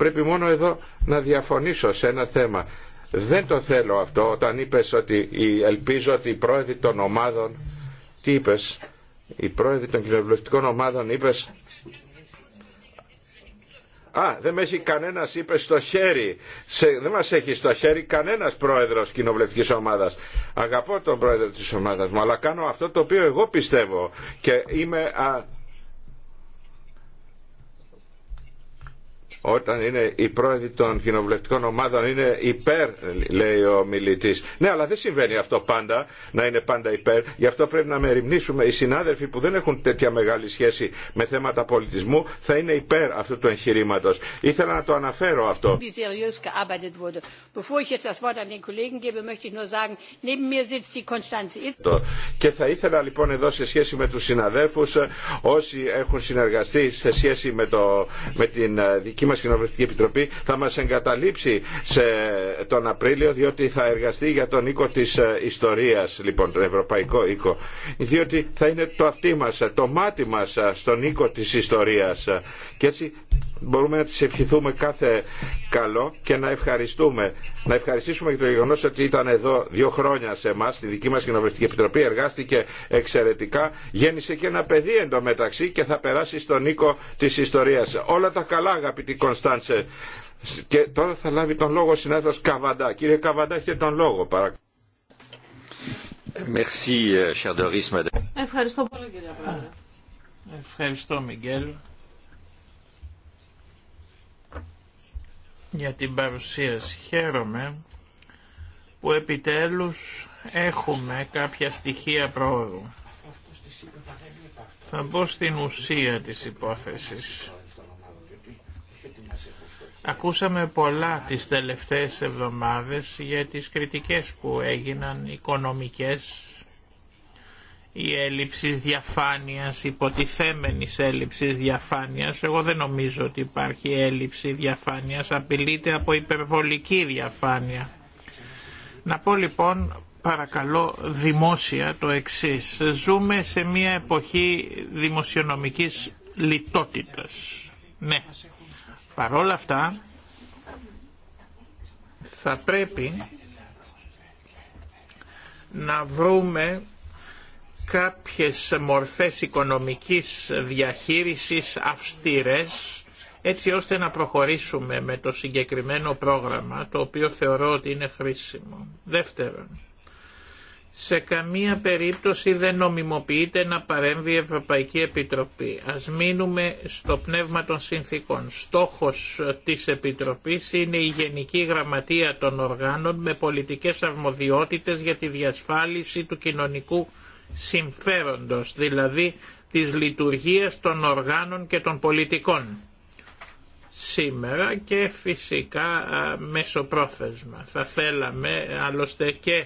Speaker 3: Πρέπει μόνο εδώ να διαφωνήσω σε ένα θέμα. Δεν το θέλω αυτό όταν είπες ότι ελπίζω ότι οι πρόεδροι των ομάδων, τι είπες, οι πρόεδροι των κοινοβουλευτικών ομάδων είπες, Α, δεν με έχει κανένα, είπε στο χέρι. δεν μα έχει στο χέρι κανένα πρόεδρο κοινοβουλευτική ομάδα. Αγαπώ τον πρόεδρο τη ομάδα μου, αλλά κάνω αυτό το οποίο εγώ πιστεύω και είμαι όταν είναι οι πρόεδροι των κοινοβουλευτικών ομάδων είναι υπέρ, λέει ο μιλητή. Ναι, αλλά δεν συμβαίνει αυτό πάντα, να είναι πάντα υπέρ. Γι' αυτό πρέπει να μεριμνήσουμε. Οι συνάδελφοι που δεν έχουν τέτοια μεγάλη σχέση με θέματα πολιτισμού θα είναι υπέρ αυτού του εγχειρήματο. Ήθελα να το αναφέρω αυτό. Και θα ήθελα λοιπόν εδώ σε σχέση με του συναδέλφου, ε, όσοι έχουν συνεργαστεί σε σχέση με, την ε, δική μα Κοινοβουλευτική Επιτροπή θα μα εγκαταλείψει σε τον Απρίλιο διότι θα εργαστεί για τον οίκο τη ε, ιστορία, λοιπόν, τον Ευρωπαϊκό οίκο. Διότι θα είναι το αυτή μα, ε, το μάτι μα ε, στον οίκο τη ιστορία. Και έτσι μπορούμε να τη ευχηθούμε κάθε καλό και να ευχαριστούμε. Να ευχαριστήσουμε για το γεγονό ότι ήταν εδώ δύο χρόνια σε εμά, στη δική μα Κοινοβουλευτική Επιτροπή, εργάστηκε εξαιρετικά, γέννησε και ένα παιδί εντωμεταξύ και θα περάσει στον οίκο τη ιστορία. Όλα τα καλά, αγαπητοί Κωνσταντσε. Και τώρα θα λάβει τον λόγο ο συνάδελφος Καβαντά. Κύριε Καβαντά, έχετε τον λόγο παρακαλώ. Euh,
Speaker 2: Ευχαριστώ πολύ κύριε Πρόεδρε.
Speaker 1: Ευχαριστώ Μιγγέλ για την παρουσίαση. Χαίρομαι που επιτέλους έχουμε κάποια στοιχεία πρόοδου. Θα μπω στην ουσία της υπόθεσης. Ακούσαμε πολλά τις τελευταίες εβδομάδες για τις κριτικές που έγιναν οικονομικές, η έλλειψη διαφάνειας, υποτιθέμενη έλλειψη διαφάνειας. Εγώ δεν νομίζω ότι υπάρχει έλλειψη διαφάνειας, απειλείται από υπερβολική διαφάνεια. Να πω λοιπόν παρακαλώ δημόσια το εξής. Ζούμε σε μια εποχή δημοσιονομικής λιτότητας. Ναι. Παρόλα αυτά θα πρέπει να βρούμε κάποιες μορφές οικονομικής διαχείρισης αυστηρές έτσι ώστε να προχωρήσουμε με το συγκεκριμένο πρόγραμμα το οποίο θεωρώ ότι είναι χρήσιμο. Δεύτερον, σε καμία περίπτωση δεν νομιμοποιείται να παρέμβει η Ευρωπαϊκή Επιτροπή. Ας μείνουμε στο πνεύμα των συνθήκων. Στόχος της Επιτροπής είναι η Γενική Γραμματεία των Οργάνων με πολιτικές αρμοδιότητες για τη διασφάλιση του κοινωνικού συμφέροντος, δηλαδή της λειτουργίας των οργάνων και των πολιτικών σήμερα και φυσικά μεσοπρόθεσμα. Θα θέλαμε άλλωστε και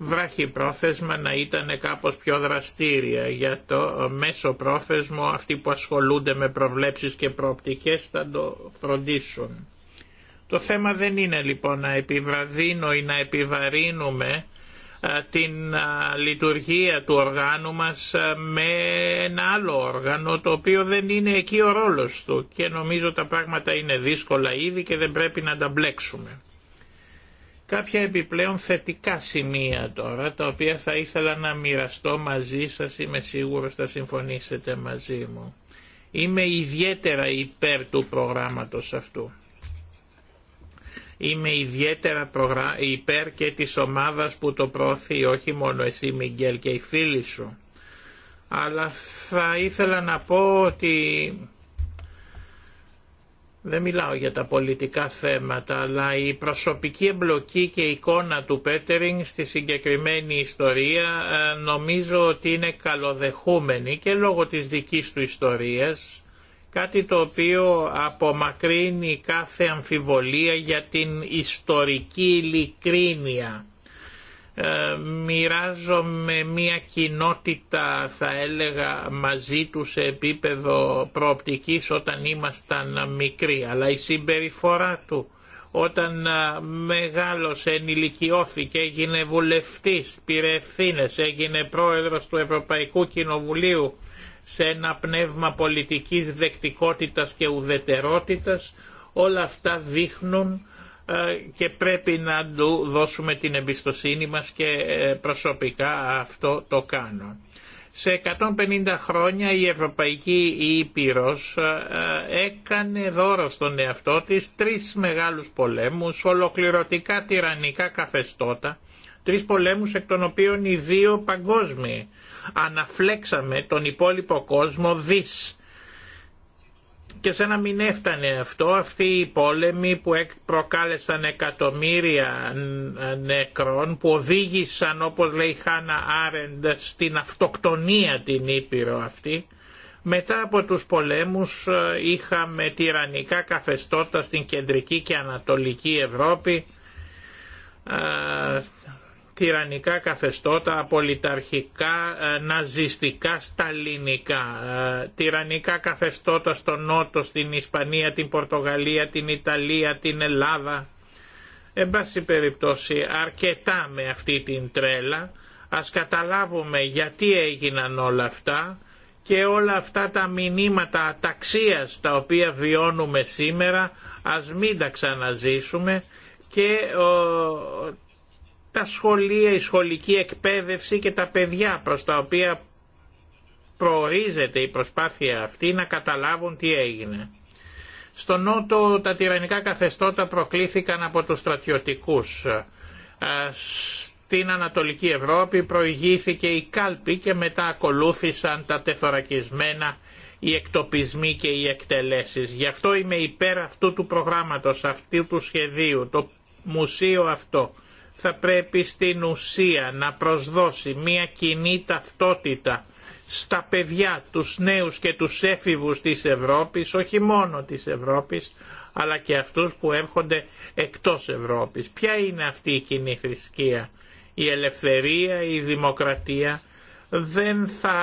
Speaker 1: βράχει πρόθεσμα να ήταν κάπως πιο δραστήρια για το μέσο πρόθεσμο αυτοί που ασχολούνται με προβλέψεις και προοπτικές θα το φροντίσουν. Το θέμα δεν είναι λοιπόν να επιβραδύνω ή να επιβαρύνουμε την λειτουργία του οργάνου μας με ένα άλλο όργανο το οποίο δεν είναι εκεί ο ρόλος του και νομίζω τα πράγματα είναι δύσκολα ήδη και δεν πρέπει να τα μπλέξουμε. Κάποια επιπλέον θετικά σημεία τώρα, τα οποία θα ήθελα να μοιραστώ μαζί σας, είμαι σίγουρος θα συμφωνήσετε μαζί μου. Είμαι ιδιαίτερα υπέρ του προγράμματος αυτού. Είμαι ιδιαίτερα υπέρ και της ομάδας που το προωθεί, όχι μόνο εσύ Μιγγέλ και οι φίλοι σου. Αλλά θα ήθελα να πω ότι δεν μιλάω για τα πολιτικά θέματα, αλλά η προσωπική εμπλοκή και η εικόνα του Πέτερινγκ στη συγκεκριμένη ιστορία ε, νομίζω ότι είναι καλοδεχούμενη και λόγω της δικής του ιστορίας, κάτι το οποίο απομακρύνει κάθε αμφιβολία για την ιστορική ειλικρίνεια ε, μοιράζομαι μια κοινότητα θα έλεγα μαζί του σε επίπεδο προοπτικής όταν ήμασταν μικροί αλλά η συμπεριφορά του όταν ε, μεγάλωσε, ενηλικιώθηκε, έγινε βουλευτής, πήρε ευθύνε, έγινε πρόεδρος του Ευρωπαϊκού Κοινοβουλίου σε ένα πνεύμα πολιτικής δεκτικότητας και ουδετερότητας όλα αυτά δείχνουν ε, και πρέπει να του δώσουμε την εμπιστοσύνη μας και ε, προσωπικά αυτό το κάνω. Σε 150 χρόνια η Ευρωπαϊκή Ήπειρος ε, έκανε δώρο στον εαυτό της τρεις μεγάλους πολέμους, ολοκληρωτικά τυραννικά καθεστώτα, τρεις πολέμους εκ των οποίων οι δύο παγκόσμιοι. Αναφλέξαμε τον υπόλοιπο κόσμο δις και σαν να μην έφτανε αυτό, αυτοί οι πόλεμοι που προκάλεσαν εκατομμύρια νεκρών, που οδήγησαν όπως λέει η Χάνα Άρεντ στην αυτοκτονία την Ήπειρο αυτή, μετά από τους πολέμους ε, είχαμε τυραννικά καθεστώτα στην κεντρική και ανατολική Ευρώπη, ε, τυραννικά καθεστώτα, απολυταρχικά, ε, ναζιστικά, σταλινικά, ε, τυραννικά καθεστώτα στο Νότο, στην Ισπανία, την Πορτογαλία, την Ιταλία, την Ελλάδα. Εν πάση περιπτώσει αρκετά με αυτή την τρέλα, ας καταλάβουμε γιατί έγιναν όλα αυτά και όλα αυτά τα μηνύματα αταξίας τα οποία βιώνουμε σήμερα ας μην τα ξαναζήσουμε και τα σχολεία, η σχολική εκπαίδευση και τα παιδιά προς τα οποία προορίζεται η προσπάθεια αυτή να καταλάβουν τι έγινε. Στο Νότο τα τυραννικά καθεστώτα προκλήθηκαν από τους στρατιωτικούς. Στην Ανατολική Ευρώπη προηγήθηκε η κάλπη και μετά ακολούθησαν τα τεθωρακισμένα οι εκτοπισμοί και οι εκτελέσεις. Γι' αυτό είμαι υπέρ αυτού του προγράμματος, αυτού του σχεδίου, το μουσείο αυτό θα πρέπει στην ουσία να προσδώσει μια κοινή ταυτότητα στα παιδιά, τους νέους και τους έφηβους της Ευρώπης, όχι μόνο της Ευρώπης, αλλά και αυτούς που έρχονται εκτός Ευρώπης. Ποια είναι αυτή η κοινή θρησκεία. Η ελευθερία, η δημοκρατία δεν θα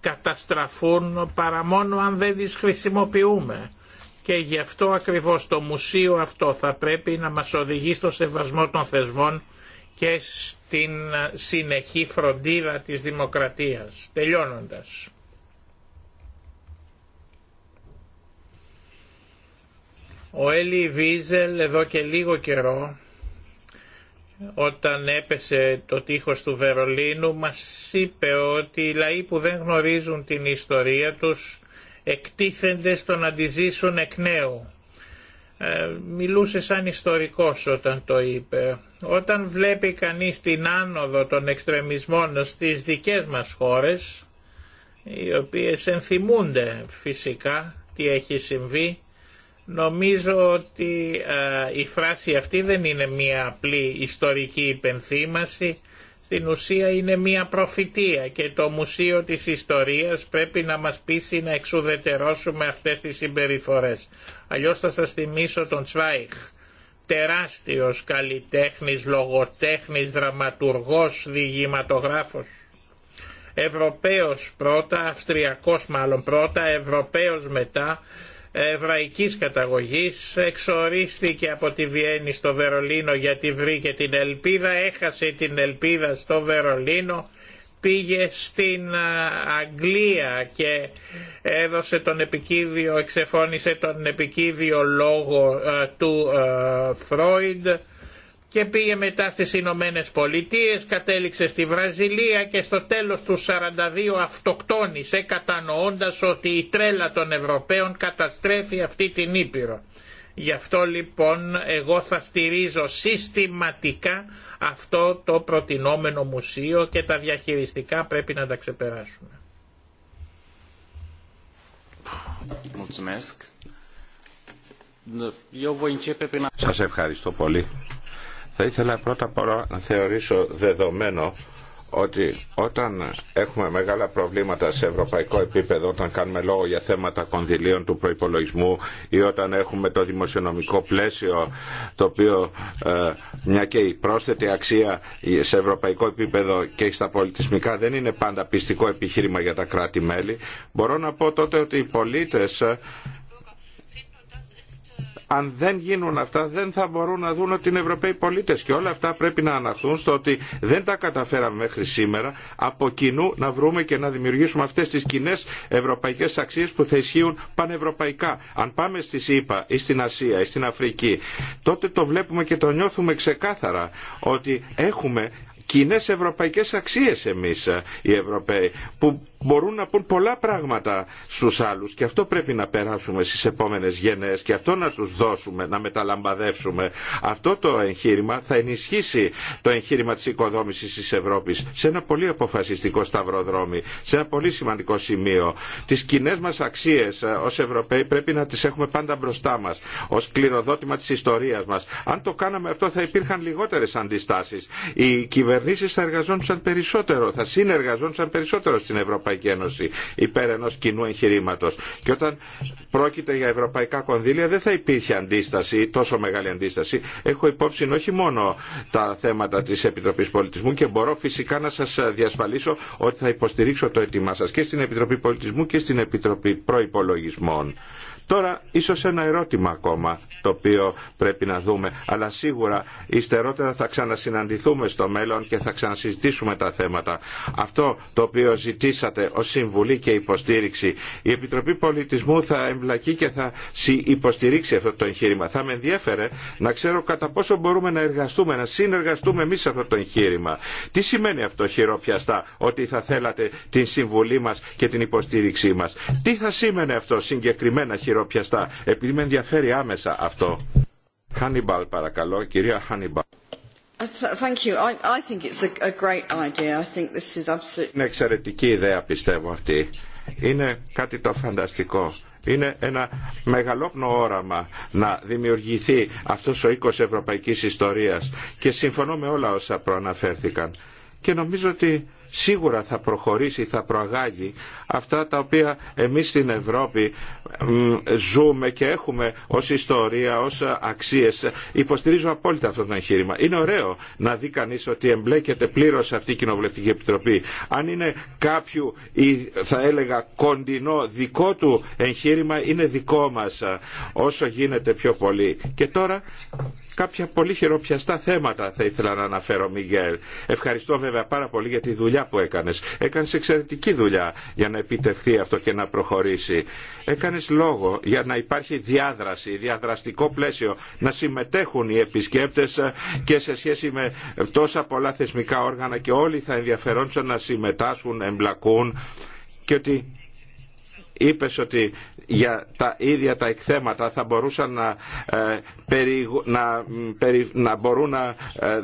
Speaker 1: καταστραφούν παρά μόνο αν δεν τις χρησιμοποιούμε και γι' αυτό ακριβώς το μουσείο αυτό θα πρέπει να μας οδηγεί στο σεβασμό των θεσμών και στην ε, συνεχή φροντίδα της δημοκρατίας. Τελειώνοντας. Ο Έλλη Βίζελ εδώ και λίγο καιρό όταν έπεσε το τείχος του Βερολίνου μας είπε ότι οι λαοί που δεν γνωρίζουν την ιστορία τους εκτίθενται στο να τη ζήσουν εκ νέου. Ε, μιλούσε σαν ιστορικός όταν το είπε. Όταν βλέπει κανείς την άνοδο των εξτρεμισμών στις δικές μας χώρες, οι οποίες ενθυμούνται φυσικά τι έχει συμβεί, νομίζω ότι ε, η φράση αυτή δεν είναι μία απλή ιστορική υπενθύμαση, στην ουσία είναι μία προφητεία και το Μουσείο της Ιστορίας πρέπει να μας πείσει να εξουδετερώσουμε αυτές τις συμπεριφορές. Αλλιώς θα σας θυμίσω τον Τσβάιχ, τεράστιος καλλιτέχνης, λογοτέχνης, δραματουργός, διηγηματογράφος. Ευρωπαίος πρώτα, Αυστριακός μάλλον πρώτα, Ευρωπαίος μετά, εβραϊκής καταγωγής, εξορίστηκε από τη Βιέννη στο Βερολίνο γιατί βρήκε την ελπίδα, έχασε την ελπίδα στο Βερολίνο, πήγε στην Αγγλία και έδωσε τον επικίδιο, εξεφώνησε τον επικίδιο λόγο του Φρόιντ και πήγε μετά στις Ηνωμένε Πολιτείε, κατέληξε στη Βραζιλία και στο τέλος του 42 αυτοκτόνησε κατανοώντας ότι η τρέλα των Ευρωπαίων καταστρέφει αυτή την Ήπειρο. Γι' αυτό λοιπόν εγώ θα στηρίζω συστηματικά αυτό το προτινόμενο μουσείο και τα διαχειριστικά πρέπει να τα ξεπεράσουμε. Σας
Speaker 3: ευχαριστώ πολύ. Θα ήθελα πρώτα απ' όλα να θεωρήσω δεδομένο ότι όταν έχουμε μεγάλα προβλήματα σε ευρωπαϊκό επίπεδο, όταν κάνουμε λόγο για θέματα κονδυλίων του προϋπολογισμού ή όταν έχουμε το δημοσιονομικό πλαίσιο, το οποίο ε, μια και η πρόσθετη αξία σε ευρωπαϊκό επίπεδο και στα πολιτισμικά δεν είναι πάντα πιστικό επιχείρημα για τα κράτη-μέλη, μπορώ να πω τότε ότι οι πολίτες αν δεν γίνουν αυτά δεν θα μπορούν να δουν ότι είναι Ευρωπαίοι πολίτες και όλα αυτά πρέπει να αναφθούν στο ότι δεν τα καταφέραμε μέχρι σήμερα από κοινού να βρούμε και να δημιουργήσουμε αυτές τις κοινέ ευρωπαϊκές αξίες που θα ισχύουν πανευρωπαϊκά. Αν πάμε στη ΣΥΠΑ ή στην Ασία ή στην Αφρική τότε το βλέπουμε και το νιώθουμε ξεκάθαρα ότι έχουμε κοινέ ευρωπαϊκές αξίες εμείς ε, οι Ευρωπαίοι που μπορούν να πούν πολλά πράγματα στους άλλους και αυτό πρέπει να περάσουμε στις επόμενες γενναίες και αυτό να τους δώσουμε, να μεταλαμπαδεύσουμε. Αυτό το εγχείρημα θα ενισχύσει το εγχείρημα της οικοδόμησης της Ευρώπης σε ένα πολύ αποφασιστικό σταυροδρόμι, σε ένα πολύ σημαντικό σημείο. Τις κοινέ μας αξίες ε, ως Ευρωπαίοι πρέπει να τις έχουμε πάντα μπροστά μας, ως κληροδότημα της ιστορίας μας. Αν το κάναμε αυτό θα υπήρχαν λιγότερες αντιστάσεις. Οι κυβερνήσεις θα εργαζόντουσαν περισσότερο, θα συνεργαζόντουσαν περισσότερο στην Ευρωπαϊκή Ευρωπαϊκή Ένωση υπέρ ενό κοινού εγχειρήματο. Και όταν πρόκειται για ευρωπαϊκά κονδύλια δεν θα υπήρχε αντίσταση, τόσο μεγάλη αντίσταση. Έχω υπόψη όχι μόνο τα θέματα τη Επιτροπή Πολιτισμού και μπορώ φυσικά να σα διασφαλίσω ότι θα υποστηρίξω το έτοιμά σα και στην Επιτροπή Πολιτισμού και στην Επιτροπή Προπολογισμών. Τώρα ίσως ένα ερώτημα ακόμα το οποίο πρέπει να δούμε αλλά σίγουρα υστερότερα θα ξανασυναντηθούμε στο μέλλον και θα ξανασυζητήσουμε τα θέματα. Αυτό το οποίο ζητήσατε ως συμβουλή και υποστήριξη η Επιτροπή Πολιτισμού θα εμπλακεί και θα υποστηρίξει αυτό το εγχείρημα. Θα με ενδιαφέρε να ξέρω κατά πόσο μπορούμε να εργαστούμε, να συνεργαστούμε εμείς σε αυτό το εγχείρημα. Τι σημαίνει αυτό χειροπιαστά ότι θα θέλατε την συμβουλή μας και την υποστήριξή μας. Τι θα σήμαινε αυτό συγκεκριμένα χειροπιαστά χειροπιαστά. Επειδή με ενδιαφέρει άμεσα αυτό. Χάνιμπαλ παρακαλώ, κυρία Χάνιμπαλ. Είναι εξαιρετική ιδέα πιστεύω αυτή. Είναι κάτι το φανταστικό. Είναι ένα μεγαλόπνο όραμα να δημιουργηθεί αυτός ο οίκος ευρωπαϊκής ιστορίας και συμφωνώ με όλα όσα προαναφέρθηκαν. Και νομίζω ότι σίγουρα θα προχωρήσει, θα προαγάγει αυτά τα οποία εμείς στην Ευρώπη ζούμε και έχουμε ως ιστορία, ως αξίες. Υποστηρίζω απόλυτα αυτό το εγχείρημα. Είναι ωραίο να δει κανεί ότι εμπλέκεται πλήρως αυτή η Κοινοβουλευτική Επιτροπή. Αν είναι κάποιου ή θα έλεγα κοντινό δικό του εγχείρημα είναι δικό μας όσο γίνεται πιο πολύ. Και τώρα κάποια πολύ χειροπιαστά θέματα θα ήθελα να αναφέρω Μιγγέλ. Ευχαριστώ βέβαια πάρα πολύ για τη δουλειά που έκανες. Έκανες εξαιρετική δουλειά για να επιτευχθεί αυτό και να προχωρήσει. Έκανες λόγο για να υπάρχει διάδραση, διαδραστικό πλαίσιο, να συμμετέχουν οι επισκέπτες και σε σχέση με τόσα πολλά θεσμικά όργανα και όλοι θα ενδιαφερόντουσαν να συμμετάσχουν, εμπλακούν και ότι είπες ότι για τα ίδια τα εκθέματα θα μπορούσαν να, ε, να, να μπορούν να ε,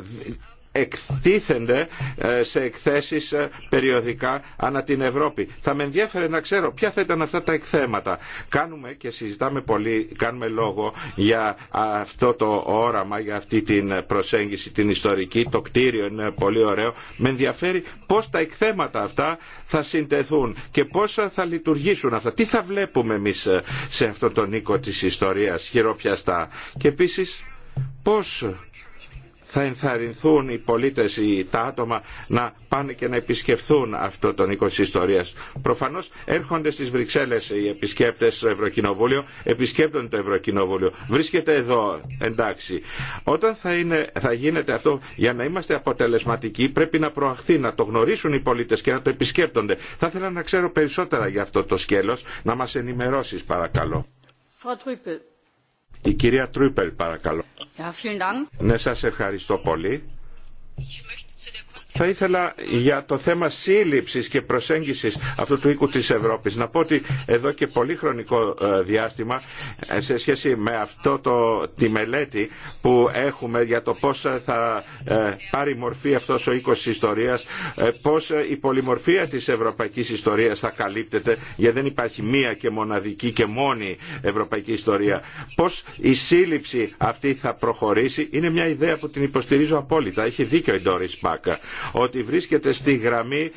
Speaker 3: εκτίθενται ε, σε εκθέσεις ε, περιοδικά ανά την Ευρώπη. Θα με ενδιέφερε να ξέρω ποια θα ήταν αυτά τα εκθέματα. Κάνουμε και συζητάμε πολύ, κάνουμε λόγο για αυτό το όραμα, για αυτή την προσέγγιση την ιστορική. Το κτίριο είναι πολύ ωραίο. Με ενδιαφέρει πώς τα εκθέματα αυτά θα συντεθούν και πώς θα λειτουργήσουν αυτά. Τι θα βλέπουμε εμείς ε, σε αυτόν τον οίκο της ιστορίας χειροπιαστά. Και επίσης πώς θα ενθαρρυνθούν οι πολίτες, ή τα άτομα να πάνε και να επισκεφθούν αυτό τον οίκο της ιστορίας. Προφανώς έρχονται στις Βρυξέλλες οι επισκέπτες στο Ευρωκοινοβούλιο, επισκέπτονται το Ευρωκοινοβούλιο. Βρίσκεται εδώ, εντάξει. Όταν θα, είναι, θα γίνεται αυτό, για να είμαστε αποτελεσματικοί πρέπει να προαχθεί, να το γνωρίσουν οι πολίτες και να το επισκέπτονται. Θα ήθελα να ξέρω περισσότερα για αυτό το σκέλος, να μας ενημερώσεις παρακαλώ. Η κυρία Τρούπελ παρακαλώ. ναι σας ευχαριστώ πολύ. Θα ήθελα για το θέμα σύλληψης και προσέγγισης αυτού του οίκου της Ευρώπης να πω ότι εδώ και πολύ χρονικό ε, διάστημα ε, σε σχέση με αυτό το, τη μελέτη που έχουμε για το πώς θα ε, πάρει μορφή αυτός ο οίκος της ιστορίας, πώς η πολυμορφία της ευρωπαϊκής ιστορίας θα καλύπτεται γιατί δεν υπάρχει μία και μοναδική και μόνη ευρωπαϊκή ιστορία. Πώς η σύλληψη αυτή θα προχωρήσει είναι μια ιδέα που την υποστηρίζω απόλυτα. Έχει δίκιο η Ντόρις ότι βρίσκεται στη γραμμή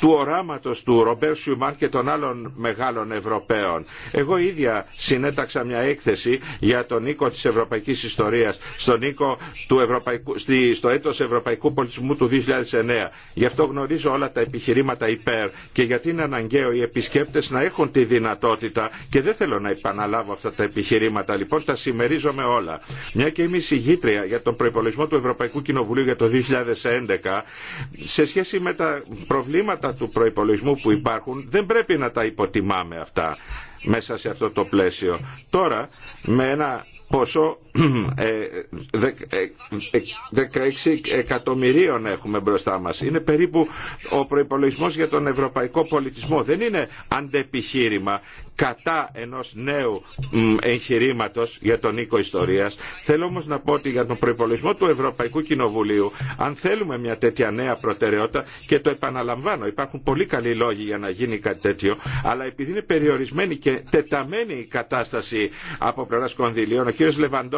Speaker 3: του οράματος του Ρομπέρ Σιουμάν και των άλλων μεγάλων Ευρωπαίων. Εγώ ίδια συνέταξα μια έκθεση για τον οίκο της Ευρωπαϊκής Ιστορίας στον οίκο του Ευρωπαϊκού, στο έτος Ευρωπαϊκού Πολιτισμού του 2009. Γι' αυτό γνωρίζω όλα τα επιχειρήματα υπέρ και γιατί είναι αναγκαίο οι επισκέπτες να έχουν τη δυνατότητα και δεν θέλω να επαναλάβω αυτά τα επιχειρήματα λοιπόν τα συμμερίζομαι όλα. Μια και είμαι συγγήτρια για τον προπολογισμό του Ευρωπαϊκού Κοινοβουλίου για το 2011 σε σχέση με τα προβλήματα του προϋπολογισμού που υπάρχουν, δεν πρέπει να τα υποτιμάμε αυτά μέσα σε αυτό το πλαίσιο. Τώρα, με ένα ποσό 16 ε, ε, ε, εκατομμυρίων έχουμε μπροστά μας. Είναι περίπου ο προϋπολογισμός για τον ευρωπαϊκό πολιτισμό. Δεν είναι αντεπιχείρημα κατά ενός νέου εγχειρήματος για τον οίκο ιστορίας. Θέλω όμως να πω ότι για τον προϋπολογισμό του Ευρωπαϊκού Κοινοβουλίου, αν θέλουμε μια τέτοια νέα προτεραιότητα, και το επαναλαμβάνω, υπάρχουν πολύ καλοί λόγοι για να γίνει κάτι τέτοιο, αλλά επειδή είναι περιορισμένη και τεταμένη η κατάσταση από πλευρά κονδυλίων, ο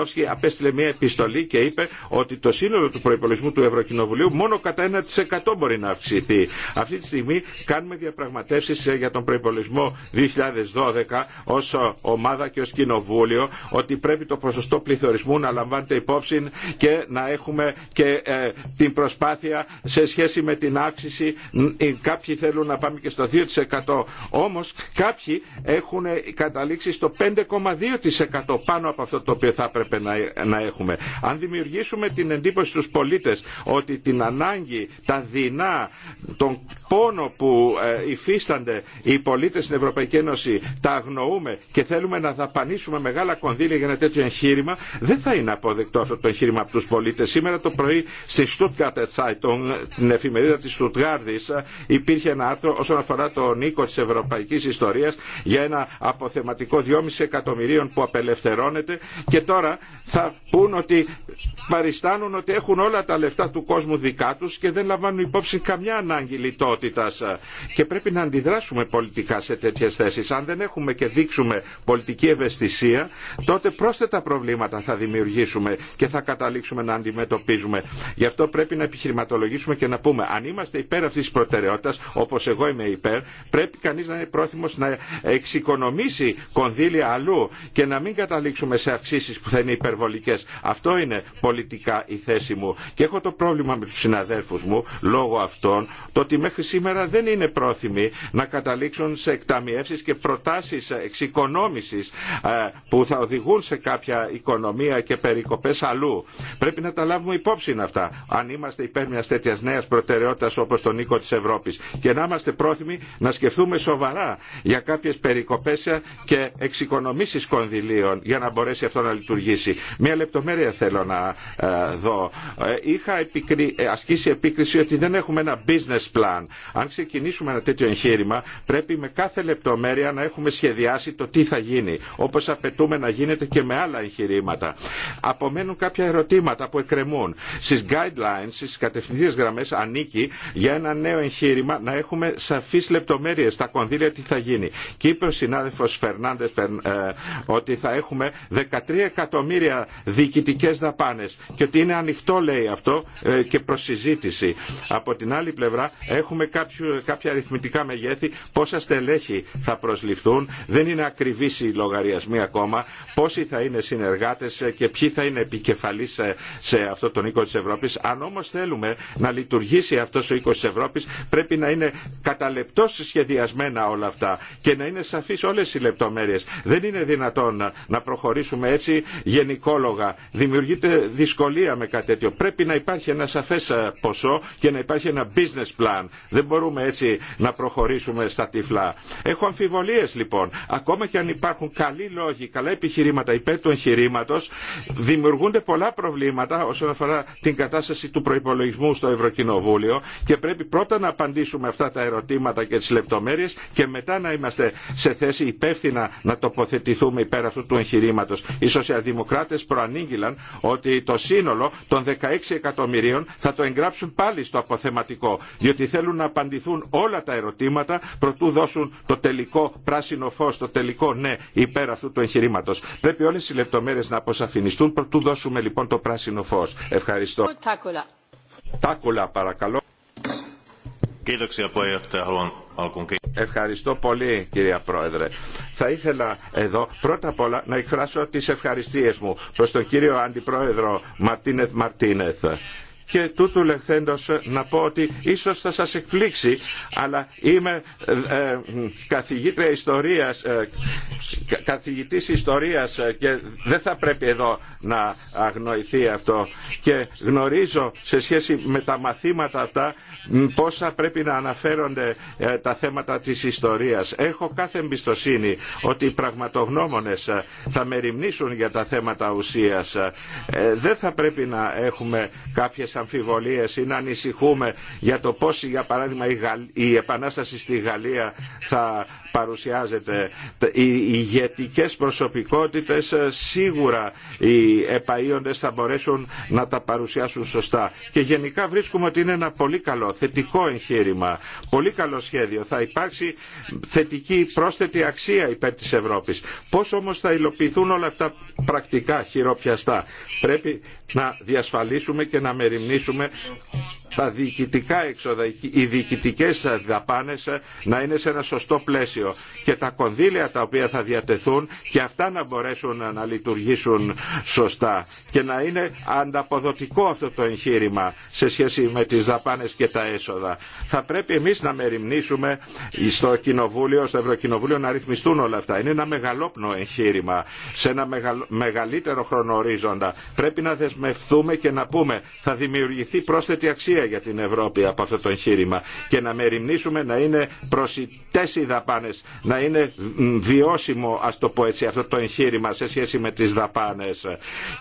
Speaker 3: Λεβαντόφσκι απέστειλε μια επιστολή και είπε ότι το σύνολο του προπολογισμού του Ευρωκοινοβουλίου μόνο κατά 1% μπορεί να αυξηθεί. Αυτή τη στιγμή κάνουμε διαπραγματεύσεις ε, για τον προπολογισμό 2012 ως ομάδα και ως κοινοβούλιο ότι πρέπει το ποσοστό πληθωρισμού να λαμβάνεται υπόψη και να έχουμε και ε, την προσπάθεια σε σχέση με την αύξηση. Κάποιοι θέλουν να πάμε και στο 2%. Όμως κάποιοι έχουν καταλήξει στο 5,2% πάνω από αυτό το οποίο θα έπρεπε να έχουμε. Αν δημιουργήσουμε την εντύπωση στους πολίτες ότι την ανάγκη, τα δεινά, τον πόνο που ε, υφίστανται οι πολίτες στην Ευρωπαϊκή Ένωση τα αγνοούμε και θέλουμε να δαπανίσουμε μεγάλα κονδύλια για ένα τέτοιο εγχείρημα, δεν θα είναι αποδεκτό αυτό το εγχείρημα από τους πολίτες. Σήμερα το πρωί στη Stuttgart Zeitung, την εφημερίδα της Στουτγάρδης, υπήρχε ένα άρθρο όσον αφορά το νίκο της Ευρωπαϊκής Ιστορίας για ένα αποθεματικό 2,5 εκατομμυρίων που απελευθερώνεται και τώρα θα πούν ότι παριστάνουν ότι έχουν όλα τα λεφτά του κόσμου δικά τους και δεν λαμβάνουν υπόψη καμιά ανάγκη λιτότητας. Και πρέπει να αντιδράσουμε πολιτικά σε τέτοιες θέσεις. Αν δεν έχουμε και δείξουμε πολιτική ευαισθησία, τότε πρόσθετα προβλήματα θα δημιουργήσουμε και θα καταλήξουμε να αντιμετωπίζουμε. Γι' αυτό πρέπει να επιχειρηματολογήσουμε και να πούμε αν είμαστε υπέρ αυτής της προτεραιότητας, όπως εγώ είμαι υπέρ, πρέπει κανείς να είναι πρόθυμος να εξοικονομήσει κονδύλια αλλού και να μην καταλήξουμε σε αυξήσεις που θα είναι υπερβολικές. Αυτό είναι πολιτικά η θέση μου. Και έχω το πρόβλημα με τους συναδέλφους μου λόγω αυτών το ότι μέχρι σήμερα δεν είναι πρόθυμοι να καταλήξουν σε εκταμιεύσεις και προτάσεις εξοικονόμησης ε, που θα οδηγούν σε κάποια οικονομία και περικοπές αλλού. Πρέπει να τα λάβουμε υπόψη αυτά αν είμαστε υπέρ μιας τέτοιας νέας προτεραιότητας όπως τον οίκο της Ευρώπης και να είμαστε πρόθυμοι να σκεφτούμε σοβαρά για κάποιες περικοπές και εξοικονομήσεις κονδυλίων για να μπορέσει αυτό να λειτουργήσει Μία λεπτομέρεια θέλω να ε, δω. Ε, είχα ε, ασκήσει επίκριση ότι δεν έχουμε ένα business plan. Αν ξεκινήσουμε ένα τέτοιο εγχείρημα, πρέπει με κάθε λεπτομέρεια να έχουμε σχεδιάσει το τι θα γίνει, Όπω απαιτούμε να γίνεται και με άλλα εγχειρήματα. Απομένουν κάποια ερωτήματα που εκκρεμούν. στι guidelines, στι κατευθυντήριες γραμμέ, ανήκει για ένα νέο εγχείρημα να έχουμε σαφείς λεπτομέρειε στα κονδύλια τι θα γίνει. Και είπε ο συνάδελφος ε, ότι θα έχουμε 13 εκατομμύρια εκατομμύρια διοικητικέ δαπάνε και ότι είναι ανοιχτό λέει αυτό ε, και προ συζήτηση. Από την άλλη πλευρά έχουμε κάποιο, κάποια αριθμητικά μεγέθη, πόσα στελέχη θα προσληφθούν, δεν είναι ακριβή οι λογαριασμοί ακόμα, πόσοι θα είναι συνεργάτε ε, και ποιοι θα είναι επικεφαλεί σε, σε αυτό τον οίκο τη Ευρώπη. Αν όμω θέλουμε να λειτουργήσει αυτό ο οίκο τη Ευρώπη, πρέπει να είναι καταλεπτό σχεδιασμένα όλα αυτά και να είναι σαφεί όλε οι λεπτομέρειε. Δεν είναι δυνατόν να προχωρήσουμε έτσι γενικόλογα. Δημιουργείται δυσκολία με κάτι τέτοιο. Πρέπει να υπάρχει ένα σαφέ ε, ποσό και να υπάρχει ένα business plan. Δεν μπορούμε έτσι να προχωρήσουμε στα τυφλά. Έχω αμφιβολίε λοιπόν. Ακόμα και αν υπάρχουν καλοί λόγοι, καλά επιχειρήματα υπέρ του εγχειρήματο, δημιουργούνται πολλά προβλήματα όσον αφορά την κατάσταση του προπολογισμού στο Ευρωκοινοβούλιο και πρέπει πρώτα να απαντήσουμε αυτά τα ερωτήματα και τι λεπτομέρειε και μετά να είμαστε σε θέση υπεύθυνα να τοποθετηθούμε υπέρ αυτού του εγχειρήματο. Σοσιαλδημοκρατία δημοκράτες προανήγγυλαν ότι το σύνολο των 16 εκατομμυρίων θα το εγγράψουν πάλι στο αποθεματικό διότι θέλουν να απαντηθούν όλα τα ερωτήματα προτού δώσουν το τελικό πράσινο φως, το τελικό ναι υπέρ αυτού του εγχειρήματο. Πρέπει όλες οι λεπτομέρειες να αποσαφινιστούν προτού δώσουμε λοιπόν το πράσινο φω Ευχαριστώ. Ευχαριστώ πολύ κυρία Πρόεδρε. Θα ήθελα εδώ πρώτα απ' όλα να εκφράσω τις ευχαριστίες μου προς τον κύριο Αντιπρόεδρο Μαρτίνεθ Μαρτίνεθ και τούτου λεχθέντος ε, να πω ότι ίσως θα σας εκπλήξει αλλά είμαι ε, ε καθηγήτρια ιστορίας ε, καθηγητής ιστορίας και δεν θα πρέπει εδώ να αγνοηθεί αυτό και γνωρίζω σε σχέση με τα μαθήματα αυτά πόσα πρέπει να αναφέρονται τα θέματα της ιστορίας. Έχω κάθε εμπιστοσύνη ότι οι πραγματογνώμονες θα μεριμνήσουν για τα θέματα ουσίας. Δεν θα πρέπει να έχουμε κάποιες αμφιβολίες ή να ανησυχούμε για το πώς για παράδειγμα η επανάσταση στη Γαλλία θα παρουσιάζεται. Οι ηγετικές προσωπικότητες ε, σίγουρα οι επαΐοντες θα μπορέσουν να τα παρουσιάσουν σωστά. Και γενικά βρίσκουμε ότι είναι ένα πολύ καλό, θετικό εγχείρημα, πολύ καλό σχέδιο. Θα υπάρξει θετική πρόσθετη αξία υπέρ της Ευρώπης. Πώς όμως θα υλοποιηθούν όλα αυτά πρακτικά, χειροπιαστά. Πρέπει να διασφαλίσουμε και να μεριμνήσουμε τα διοικητικά έξοδα, οι διοικητικέ δαπάνε ε, να είναι σε ένα σωστό πλαίσιο και τα κονδύλια τα οποία θα διατεθούν και αυτά να μπορέσουν να λειτουργήσουν σωστά και να είναι ανταποδοτικό αυτό το εγχείρημα σε σχέση με τις δαπάνες και τα έσοδα. Θα πρέπει εμείς να μεριμνήσουμε στο Κοινοβούλιο, στο Ευρωκοινοβούλιο να ρυθμιστούν όλα αυτά. Είναι ένα μεγαλόπνο εγχείρημα σε ένα μεγαλύτερο χρονορίζοντα. Πρέπει να δεσμευτούμε και να πούμε θα δημιουργηθεί πρόσθετη αξία για την Ευρώπη από αυτό το εγχείρημα και να μεριμνήσουμε να είναι προσιτές οι να είναι βιώσιμο ας το πω έτσι αυτό το εγχείρημα σε σχέση με τις δαπάνες.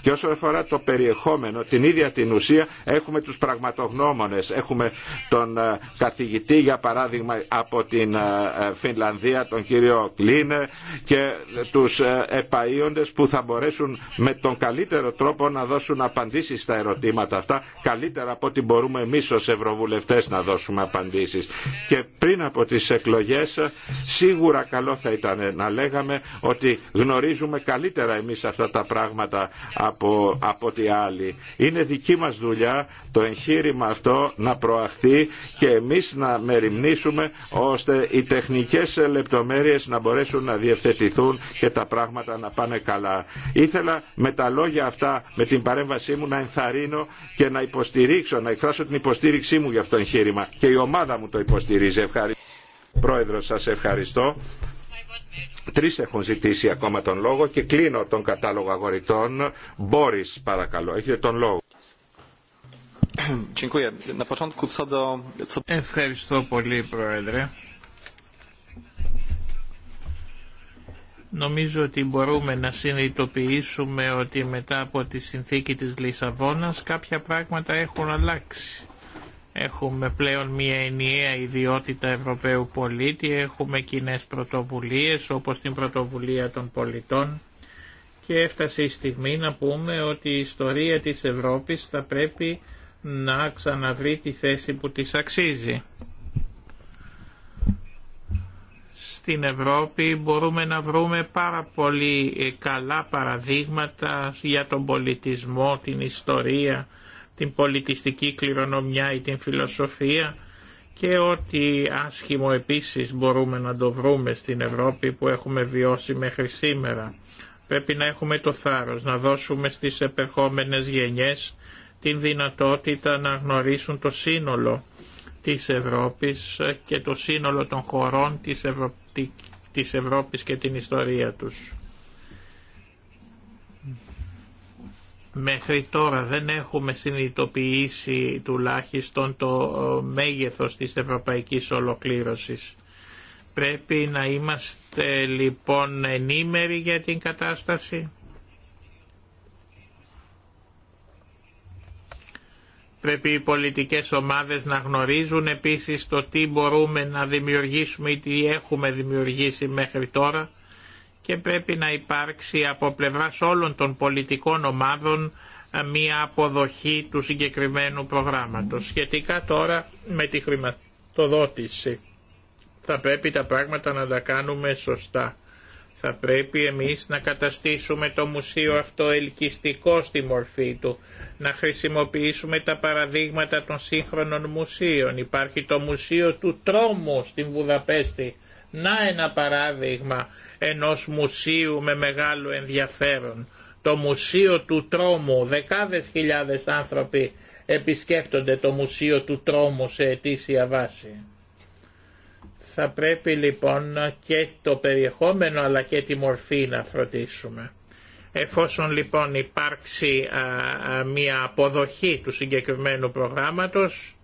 Speaker 3: Και όσον αφορά το περιεχόμενο, την ίδια την ουσία έχουμε τους πραγματογνώμονες, έχουμε τον ε, καθηγητή για παράδειγμα από την ε, ε, Φινλανδία, τον κύριο Κλίνε και τους επαΐοντες που θα μπορέσουν με τον καλύτερο τρόπο να δώσουν απαντήσεις στα ερωτήματα αυτά, καλύτερα από ό,τι μπορούμε εμείς ως Ευρωβουλευτές να δώσουμε απαντήσεις. Και πριν από τις εκλογές Σίγουρα καλό θα ήταν να λέγαμε ότι γνωρίζουμε καλύτερα εμείς αυτά τα πράγματα από, από άλλοι. Είναι δική μας δουλειά το εγχείρημα αυτό να προαχθεί και εμείς να μεριμνήσουμε ώστε οι τεχνικές λεπτομέρειες να μπορέσουν να διευθετηθούν και τα πράγματα να πάνε καλά. Ήθελα με τα λόγια αυτά, με την παρέμβασή μου να ενθαρρύνω και να υποστηρίξω, να εκφράσω την υποστήριξή μου για αυτό το εγχείρημα. Και η ομάδα μου το υποστηρίζει. Ευχαριστώ. Πρόεδρος, σας ευχαριστώ. Τρεις έχουν ζητήσει ακόμα τον λόγο και κλείνω τον κατάλογο αγορητών. Μπόρις, παρακαλώ, έχετε τον λόγο. Ευχαριστώ πολύ, Πρόεδρε.
Speaker 1: Νομίζω ότι μπορούμε να συνειδητοποιήσουμε ότι μετά από τη συνθήκη της Λισαβόνας κάποια πράγματα έχουν αλλάξει Έχουμε πλέον μια ενιαία ιδιότητα Ευρωπαίου πολίτη, έχουμε κοινέ πρωτοβουλίες όπως την πρωτοβουλία των πολιτών και έφτασε η στιγμή να πούμε ότι η ιστορία της Ευρώπης θα πρέπει να ξαναβρει τη θέση που της αξίζει. Στην Ευρώπη μπορούμε να βρούμε πάρα πολύ καλά παραδείγματα για τον πολιτισμό, την ιστορία, την πολιτιστική κληρονομιά ή την φιλοσοφία και ό,τι άσχημο επίσης μπορούμε να το βρούμε στην Ευρώπη που έχουμε βιώσει μέχρι σήμερα. Πρέπει να έχουμε το θάρρος να δώσουμε στις επερχόμενες γενιές την δυνατότητα να γνωρίσουν το σύνολο της Ευρώπης και το σύνολο των χωρών της, της Ευρώπης και την ιστορία τους. Μέχρι τώρα δεν έχουμε συνειδητοποιήσει τουλάχιστον το ε, μέγεθος της ευρωπαϊκής ολοκλήρωσης. Πρέπει να είμαστε λοιπόν ενήμεροι για την κατάσταση. Πρέπει οι πολιτικές ομάδες να γνωρίζουν επίσης το τι μπορούμε να δημιουργήσουμε ή τι έχουμε δημιουργήσει μέχρι τώρα και πρέπει να υπάρξει από πλευράς όλων των πολιτικών ομάδων ε, μια αποδοχή του συγκεκριμένου προγράμματος. Σχετικά τώρα με τη χρηματοδότηση θα πρέπει τα πράγματα να τα κάνουμε σωστά. Θα πρέπει εμείς να καταστήσουμε το μουσείο αυτό ελκυστικό στη μορφή του, να χρησιμοποιήσουμε τα παραδείγματα των σύγχρονων μουσείων. Υπάρχει το Μουσείο του Τρόμου στην Βουδαπέστη, να ένα παράδειγμα ενός μουσείου με μεγάλο ενδιαφέρον. Το Μουσείο του Τρόμου, δεκάδες χιλιάδες άνθρωποι επισκέπτονται το Μουσείο του Τρόμου σε ετήσια βάση. Θα πρέπει λοιπόν και το περιεχόμενο αλλά και τη μορφή να φροντίσουμε. Εφόσον λοιπόν υπάρξει μια αποδοχή του συγκεκριμένου προγράμματος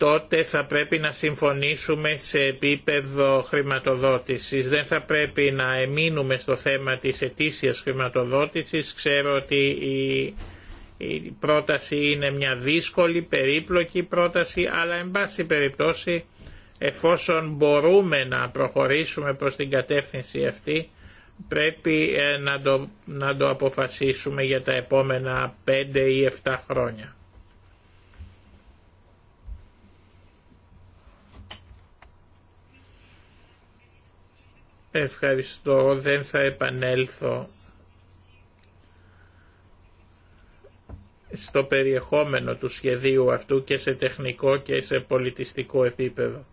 Speaker 1: τότε θα πρέπει να συμφωνήσουμε σε επίπεδο χρηματοδότησης. Δεν θα πρέπει να εμείνουμε στο θέμα της ετήσιας χρηματοδότησης. Ξέρω ότι η, πρόταση είναι μια δύσκολη, περίπλοκη πρόταση, αλλά εν πάση περιπτώσει εφόσον μπορούμε να προχωρήσουμε προς την κατεύθυνση αυτή, πρέπει ε, να το, αποφασίσουμε για τα επόμενα 5 ή 7 χρόνια. Ευχαριστώ, δεν θα επανέλθω στο περιεχόμενο του σχεδίου αυτού και σε τεχνικό και σε πολιτιστικό επίπεδο.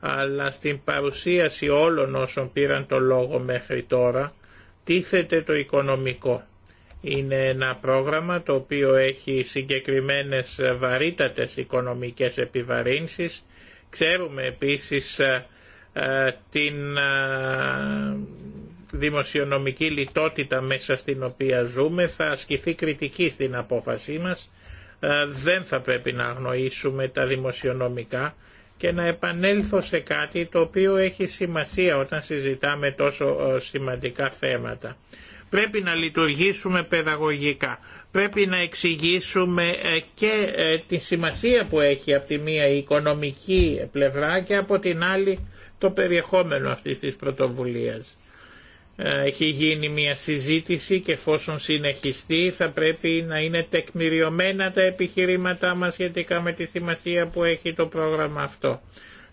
Speaker 1: Αλλά στην παρουσίαση όλων όσων πήραν το λόγο μέχρι τώρα, τίθεται το οικονομικό. Είναι ένα πρόγραμμα το οποίο έχει συγκεκριμένες βαρύτατες οικονομικές επιβαρύνσεις. Ξέρουμε επίσης ε, ε, την ε, δημοσιονομική λιτότητα μέσα στην οποία ζούμε θα ασκηθεί κριτική στην απόφασή μας. Ε, δεν θα πρέπει να αγνοήσουμε τα δημοσιονομικά και να επανέλθω σε κάτι το οποίο έχει σημασία όταν συζητάμε τόσο σημαντικά θέματα. Πρέπει να λειτουργήσουμε παιδαγωγικά. Πρέπει να εξηγήσουμε και τη σημασία που έχει από τη μία η οικονομική πλευρά και από την άλλη το περιεχόμενο αυτής της πρωτοβουλίας. Ε, έχει γίνει μια συζήτηση και εφόσον συνεχιστεί θα πρέπει να είναι τεκμηριωμένα τα επιχειρήματά μας σχετικά με τη σημασία που έχει το πρόγραμμα αυτό.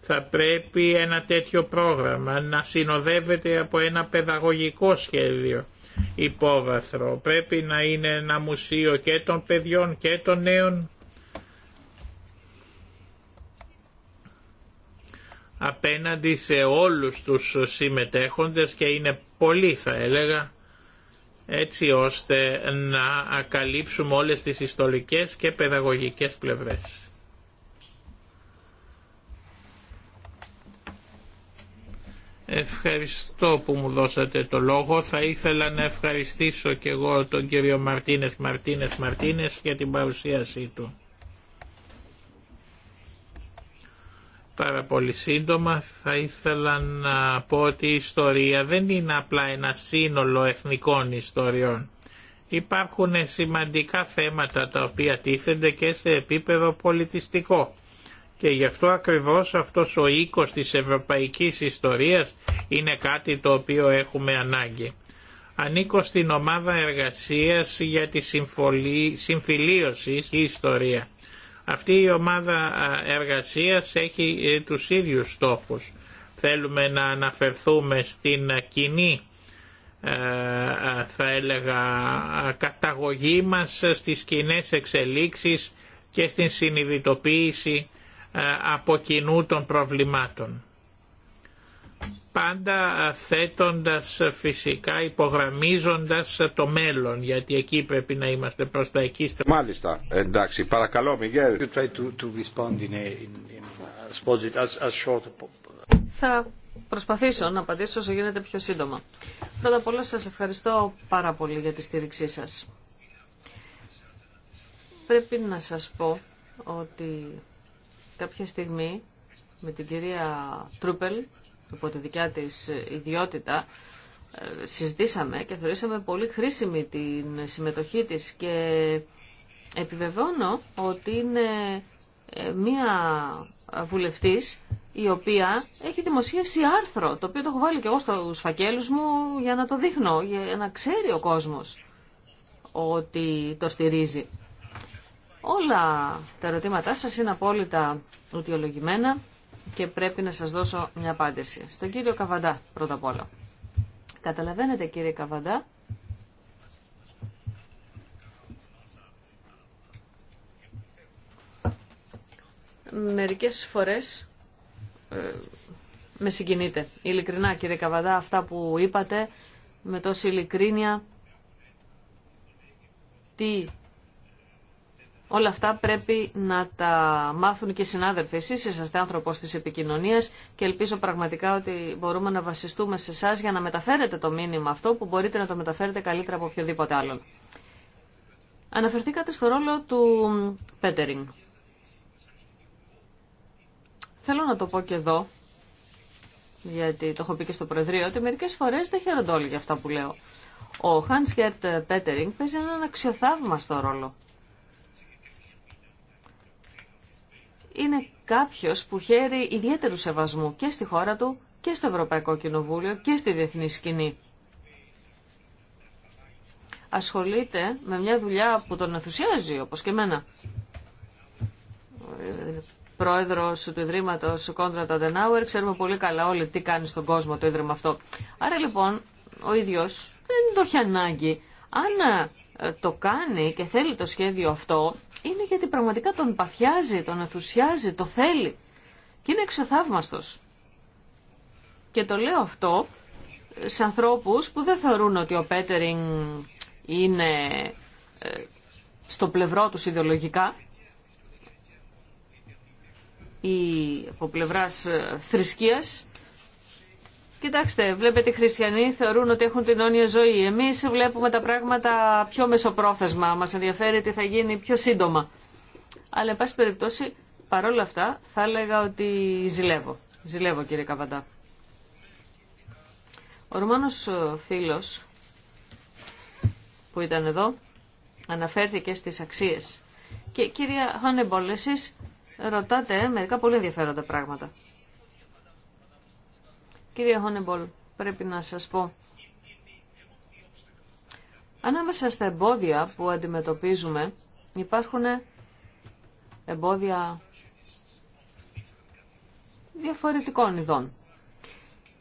Speaker 1: Θα πρέπει ένα τέτοιο πρόγραμμα να συνοδεύεται από ένα παιδαγωγικό σχέδιο υπόβαθρο. Πρέπει να είναι ένα μουσείο και των παιδιών και των νέων απέναντι σε όλους τους συμμετέχοντες και είναι πολύ θα έλεγα έτσι ώστε να καλύψουμε όλες τις ιστολικές και παιδαγωγικές πλευρές. Ευχαριστώ που μου δώσατε το λόγο. Θα ήθελα να ευχαριστήσω και εγώ τον κύριο Μαρτίνες Μαρτίνες Μαρτίνες για την παρουσίασή του. Πάρα πολύ σύντομα θα ήθελα να πω ότι η ιστορία δεν είναι απλά ένα σύνολο εθνικών ιστοριών. Υπάρχουν σημαντικά θέματα τα οποία τίθενται και σε επίπεδο πολιτιστικό. Και γι' αυτό ακριβώς αυτός ο οίκος της ευρωπαϊκής ιστορίας είναι κάτι το οποίο έχουμε ανάγκη. Ανήκω στην ομάδα εργασίας για τη συμφιλίωση η ιστορία αυτή η ομάδα εργασίας έχει ε, τους ίδιους στόχους. Θέλουμε να αναφερθούμε στην κοινή ε, θα έλεγα καταγωγή μας στις κοινέ εξελίξεις και στην συνειδητοποίηση ε, από κοινού των προβλημάτων πάντα θέτοντας φυσικά, υπογραμμίζοντας το μέλλον, γιατί εκεί πρέπει να είμαστε προς τα εκεί. Μάλιστα,
Speaker 3: εντάξει, παρακαλώ Μιγέλ.
Speaker 2: Θα προσπαθήσω να απαντήσω όσο γίνεται πιο σύντομα. Πρώτα απ' όλα σας ευχαριστώ πάρα πολύ για τη στήριξή σας. Πρέπει να σας πω ότι κάποια στιγμή με την κυρία Τρούπελ υπό τη δικιά της ιδιότητα ε, συζητήσαμε και θεωρήσαμε πολύ χρήσιμη την συμμετοχή της και επιβεβαιώνω ότι είναι ε, μία βουλευτής η οποία έχει δημοσίευση άρθρο, το οποίο το έχω βάλει και εγώ στους φακέλους μου για να το δείχνω, για να ξέρει ο κόσμος ότι το στηρίζει. Όλα τα ερωτήματά σας είναι απόλυτα ουτιολογημένα και πρέπει να σας δώσω μια απάντηση. Στον κύριο Καβαντά, πρώτα απ' όλα. Καταλαβαίνετε κύριε Καβαντά, μερικές φορές ε, με συγκινείτε. Ειλικρινά κύριε Καβαντά, αυτά που είπατε με τόση ειλικρίνεια, τι Όλα αυτά πρέπει να τα μάθουν και οι συνάδελφοι. Εσείς είσαστε άνθρωπος της επικοινωνίας και ελπίζω πραγματικά ότι μπορούμε να βασιστούμε σε εσά για να μεταφέρετε το μήνυμα αυτό που μπορείτε να το μεταφέρετε καλύτερα από οποιοδήποτε άλλον. Αναφερθήκατε στο ρόλο του Πέτερινγκ. Θέλω να το πω και εδώ, γιατί το έχω πει και στο Προεδρείο, ότι μερικές φορές δεν χαίρονται όλοι για αυτά που λέω. Ο Hans Gert Πέτερινγκ παίζει έναν αξιοθαύμαστο ρόλο. είναι κάποιο που χαίρει ιδιαίτερου σεβασμού και στη χώρα του και στο Ευρωπαϊκό Κοινοβούλιο και στη διεθνή σκηνή. Ασχολείται με μια δουλειά που τον ενθουσιάζει, όπως και εμένα. Πρόεδρος του Ιδρύματος Κόντρα Ταντενάουερ, ξέρουμε πολύ καλά όλοι τι κάνει στον κόσμο το Ίδρυμα αυτό. Άρα λοιπόν ο ίδιος δεν το έχει ανάγκη. Αν ε, το κάνει και θέλει το σχέδιο αυτό, είναι γιατί πραγματικά τον παθιάζει, τον ενθουσιάζει, το θέλει. Και είναι εξωθαύμαστος. Και το λέω αυτό σε ανθρώπους που δεν θεωρούν ότι ο Πέτερινγκ είναι ε, στο πλευρό τους ιδεολογικά ή από πλευράς ε, θρησκείας Κοιτάξτε, βλέπετε οι χριστιανοί θεωρούν ότι έχουν την αιώνια ζωή. Εμείς βλέπουμε τα πράγματα πιο μεσοπρόθεσμα. Μας ενδιαφέρει τι θα γίνει πιο σύντομα. Αλλά, εν πάση περιπτώσει, παρόλα αυτά, θα έλεγα ότι ζηλεύω. Ζηλεύω, κύριε Καβαντά. Ο Ρωμάνο ε, φίλος που ήταν εδώ αναφέρθηκε στις αξίε Και, κύριε Χάνεμπολ, εσεί ρωτάτε μερικά πολύ ενδιαφέροντα πράγματα. Κύριε Χόνεμπολ, πρέπει να σας πω. Ανάμεσα στα εμπόδια που αντιμετωπίζουμε υπάρχουν εμπόδια διαφορετικών ειδών.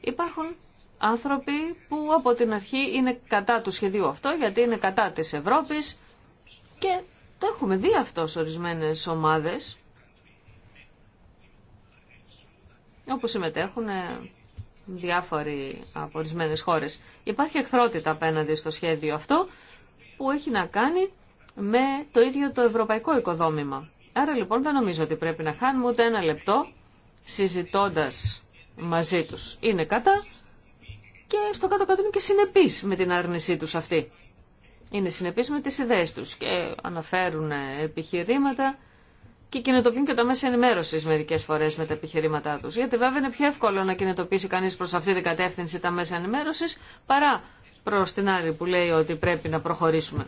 Speaker 2: Υπάρχουν άνθρωποι που από την αρχή είναι κατά του σχεδίου αυτό, γιατί είναι κατά της Ευρώπης και το έχουμε δει αυτό σε ορισμένες ομάδες, όπου συμμετέχουν διάφοροι από ορισμένε χώρες. Υπάρχει εχθρότητα απέναντι στο σχέδιο αυτό που έχει να κάνει με το ίδιο το ευρωπαϊκό οικοδόμημα. Άρα λοιπόν δεν νομίζω ότι πρέπει να χάνουμε ούτε ένα λεπτό συζητώντας μαζί τους. Είναι κατά και στο κάτω-κάτω και συνεπείς με την άρνησή τους αυτή. Είναι συνεπείς με τις ιδέες τους και αναφέρουν επιχειρήματα και κινητοποιούν και τα μέσα ενημέρωση μερικέ φορέ με τα επιχειρήματά του. Γιατί βέβαια είναι πιο εύκολο να κινητοποιήσει κανεί προ αυτή την κατεύθυνση τα μέσα ενημέρωση παρά προ την άλλη που λέει ότι πρέπει να προχωρήσουμε.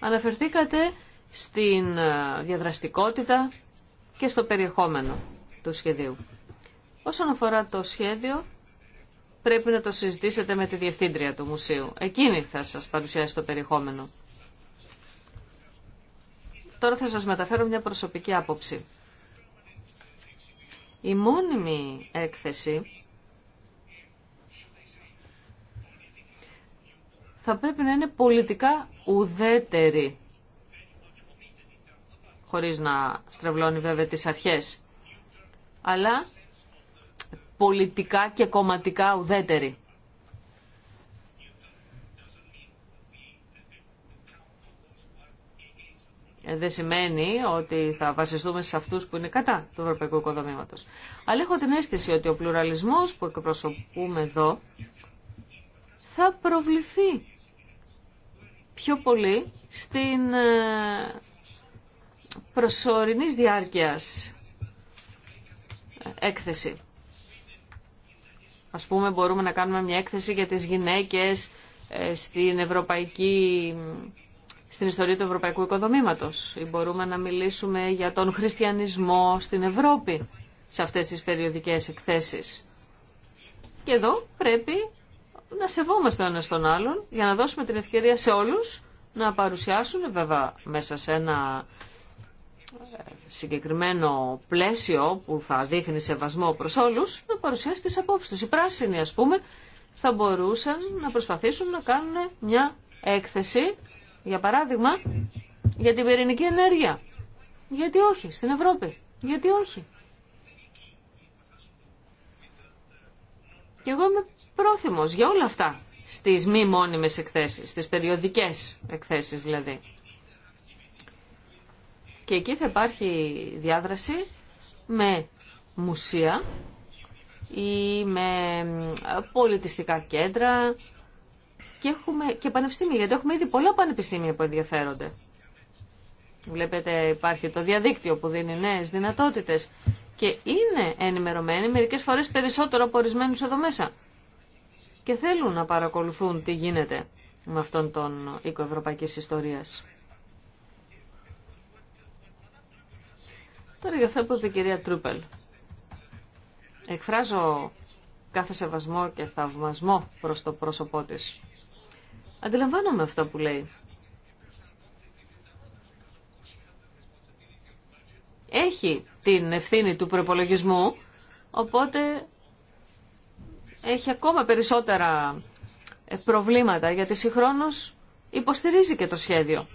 Speaker 2: Αναφερθήκατε στην ε, διαδραστικότητα και στο περιεχόμενο του σχεδίου. Όσον αφορά το σχέδιο, πρέπει να το συζητήσετε με τη διευθύντρια του μουσείου. Εκείνη θα σας παρουσιάσει το περιεχόμενο. Τώρα θα σας μεταφέρω μια προσωπική άποψη. Η μόνιμη έκθεση θα πρέπει να είναι πολιτικά ουδέτερη, χωρίς να στρεβλώνει βέβαια τις αρχές, αλλά πολιτικά και κομματικά ουδέτερη. Ε, δεν σημαίνει ότι θα βασιστούμε σε αυτούς που είναι κατά του ευρωπαϊκού οικοδομήματος. Αλλά έχω την αίσθηση ότι ο πλουραλισμός που εκπροσωπούμε εδώ θα προβληθεί πιο πολύ στην ε, προσωρινής διάρκειας ε, έκθεση. Ας πούμε μπορούμε να κάνουμε μια έκθεση για τις γυναίκες στην Ευρωπαϊκή στην ιστορία του ευρωπαϊκού οικοδομήματος. Ή μπορούμε να μιλήσουμε για τον χριστιανισμό στην Ευρώπη σε αυτές τις περιοδικές εκθέσεις. Και εδώ πρέπει να σεβόμαστε ο ένας τον άλλον για να δώσουμε την ευκαιρία σε όλους να παρουσιάσουν βέβαια μέσα σε ένα ε, συγκεκριμένο πλαίσιο που θα δείχνει σεβασμό προς όλους να παρουσιάσει τις απόψεις τους. Οι πράσινοι ας πούμε θα μπορούσαν να προσπαθήσουν να κάνουν μια έκθεση για παράδειγμα, για την πυρηνική ενέργεια. Γιατί όχι, στην Ευρώπη. Γιατί όχι. Και εγώ είμαι πρόθυμος για όλα αυτά στις μη μόνιμες εκθέσεις, στις περιοδικές εκθέσεις δηλαδή. Και εκεί θα υπάρχει διάδραση με μουσεία ή με πολιτιστικά κέντρα, και, έχουμε και πανεπιστήμια, γιατί έχουμε ήδη πολλά πανεπιστήμια που ενδιαφέρονται. Βλέπετε υπάρχει το διαδίκτυο που δίνει νέε δυνατότητες και είναι ενημερωμένοι μερικές φορές περισσότερο από ορισμένους εδώ μέσα και θέλουν να παρακολουθούν τι γίνεται με αυτόν τον οίκο Ευρωπαϊκής Ιστορίας. Τώρα για αυτό που είπε η κυρία Τρούπελ. Εκφράζω κάθε σεβασμό και θαυμασμό προς το πρόσωπό της. Αντιλαμβάνομαι αυτό που λέει. Έχει την ευθύνη του προπολογισμού, οπότε έχει ακόμα περισσότερα ε, προβλήματα, γιατί συγχρόνως υποστηρίζει και το σχέδιο.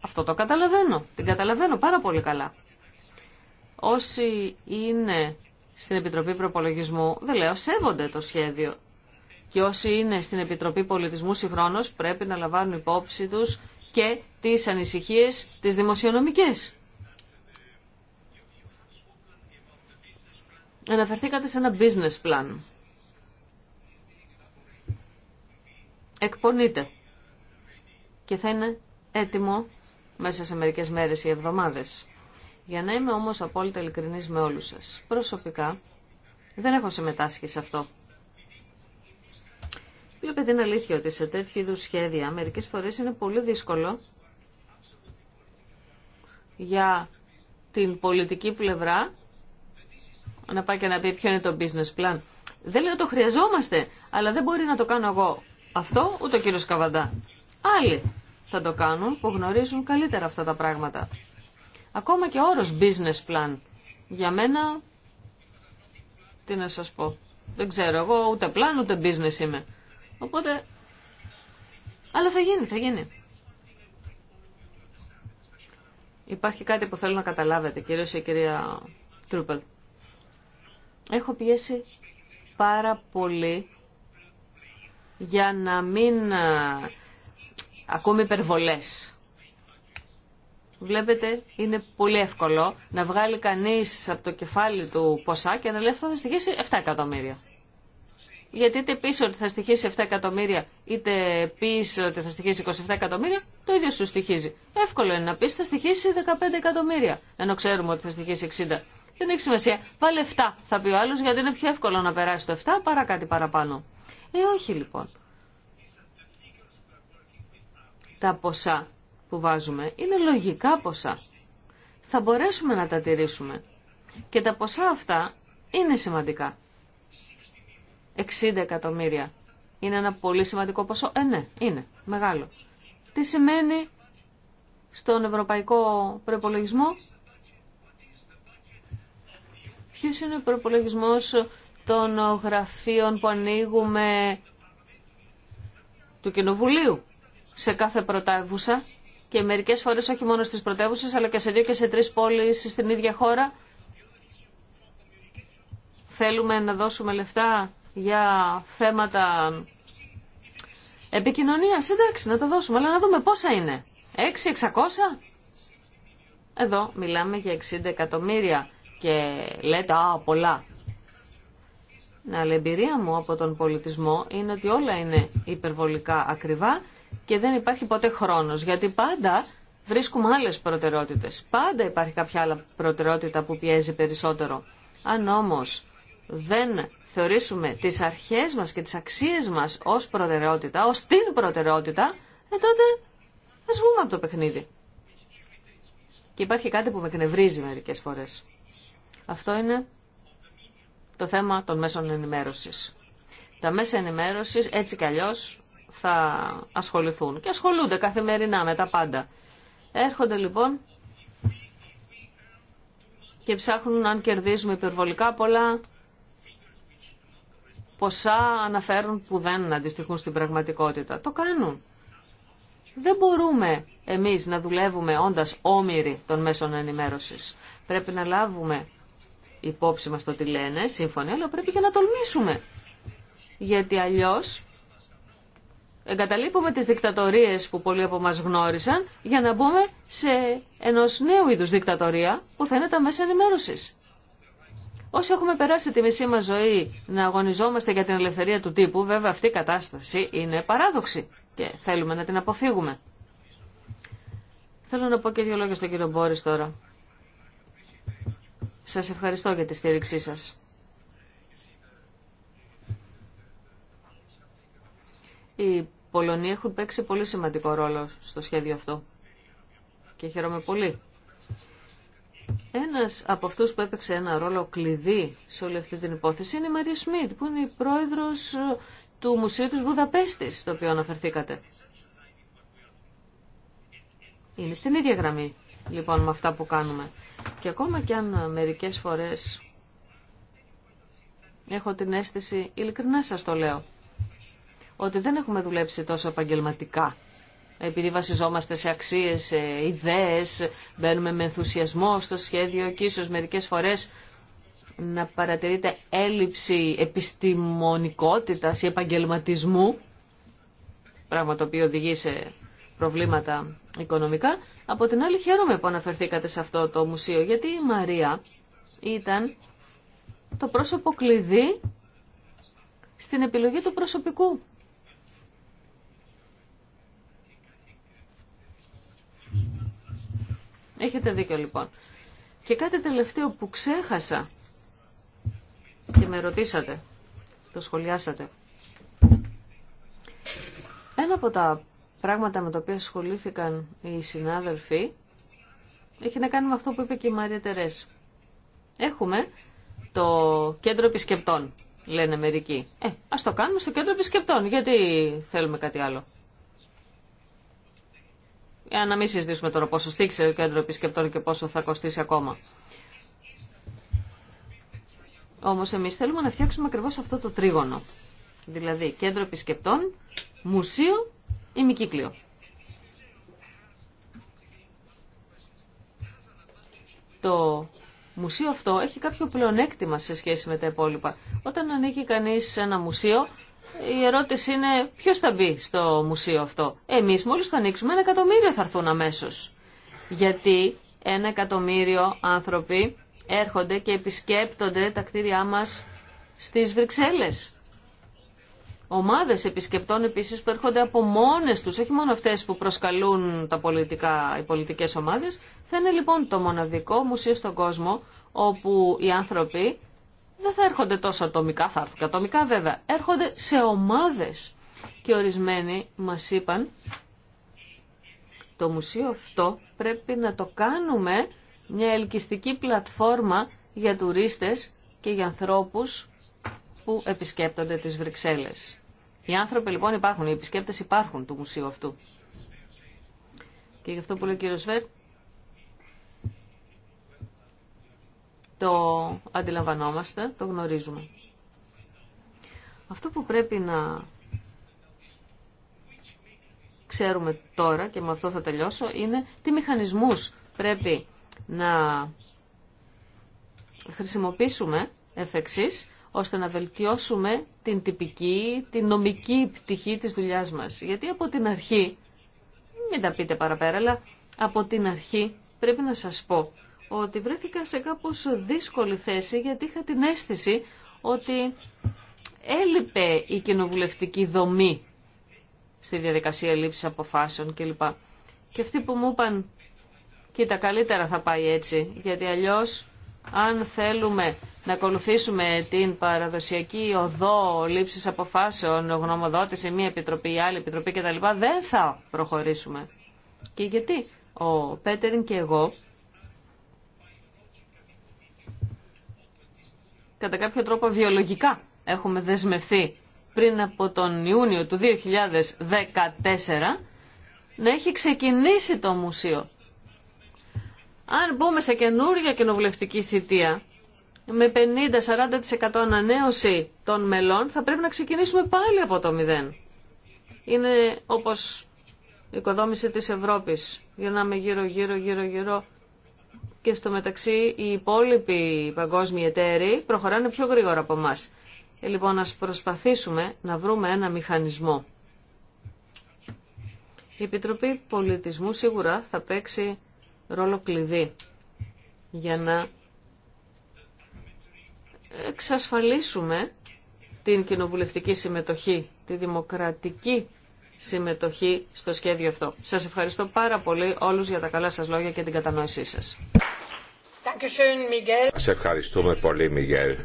Speaker 2: Αυτό το καταλαβαίνω, την καταλαβαίνω πάρα πολύ καλά. Όσοι είναι στην Επιτροπή Προπολογισμού, δεν λέω, σέβονται το σχέδιο και όσοι είναι στην Επιτροπή Πολιτισμού συγχρόνως πρέπει να λαμβάνουν υπόψη τους και τις ανησυχίες τις δημοσιονομικές. Αναφερθήκατε σε ένα business plan. Εκπονείται και θα είναι έτοιμο μέσα σε μερικές μέρες ή εβδομάδες. Για να είμαι όμως απόλυτα ειλικρινής με όλους σας. Προσωπικά δεν έχω συμμετάσχει σε αυτό. Βλέπετε είναι αλήθεια ότι σε τέτοιου είδου σχέδια μερικές φορές είναι πολύ δύσκολο για την πολιτική πλευρά να πάει και να πει ποιο είναι το business plan. Δεν λέω το χρειαζόμαστε, αλλά δεν μπορεί να το κάνω εγώ αυτό, ούτε ο κύριος Καβαντά. Άλλοι θα το κάνουν που γνωρίζουν καλύτερα αυτά τα πράγματα. Ακόμα και όρος business plan. Για μένα, τι να σας πω. Δεν ξέρω, εγώ ούτε plan ούτε business είμαι. Οπότε, αλλά θα γίνει, θα γίνει. Υπάρχει κάτι που θέλω να καταλάβετε, κυρίως η κυρία Τρούπελ. Έχω πιέσει πάρα πολύ για να μην ε, ακούμε υπερβολές. Βλέπετε, είναι πολύ εύκολο να βγάλει κανείς από το κεφάλι του ποσά και να λέει αυτό θα στοιχήσει 7 εκατομμύρια. Γιατί είτε πεις ότι θα στοιχήσει 7 εκατομμύρια, είτε πεις ότι θα στοιχήσει 27 εκατομμύρια, το ίδιο σου στοιχίζει. Εύκολο είναι να πεις θα στοιχήσει 15 εκατομμύρια, ενώ ξέρουμε ότι θα στοιχήσει 60. Δεν έχει σημασία. Πάλι 7 θα πει ο άλλος, γιατί είναι πιο εύκολο να περάσει το 7 παρά κάτι παραπάνω. Ε, όχι λοιπόν. Τα ποσά που βάζουμε είναι λογικά ποσά. Θα μπορέσουμε να τα τηρήσουμε. Και τα ποσά αυτά είναι σημαντικά. 60 εκατομμύρια. Είναι ένα πολύ σημαντικό ποσό. Ε, ναι, είναι. Μεγάλο. Τι σημαίνει στον ευρωπαϊκό προπολογισμό. Ποιος είναι ο προπολογισμό των γραφείων που ανοίγουμε του Κοινοβουλίου σε κάθε πρωτεύουσα και μερικές φορές όχι μόνο στις πρωτεύουσες αλλά και σε δύο και σε τρεις πόλεις στην ίδια χώρα. Θέλουμε να δώσουμε λεφτά για θέματα επικοινωνίας. Εντάξει, να τα δώσουμε, αλλά να δούμε πόσα είναι. 6-600. Εδώ μιλάμε για 60 εκατομμύρια και λέτε «Α, πολλά». Αλλά η εμπειρία μου από τον πολιτισμό είναι ότι όλα είναι υπερβολικά ακριβά και δεν υπάρχει ποτέ χρόνος, γιατί πάντα βρίσκουμε άλλες προτεραιότητες. Πάντα υπάρχει κάποια άλλα προτεραιότητα που πιέζει περισσότερο. Αν όμως δεν θεωρήσουμε τις αρχές μας και τις αξίες μας ως προτεραιότητα, ως την προτεραιότητα, ε, τότε ας βγούμε από το παιχνίδι. Και υπάρχει κάτι που με κνευρίζει μερικές φορές. Αυτό είναι το θέμα των μέσων ενημέρωσης. Τα μέσα ενημέρωσης έτσι κι αλλιώς θα ασχοληθούν και ασχολούνται καθημερινά με τα πάντα. Έρχονται λοιπόν και ψάχνουν αν κερδίζουμε υπερβολικά πολλά ποσά αναφέρουν που δεν αντιστοιχούν στην πραγματικότητα. Το κάνουν. Δεν μπορούμε εμείς να δουλεύουμε όντας όμοιροι των μέσων ενημέρωσης. Πρέπει να λάβουμε υπόψη μας το τι λένε, σύμφωνοι, αλλά πρέπει και να τολμήσουμε. Γιατί αλλιώς εγκαταλείπουμε τις δικτατορίες που πολλοί από μας γνώρισαν για να μπούμε σε ενός νέου είδους δικτατορία που θα είναι τα μέσα ενημέρωσης. Όσοι έχουμε περάσει τη μισή μας ζωή να αγωνιζόμαστε για την ελευθερία του τύπου, βέβαια αυτή η κατάσταση είναι παράδοξη και θέλουμε να την αποφύγουμε. Θέλω να πω και δύο λόγια στον κύριο Μπόρις τώρα. Σας ευχαριστώ για τη στήριξή σας. Οι Πολωνοί έχουν παίξει πολύ σημαντικό ρόλο στο σχέδιο αυτό και χαίρομαι πολύ ένας από αυτούς που έπαιξε ένα ρόλο κλειδί σε όλη αυτή την υπόθεση είναι η Μαρία Σμιτ, που είναι η πρόεδρος ε, του Μουσείου της Βουδαπέστης, στο οποίο αναφερθήκατε. Είναι στην ίδια γραμμή, λοιπόν, με αυτά που κάνουμε. Και ακόμα και αν μερικές φορές έχω την αίσθηση, ειλικρινά σας το λέω, ότι δεν έχουμε δουλέψει τόσο επαγγελματικά επειδή βασιζόμαστε σε αξίες, σε ιδέες, μπαίνουμε με ενθουσιασμό στο σχέδιο και ίσως μερικές φορές να παρατηρείτε έλλειψη επιστημονικότητας ή επαγγελματισμού, πράγμα το οποίο οδηγεί σε προβλήματα οικονομικά. Από την άλλη χαίρομαι που αναφερθήκατε σε αυτό το μουσείο, γιατί η Μαρία ήταν το πρόσωπο κλειδί στην επιλογή του προσωπικού. Έχετε δίκιο λοιπόν. Και κάτι τελευταίο που ξέχασα και με ρωτήσατε, το σχολιάσατε. Ένα από τα πράγματα με τα οποία ασχολήθηκαν οι συνάδελφοι έχει να κάνει με αυτό που είπε και η Μαρία Τερές. Έχουμε το κέντρο επισκεπτών, λένε μερικοί. Ε, ας το κάνουμε στο κέντρο επισκεπτών, γιατί θέλουμε κάτι άλλο για να μην συζητήσουμε τώρα πόσο στήξε το κέντρο επισκεπτών και πόσο θα κοστίσει ακόμα. Όμω εμεί θέλουμε να φτιάξουμε ακριβώ αυτό το τρίγωνο. Δηλαδή κέντρο επισκεπτών, μουσείο, ημικύκλιο. Το μουσείο αυτό έχει κάποιο πλεονέκτημα σε σχέση με τα υπόλοιπα. Όταν ανήκει κανείς ένα μουσείο, η ερώτηση είναι ποιος θα μπει στο μουσείο αυτό. Εμείς μόλις θα ανοίξουμε ένα εκατομμύριο θα έρθουν αμέσως. Γιατί ένα εκατομμύριο άνθρωποι έρχονται και επισκέπτονται τα κτίρια μας στις Βρυξέλλες. Ομάδες επισκεπτών επίσης που έρχονται από μόνες τους, όχι μόνο αυτές που προσκαλούν τα πολιτικά, οι πολιτικές ομάδες, θα είναι λοιπόν το μοναδικό μουσείο στον κόσμο όπου οι άνθρωποι δεν θα έρχονται τόσο ατομικά, θα έρθουν ατομικά βέβαια, έρχονται σε ομάδες. Και ορισμένοι μας είπαν, το μουσείο αυτό πρέπει να το κάνουμε μια ελκυστική πλατφόρμα για τουρίστες και για ανθρώπους που επισκέπτονται τις Βρυξέλλες. Οι άνθρωποι λοιπόν υπάρχουν, οι επισκέπτες υπάρχουν του μουσείου αυτού. Και γι' αυτό που λέει ο κύριος Βέρτ, Το αντιλαμβανόμαστε, το γνωρίζουμε. Αυτό που πρέπει να ξέρουμε τώρα, και με αυτό θα τελειώσω, είναι τι μηχανισμούς πρέπει να χρησιμοποιήσουμε εφεξής ώστε να βελτιώσουμε την τυπική, την νομική πτυχή της δουλειάς μας. Γιατί από την αρχή, μην τα πείτε παραπέρα, αλλά από την αρχή πρέπει να σας πω ότι βρέθηκα σε κάπως δύσκολη θέση γιατί είχα την αίσθηση ότι έλειπε η κοινοβουλευτική δομή στη διαδικασία λήψης αποφάσεων κλπ. Και αυτοί που μου είπαν, κοίτα καλύτερα θα πάει έτσι, γιατί αλλιώς αν θέλουμε να ακολουθήσουμε την παραδοσιακή οδό λήψης αποφάσεων, η μία επιτροπή, η άλλη επιτροπή κτλ, δεν θα προχωρήσουμε. Και γιατί ο Πέτεριν και εγώ κατά κάποιο τρόπο βιολογικά έχουμε δεσμευθεί πριν από τον Ιούνιο του 2014 να έχει ξεκινήσει το μουσείο. Αν μπούμε σε καινούργια κοινοβουλευτική θητεία με 50-40% ανανέωση των μελών θα πρέπει να ξεκινήσουμε πάλι από το μηδέν. Είναι όπως η οικοδόμηση της Ευρώπης. Γυρνάμε γύρω γύρω γύρω γύρω και στο μεταξύ οι υπόλοιποι παγκόσμιοι εταίροι προχωράνε πιο γρήγορα από εμά. Ε, λοιπόν, ας προσπαθήσουμε να βρούμε ένα μηχανισμό. Η Επιτροπή Πολιτισμού σίγουρα θα παίξει ρόλο κλειδί για να εξασφαλίσουμε την κοινοβουλευτική συμμετοχή, τη δημοκρατική συμμετοχή στο σχέδιο αυτό. Σας ευχαριστώ πάρα πολύ όλους για τα καλά σας λόγια και την κατανόησή σας.
Speaker 3: Σε ευχαριστούμε πολύ Μιγέλ.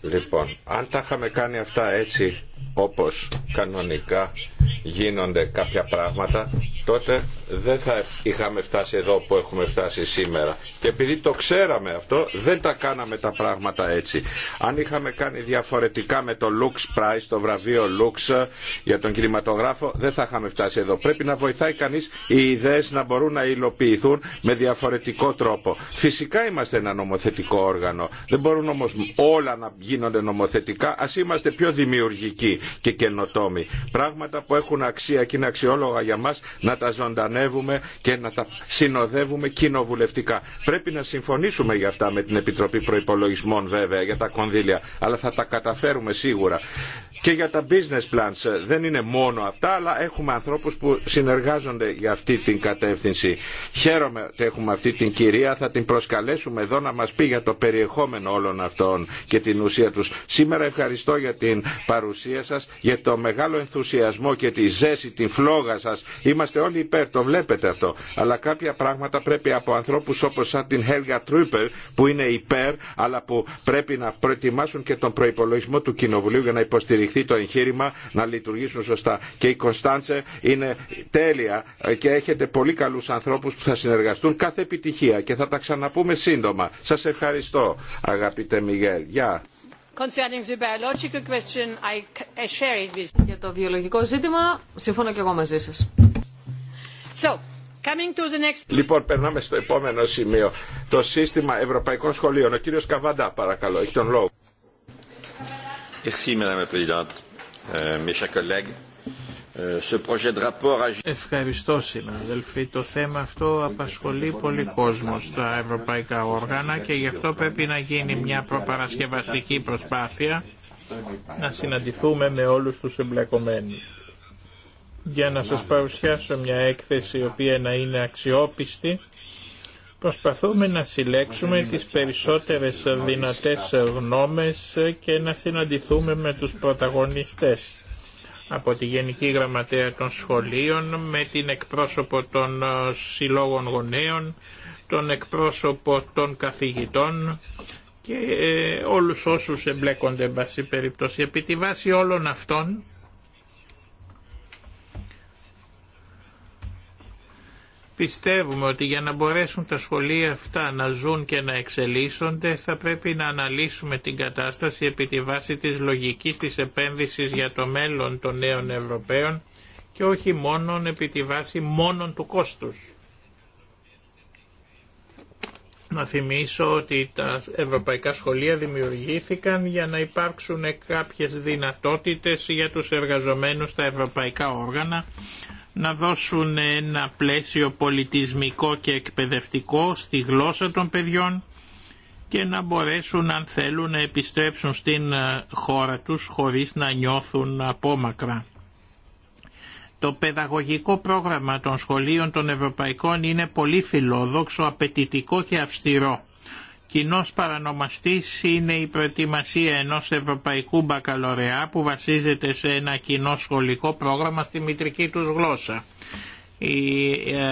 Speaker 3: Λοιπόν, αν τα είχαμε κάνει αυτά έτσι όπως κανονικά γίνονται κάποια πράγματα, τότε δεν θα είχαμε φτάσει εδώ που έχουμε φτάσει σήμερα. Και επειδή το ξέραμε αυτό, δεν τα κάναμε τα πράγματα έτσι. Αν είχαμε κάνει διαφορετικά με το Lux Prize, το βραβείο Lux ε, για τον κινηματογράφο, δεν θα είχαμε φτάσει εδώ. Πρέπει να βοηθάει κανείς οι ιδέες να μπορούν να υλοποιηθούν με διαφορετικό τρόπο. Φυσικά είμαστε ένα νομοθετικό όργανο. Δεν μπορούν όμως όλα να γίνονται νομοθετικά. Ας είμαστε πιο δημιουργικοί και καινοτόμοι. Πράγματα που έχουν αξία και είναι αξιόλογα για μας να τα ζωντανεύουμε και να τα συνοδεύουμε κοινοβουλευτικά. Πρέπει να συμφωνήσουμε για αυτά με την Επιτροπή Προϋπολογισμών βέβαια για τα κονδύλια, αλλά θα τα καταφέρουμε σίγουρα. Και για τα business plans δεν είναι μόνο αυτά, αλλά έχουμε ανθρώπους που συνεργάζονται για αυτή την κατεύθυνση. Χαίρομαι ότι έχουμε αυτή την κυρία, θα την προσκαλέσουμε εδώ να μας πει για το περιεχόμενο όλων αυτών και την ουσία τους. Σήμερα ευχαριστώ για την παρουσία λόγια σας, για το μεγάλο ενθουσιασμό και τη ζέση, την φλόγα σας. Είμαστε όλοι υπέρ, το βλέπετε αυτό. Αλλά κάποια πράγματα πρέπει από ανθρώπους όπως σαν την Helga Trupper που είναι υπέρ, αλλά που πρέπει να προετοιμάσουν και τον προϋπολογισμό του Κοινοβουλίου για να υποστηριχθεί το εγχείρημα, να λειτουργήσουν σωστά. Και η Κωνσταντσε είναι τέλεια και έχετε πολύ καλούς ανθρώπους που θα συνεργαστούν κάθε επιτυχία και θα τα ξαναπούμε σύντομα. Σας ευχαριστώ αγαπητέ Μιγέλ. Γεια.
Speaker 2: Για το βιολογικό ζήτημα, συμφωνώ και εγώ μαζί σας. So, coming to the next...
Speaker 3: Λοιπόν, περνάμε στο επόμενο σημείο. Το σύστημα Ευρωπαϊκών Σχολείων. Ο κύριος Καβαντά, παρακαλώ, έχει τον λόγο. Ευχαριστώ, κύριε Πρόεδρε, Présidente. Euh, ε,
Speaker 1: Ευχαριστώ συναδελφοί. Το θέμα αυτό απασχολεί πολύ κόσμο στα ευρωπαϊκά όργανα και γι' αυτό πρέπει να γίνει μια προπαρασκευαστική προσπάθεια να συναντηθούμε με όλους τους εμπλεκομένους. Για να σας παρουσιάσω μια έκθεση η οποία να είναι αξιόπιστη προσπαθούμε να συλλέξουμε τις περισσότερες δυνατές γνώμες και να συναντηθούμε με τους πρωταγωνιστές από τη Γενική Γραμματέα των Σχολείων με την εκπρόσωπο των ε, συλλόγων γονέων, τον εκπρόσωπο των καθηγητών και ε, όλους όσους εμπλέκονται εν πάση περιπτώσει. Επί τη βάση όλων αυτών Πιστεύουμε ότι για να μπορέσουν τα σχολεία αυτά να ζουν και να εξελίσσονται θα πρέπει να αναλύσουμε την κατάσταση επί τη βάση της λογικής της επένδυσης για το μέλλον των νέων Ευρωπαίων και όχι μόνο επί τη βάση μόνον του κόστους. Να θυμίσω ότι τα ευρωπαϊκά σχολεία δημιουργήθηκαν για να υπάρξουν κάποιες δυνατότητες για τους εργαζομένους στα ευρωπαϊκά όργανα να δώσουν ένα πλαίσιο πολιτισμικό και εκπαιδευτικό στη γλώσσα των παιδιών και να μπορέσουν αν θέλουν να επιστρέψουν στην ε, χώρα τους χωρίς να νιώθουν απόμακρα. Το παιδαγωγικό πρόγραμμα των σχολείων των Ευρωπαϊκών είναι πολύ φιλόδοξο, απαιτητικό και αυστηρό. Κοινός παρανομαστής είναι η προετοιμασία ενός ευρωπαϊκού μπακαλωρεά που βασίζεται σε ένα κοινό σχολικό πρόγραμμα στη μητρική τους γλώσσα. Η ε,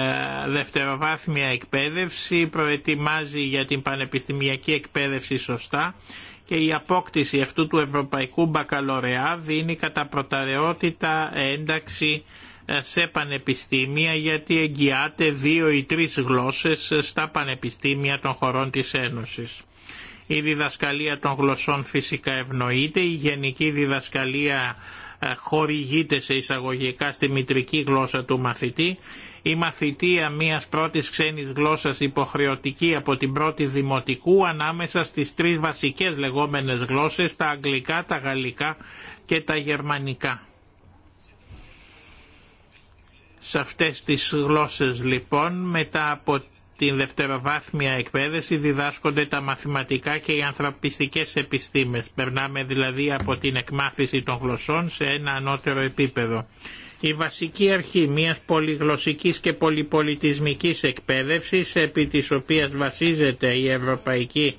Speaker 1: δευτεροβάθμια εκπαίδευση προετοιμάζει για την πανεπιστημιακή εκπαίδευση σωστά και η απόκτηση αυτού του ευρωπαϊκού μπακαλωρεά δίνει κατά προτεραιότητα ένταξη σε πανεπιστήμια γιατί εγγυάται δύο ή τρεις γλώσσες στα πανεπιστήμια των χωρών της Ένωσης. Η διδασκαλία των γλωσσών φυσικά ευνοείται, η γενική διδασκαλία ε, χορηγείται σε εισαγωγικά στη μητρική γλώσσα του μαθητή, η μαθητεία μιας πρώτης ξένης γλώσσας υποχρεωτική από την πρώτη δημοτικού ανάμεσα στις τρεις βασικές λεγόμενες γλώσσες, τα αγγλικά, τα γαλλικά και τα γερμανικά. Σε αυτές τις γλώσσες λοιπόν μετά από την δευτεροβάθμια εκπαίδευση διδάσκονται τα μαθηματικά και οι ανθρωπιστικές επιστήμες. Περνάμε δηλαδή από την εκμάθηση των γλωσσών σε ένα ανώτερο επίπεδο. Η βασική αρχή μιας πολυγλωσσικής και πολυπολιτισμικής εκπαίδευσης επί της οποίας βασίζεται η ευρωπαϊκή,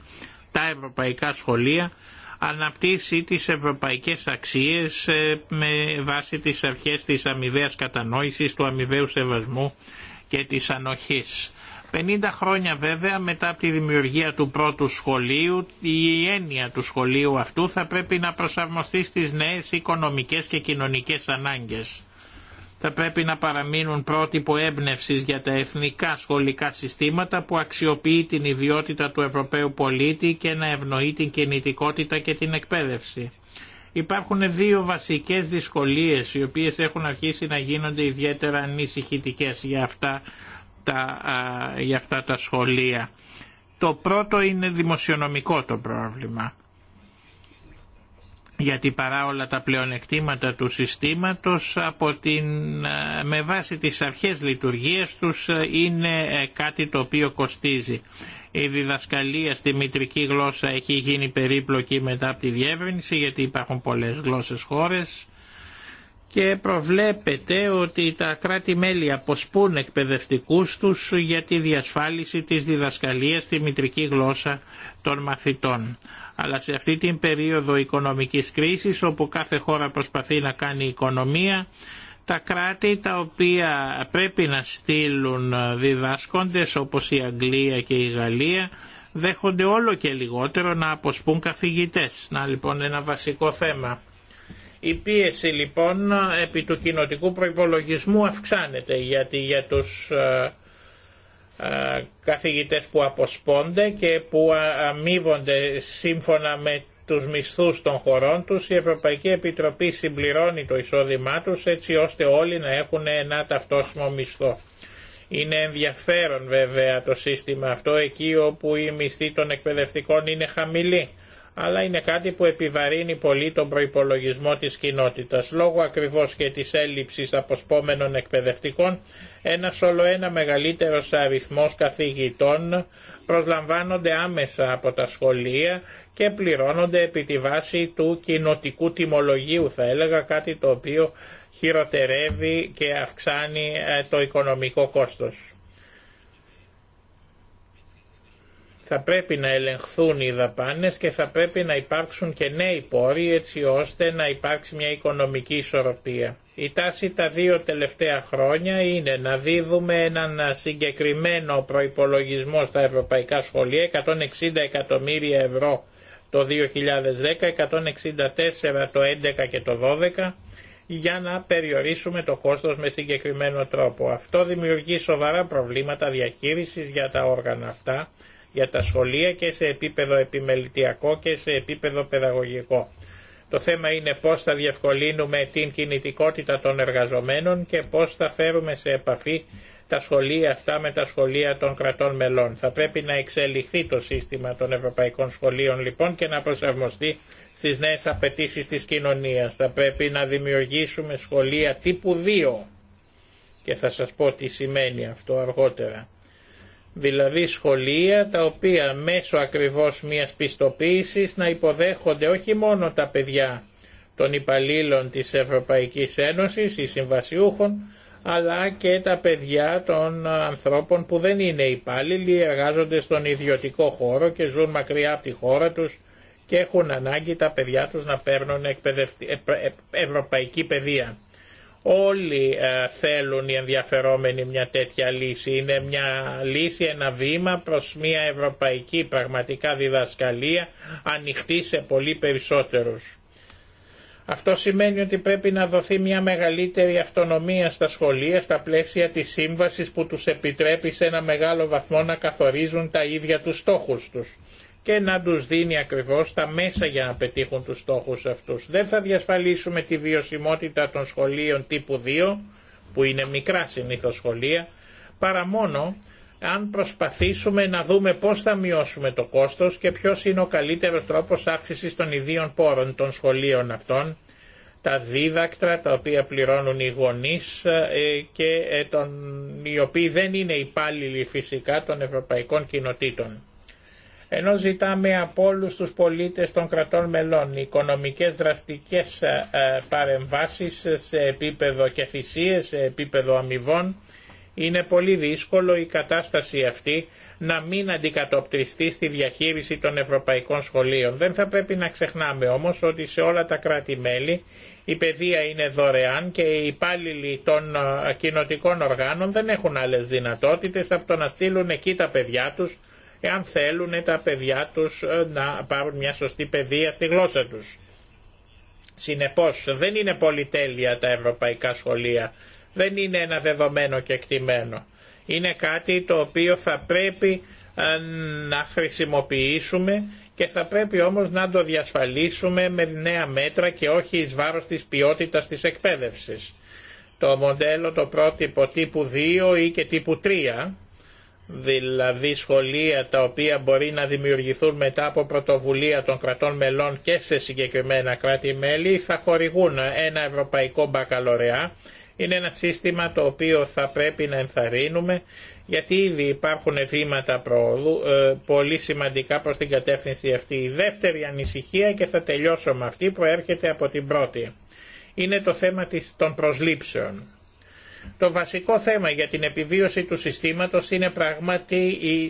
Speaker 1: τα ευρωπαϊκά σχολεία αναπτύσσει τις ευρωπαϊκές αξίες ε, με βάση τις αρχές της αμοιβαίας κατανόησης, του αμοιβαίου σεβασμού και της ανοχής. 50 χρόνια βέβαια μετά από τη δημιουργία του πρώτου σχολείου, η έννοια του σχολείου αυτού θα πρέπει να προσαρμοστεί στις νέες οικονομικές και κοινωνικές ανάγκες θα πρέπει να παραμείνουν πρότυπο έμπνευση για τα εθνικά σχολικά συστήματα που αξιοποιεί την ιδιότητα του Ευρωπαίου πολίτη και να ευνοεί την κινητικότητα και την εκπαίδευση. Υπάρχουν δύο βασικές δυσκολίες οι οποίες έχουν αρχίσει να γίνονται ιδιαίτερα ανησυχητικέ για, αυτά τα, για αυτά τα σχολεία. Το πρώτο είναι δημοσιονομικό το πρόβλημα γιατί παρά όλα τα πλεονεκτήματα του συστήματος από την, ε, με βάση τις αρχές λειτουργίες τους ε, είναι ε, κάτι το οποίο κοστίζει. Η διδασκαλία στη μητρική γλώσσα έχει γίνει περίπλοκη μετά από τη διεύρυνση γιατί υπάρχουν πολλές γλώσσες χώρες και προβλέπεται ότι τα κράτη-μέλη αποσπούν εκπαιδευτικούς τους για τη διασφάλιση της διδασκαλίας στη μητρική γλώσσα των μαθητών. Αλλά σε αυτή την περίοδο οικονομικής κρίσης όπου κάθε χώρα προσπαθεί να κάνει οικονομία τα κράτη τα οποία πρέπει να στείλουν διδάσκοντες όπως η Αγγλία και η Γαλλία δέχονται όλο και λιγότερο να αποσπούν καθηγητές. Να λοιπόν ένα βασικό θέμα. Η πίεση λοιπόν επί του κοινοτικού προϋπολογισμού αυξάνεται γιατί για τους ε, ε, καθηγητές που αποσπώνται και που ε, αμείβονται σύμφωνα με τους μισθούς των χωρών τους, η Ευρωπαϊκή Επιτροπή συμπληρώνει το εισόδημά τους έτσι ώστε όλοι να έχουν ένα ταυτόσιμο μισθό. Είναι ενδιαφέρον βέβαια το σύστημα αυτό εκεί όπου οι μισθοί των εκπαιδευτικών είναι χαμηλοί αλλά είναι κάτι που επιβαρύνει πολύ τον προϋπολογισμό της κοινότητας. Λόγω ακριβώς και της έλλειψης αποσπόμενων εκπαιδευτικών, ένας όλο ένα μεγαλύτερος αριθμός καθηγητών προσλαμβάνονται άμεσα από τα σχολεία και πληρώνονται επί τη βάση του κοινοτικού τιμολογίου, θα έλεγα κάτι το οποίο χειροτερεύει και αυξάνει ε, το οικονομικό κόστος. θα πρέπει να ελεγχθούν οι δαπάνες και θα πρέπει να υπάρξουν και νέοι πόροι έτσι ώστε να υπάρξει μια οικονομική ισορροπία. Η τάση τα δύο τελευταία χρόνια είναι να δίδουμε έναν συγκεκριμένο προϋπολογισμό στα ευρωπαϊκά σχολεία, 160 εκατομμύρια ευρώ το 2010, 164 το 11 και το 12, για να περιορίσουμε το κόστος με συγκεκριμένο τρόπο. Αυτό δημιουργεί σοβαρά προβλήματα διαχείρισης για τα όργανα αυτά, για τα σχολεία και σε επίπεδο επιμελητιακό και σε επίπεδο παιδαγωγικό. Το θέμα είναι πώς θα διευκολύνουμε την κινητικότητα των εργαζομένων και πώς θα φέρουμε σε επαφή τα σχολεία αυτά με τα σχολεία των κρατών μελών. Θα πρέπει να εξελιχθεί το σύστημα των ευρωπαϊκών σχολείων λοιπόν και να προσαρμοστεί στις νέες απαιτήσεις της κοινωνίας. Θα πρέπει να δημιουργήσουμε σχολεία τύπου 2 και θα σας πω τι σημαίνει αυτό αργότερα δηλαδή σχολεία τα οποία μέσω ακριβώς μιας πιστοποίησης να υποδέχονται όχι μόνο τα παιδιά των υπαλλήλων της Ευρωπαϊκής Ένωσης ή συμβασιούχων, αλλά και τα παιδιά των ανθρώπων που δεν είναι υπάλληλοι, εργάζονται στον ιδιωτικό χώρο και ζουν μακριά από τη χώρα τους και έχουν ανάγκη τα παιδιά τους να παίρνουν ε, ε, ευρωπαϊκή παιδεία. Όλοι ε, θέλουν οι ενδιαφερόμενοι μια τέτοια λύση. Είναι μια λύση, ένα βήμα προς μια ευρωπαϊκή πραγματικά διδασκαλία ανοιχτή σε πολύ περισσότερους. Αυτό σημαίνει ότι πρέπει να δοθεί μια μεγαλύτερη αυτονομία στα σχολεία στα πλαίσια της σύμβασης που τους επιτρέπει σε ένα μεγάλο βαθμό να καθορίζουν τα ίδια τους στόχους τους και να τους δίνει ακριβώς τα μέσα για να πετύχουν τους στόχους αυτούς. Δεν θα διασφαλίσουμε τη βιωσιμότητα των σχολείων τύπου 2, που είναι μικρά συνήθως σχολεία, παρά μόνο αν προσπαθήσουμε να δούμε πώς θα μειώσουμε το κόστος και ποιος είναι ο καλύτερος τρόπος αύξησης των ιδίων πόρων των σχολείων αυτών, τα δίδακτρα τα οποία πληρώνουν οι γονείς ε, και ε, τον, οι οποίοι δεν είναι υπάλληλοι φυσικά των ευρωπαϊκών κοινοτήτων. Ενώ ζητάμε από όλους τους πολίτες των κρατών μελών οικονομικές δραστικές ε, ε, παρεμβάσεις σε επίπεδο και θυσίες, σε επίπεδο αμοιβών, είναι πολύ δύσκολο η κατάσταση αυτή να μην αντικατοπτριστεί στη διαχείριση των ευρωπαϊκών σχολείων. Δεν θα πρέπει να ξεχνάμε όμως ότι σε όλα τα κράτη-μέλη η παιδεία είναι δωρεάν και οι υπάλληλοι των ε, κοινοτικών οργάνων δεν έχουν άλλες δυνατότητες από το να στείλουν εκεί τα παιδιά τους εάν θέλουν τα παιδιά τους ε, να πάρουν μια σωστή παιδεία στη γλώσσα τους. Συνεπώς δεν είναι πολυτέλεια τα ευρωπαϊκά σχολεία, δεν είναι ένα δεδομένο και εκτιμένο. Είναι κάτι το οποίο θα πρέπει ε, να χρησιμοποιήσουμε και θα πρέπει όμως να το διασφαλίσουμε με νέα μέτρα και όχι εις βάρος της ποιότητας της εκπαίδευσης. Το μοντέλο το πρότυπο τύπου 2 ή και τύπου 3 δηλαδή σχολεία τα οποία μπορεί να δημιουργηθούν μετά από πρωτοβουλία των κρατών μελών και σε συγκεκριμένα κράτη-μέλη θα χορηγούν ένα ευρωπαϊκό μπακαλωρεά. Είναι ένα σύστημα το οποίο θα πρέπει να ενθαρρύνουμε γιατί ήδη υπάρχουν βήματα προόδου ε, πολύ σημαντικά προς την κατεύθυνση αυτή. Η δεύτερη ανησυχία και θα τελειώσω με αυτή προέρχεται από την πρώτη. Είναι το θέμα των προσλήψεων το βασικό θέμα για την επιβίωση του συστήματος είναι πράγματι η,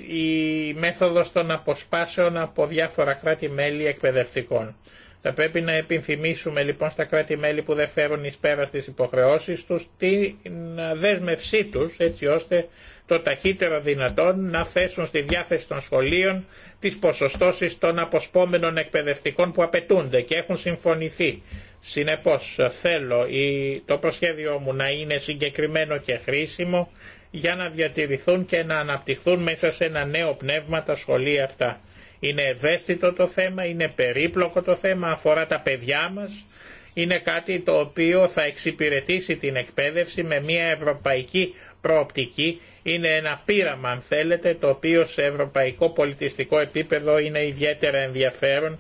Speaker 1: η μέθοδος των αποσπάσεων από διάφορα κράτη-μέλη εκπαιδευτικών. Θα πρέπει να επιθυμίσουμε λοιπόν στα κράτη-μέλη που δεν φέρουν εις πέρα στις υποχρεώσεις τους την δέσμευσή τους έτσι ώστε το ταχύτερο δυνατόν να θέσουν στη διάθεση των σχολείων τις ποσοστώσεις των αποσπόμενων εκπαιδευτικών που απαιτούνται και έχουν συμφωνηθεί Συνεπώς θέλω το προσχέδιό μου να είναι συγκεκριμένο και χρήσιμο για να διατηρηθούν και να αναπτυχθούν μέσα σε ένα νέο πνεύμα τα σχολεία αυτά. Είναι ευαίσθητο το θέμα, είναι περίπλοκο το θέμα, αφορά τα παιδιά μας. Είναι κάτι το οποίο θα εξυπηρετήσει την εκπαίδευση με μια ευρωπαϊκή προοπτική. Είναι ένα πείραμα αν θέλετε το οποίο σε ευρωπαϊκό πολιτιστικό επίπεδο είναι ιδιαίτερα ενδιαφέρον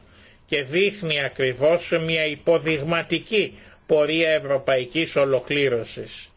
Speaker 1: και δείχνει ακριβώς μια υποδειγματική πορεία ευρωπαϊκής ολοκλήρωσης.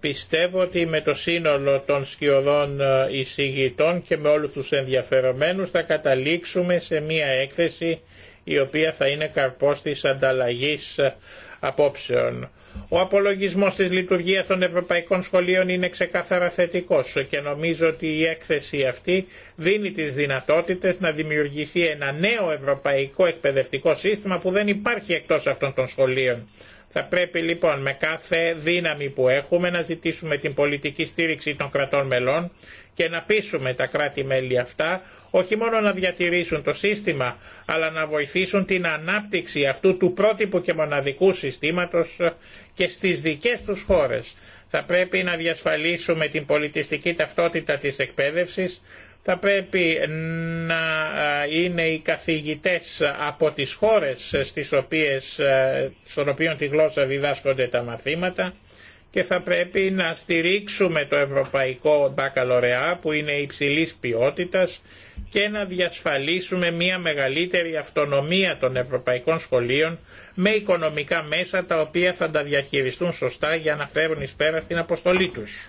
Speaker 1: Πιστεύω ότι με το σύνολο των σκιωδών ε, εισηγητών και με όλους τους ενδιαφερομένους θα καταλήξουμε σε μια έκθεση η οποία θα είναι καρπός της ανταλλαγής ε, απόψεων. Ο απολογισμός της λειτουργίας των ευρωπαϊκών σχολείων είναι ξεκάθαρα θετικός και νομίζω ότι η έκθεση αυτή δίνει τις δυνατότητες να δημιουργηθεί ένα νέο ευρωπαϊκό εκπαιδευτικό σύστημα που δεν υπάρχει εκτός αυτών των σχολείων. Θα πρέπει λοιπόν με κάθε δύναμη που έχουμε να ζητήσουμε την πολιτική στήριξη των κρατών μελών και να πείσουμε τα κράτη-μέλη αυτά όχι μόνο να διατηρήσουν το σύστημα αλλά να βοηθήσουν την ανάπτυξη αυτού του πρότυπου και μοναδικού συστήματος και στις δικές τους χώρες. Θα πρέπει να διασφαλίσουμε την πολιτιστική ταυτότητα της εκπαίδευσης, θα πρέπει να είναι οι καθηγητές από τις χώρες στις οποίες, στον οποίο τη γλώσσα διδάσκονται τα μαθήματα, και θα πρέπει να στηρίξουμε το Ευρωπαϊκό Μπακαλωρεά που είναι υψηλής ποιότητας και να διασφαλίσουμε μια μεγαλύτερη αυτονομία των ευρωπαϊκών σχολείων με οικονομικά μέσα τα οποία θα τα διαχειριστούν σωστά για να φέρουν εις πέρα στην αποστολή τους.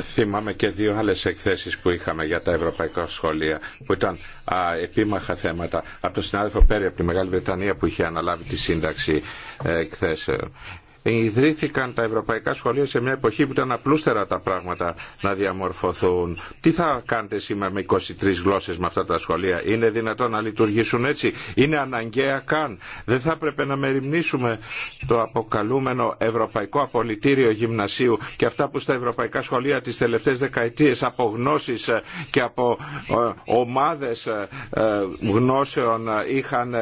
Speaker 3: Θυμάμαι και δύο άλλες εκθέσεις που είχαμε για τα ευρωπαϊκά σχολεία που ήταν α, επίμαχα θέματα από τον συνάδελφο Πέρι από τη Μεγάλη Βρετανία που είχε αναλάβει τη σύνταξη ε, εκθέσεων ιδρύθηκαν τα ευρωπαϊκά σχολεία σε μια εποχή που ήταν απλούστερα τα πράγματα να διαμορφωθούν. Τι θα κάνετε σήμερα με 23 γλώσσες με αυτά τα σχολεία. Είναι δυνατόν να λειτουργήσουν έτσι. Είναι αναγκαία καν. Δεν θα έπρεπε να μεριμνήσουμε το αποκαλούμενο Ευρωπαϊκό Απολυτήριο Γυμνασίου και αυτά που στα ευρωπαϊκά σχολεία τι τελευταίε δεκαετίε από γνώσει και από ε, ομάδε ε, ε, γνώσεων είχαν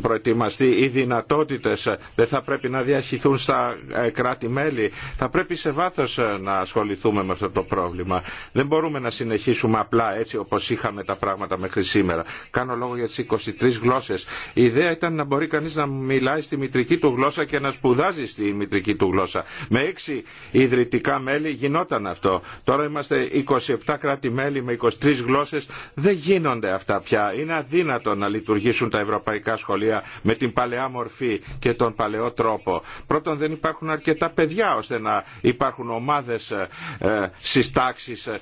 Speaker 3: προετοιμαστεί οι δυνατότητε. Δεν θα πρέπει να χυθούν στα ε, κράτη-μέλη. Θα πρέπει σε ε, να ασχοληθούμε με αυτό το πρόβλημα. Δεν μπορούμε να συνεχίσουμε απλά έτσι όπω είχαμε τα πράγματα μέχρι σήμερα. Κάνω λόγο για τι 23 γλώσσε. Η ιδέα ήταν να μπορεί κανεί να μιλάει στη μητρική του γλώσσα και να σπουδάζει στη μητρική του γλώσσα. Με έξι ιδρυτικά μέλη γινόταν αυτό. Τώρα είμαστε 27 κράτη-μέλη με 23 γλώσσε. Δεν γίνονται αυτά πια. Είναι αδύνατο να λειτουργήσουν τα ευρωπαϊκά σχολεία με την παλαιά μορφή και τον παλαιό τρόπο. Πρώτον δεν υπάρχουν αρκετά παιδιά ώστε να υπάρχουν ομάδες ε, ε, συστάξεις ε,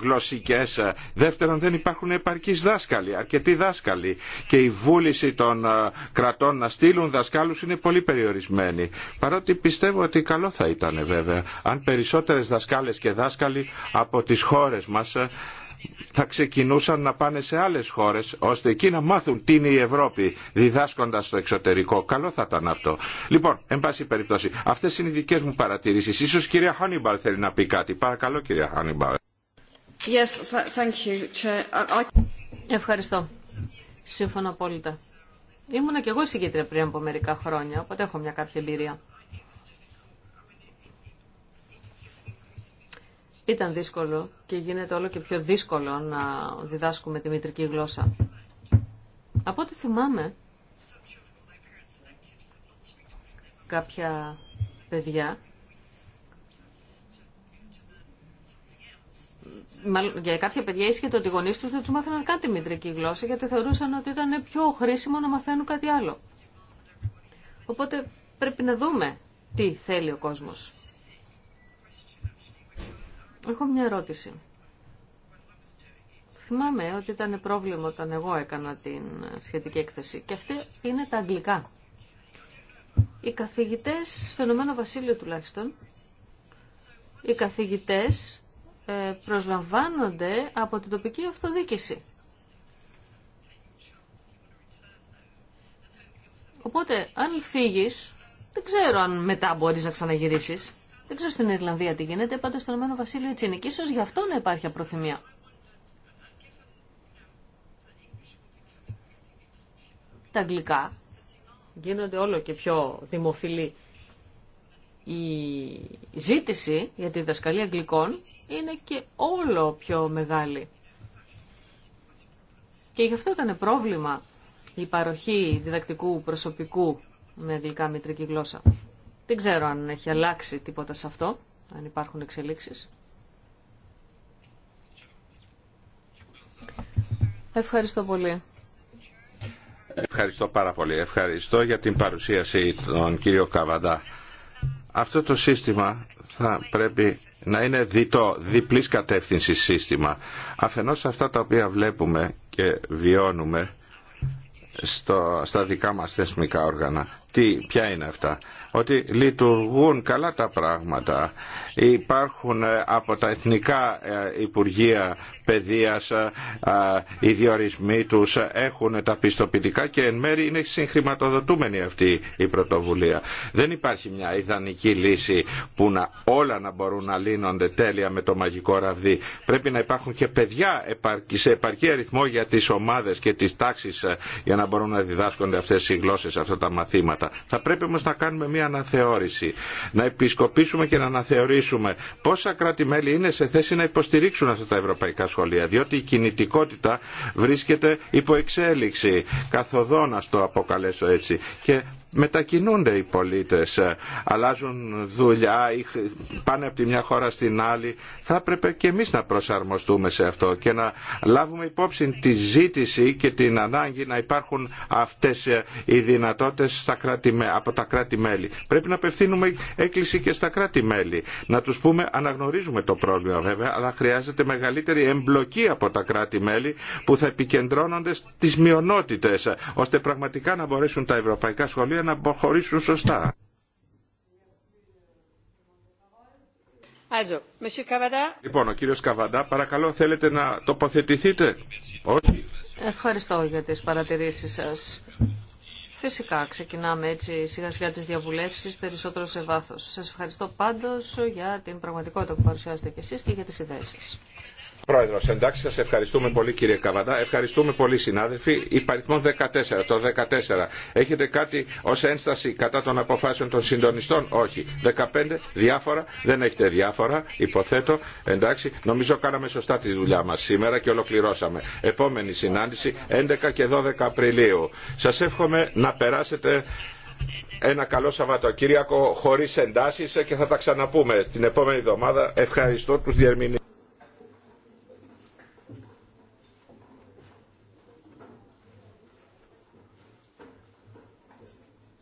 Speaker 3: γλωσσικές. Δεύτερον δεν υπάρχουν επαρκείς δάσκαλοι, αρκετοί δάσκαλοι και η βούληση των κρατών να στείλουν δασκάλους είναι πολύ περιορισμένη. Παρότι πιστεύω ότι καλό θα ήταν βέβαια αν περισσότερες δασκάλες και δάσκαλοι από τις χώρες μας θα ξεκινούσαν να πάνε σε άλλες χώρες ώστε εκεί να μάθουν τι είναι η Ευρώπη διδάσκοντας στο εξωτερικό. Καλό θα ήταν αυτό. Λοιπόν, εν πάση περιπτώσει, αυτές είναι οι δικές μου παρατηρήσεις. Ίσως κυρία Χάνιμπαλ θέλει να πει κάτι. Παρακαλώ κυρία Χάνιμπαλ.
Speaker 2: Yes, thank you, Ευχαριστώ. Σύμφωνα απόλυτα. Ήμουνα και εγώ συγκέντρια πριν από μερικά χρόνια, οπότε έχω μια κάποια εμπειρία. Ήταν δύσκολο και γίνεται όλο και πιο δύσκολο να διδάσκουμε τη μητρική γλώσσα. Από ό,τι θυμάμαι, κάποια παιδιά, για κάποια παιδιά ίσχυε το ότι οι γονείς τους δεν τους μάθαιναν καν τη μητρική γλώσσα γιατί θεωρούσαν ότι ήταν πιο χρήσιμο να μαθαίνουν κάτι άλλο. Οπότε πρέπει να δούμε τι θέλει ο κόσμος. Έχω μια ερώτηση. Θυμάμαι ότι ήταν πρόβλημα όταν εγώ έκανα την σχετική έκθεση και αυτή είναι τα αγγλικά. Οι καθηγητές, στο Ηνωμένο Βασίλειο τουλάχιστον, οι καθηγητές ε, προσλαμβάνονται από την τοπική αυτοδίκηση. Οπότε, αν φύγεις, δεν ξέρω αν μετά μπορείς να ξαναγυρίσεις. Δεν ξέρω στην Ιρλανδία τι γίνεται, πάντα στον Ηνωμένο Βασίλειο έτσι είναι. ίσως γι' αυτό να υπάρχει απροθυμία. Τα αγγλικά γίνονται όλο και πιο δημοφιλή. Η ζήτηση για τη διδασκαλία αγγλικών είναι και όλο πιο μεγάλη. Και γι' αυτό ήταν πρόβλημα η παροχή διδακτικού προσωπικού με αγγλικά μητρική γλώσσα. Δεν ξέρω αν έχει αλλάξει τίποτα σε αυτό, αν υπάρχουν εξελίξεις. Ευχαριστώ πολύ.
Speaker 3: Ευχαριστώ πάρα πολύ. Ευχαριστώ για την παρουσίαση των κύριο Καβαντά. Αυτό το σύστημα θα πρέπει να είναι διτό, διπλής κατεύθυνσης σύστημα. Αφενός αυτά τα οποία βλέπουμε και βιώνουμε στο, στα δικά μας θεσμικά όργανα. Τι, ποια είναι αυτά ότι λειτουργούν καλά τα πράγματα. Υπάρχουν ε, από τα εθνικά ε, Υπουργεία Παιδείας ε, οι διορισμοί τους έχουν τα πιστοποιητικά και εν μέρει είναι συγχρηματοδοτούμενη αυτή η πρωτοβουλία. Δεν υπάρχει μια ιδανική λύση που να, όλα να μπορούν να λύνονται τέλεια με το μαγικό ραβδί. Πρέπει να υπάρχουν και παιδιά σε επαρκή αριθμό για τις ομάδες και τις τάξεις για να μπορούν να διδάσκονται αυτές οι γλώσσες, αυτά τα μαθήματα. Θα πρέπει όμως να κάνουμε μια αναθεώρηση. Να επισκοπήσουμε και να αναθεωρήσουμε πόσα κράτη-μέλη είναι σε θέση να υποστηρίξουν αυτά τα ευρωπαϊκά σχολεία. Διότι η κινητικότητα βρίσκεται υπό εξέλιξη. Καθοδόνα το αποκαλέσω έτσι. Και μετακινούνται οι πολίτες, αλλάζουν δουλειά, πάνε από τη μια χώρα στην άλλη. Θα έπρεπε και εμείς να προσαρμοστούμε σε αυτό και να λάβουμε υπόψη τη ζήτηση και την ανάγκη να υπάρχουν αυτές οι δυνατότητες στα κράτη, από τα κράτη-μέλη. Πρέπει να απευθύνουμε έκκληση και στα κράτη-μέλη. Να τους πούμε αναγνωρίζουμε το πρόβλημα βέβαια, αλλά χρειάζεται μεγαλύτερη εμπλοκή από τα κράτη-μέλη που θα επικεντρώνονται στις μειονότητες, ώστε πραγματικά να μπορέσουν τα ευρωπαϊκά σχολεία για να προχωρήσουν σωστά. Λοιπόν, ο κύριος Καβαντά, παρακαλώ θέλετε να τοποθετηθείτε. Όχι.
Speaker 2: Ευχαριστώ για τις παρατηρήσεις σας. Φυσικά, ξεκινάμε έτσι σιγά σιγά τις διαβουλεύσεις περισσότερο σε βάθος. Σας ευχαριστώ πάντως για την πραγματικότητα που παρουσιάζετε και εσείς και για τις ιδέες σας.
Speaker 3: Πρόεδρο, εντάξει, σα ευχαριστούμε πολύ κύριε Καβαντά. Ευχαριστούμε πολύ συνάδελφοι. Υπαριθμό 14, το 14. Έχετε κάτι ω ένσταση κατά των αποφάσεων των συντονιστών. Όχι. 15, διάφορα. Δεν έχετε διάφορα. Υποθέτω. Εντάξει, νομίζω κάναμε σωστά τη δουλειά μα σήμερα και ολοκληρώσαμε. Επόμενη συνάντηση 11 και 12 Απριλίου. Σα εύχομαι να περάσετε ένα καλό Σαββατοκύριακο χωρίς εντάσεις και θα τα ξαναπούμε την επόμενη εβδομάδα. Ευχαριστώ τους διερμηνείς.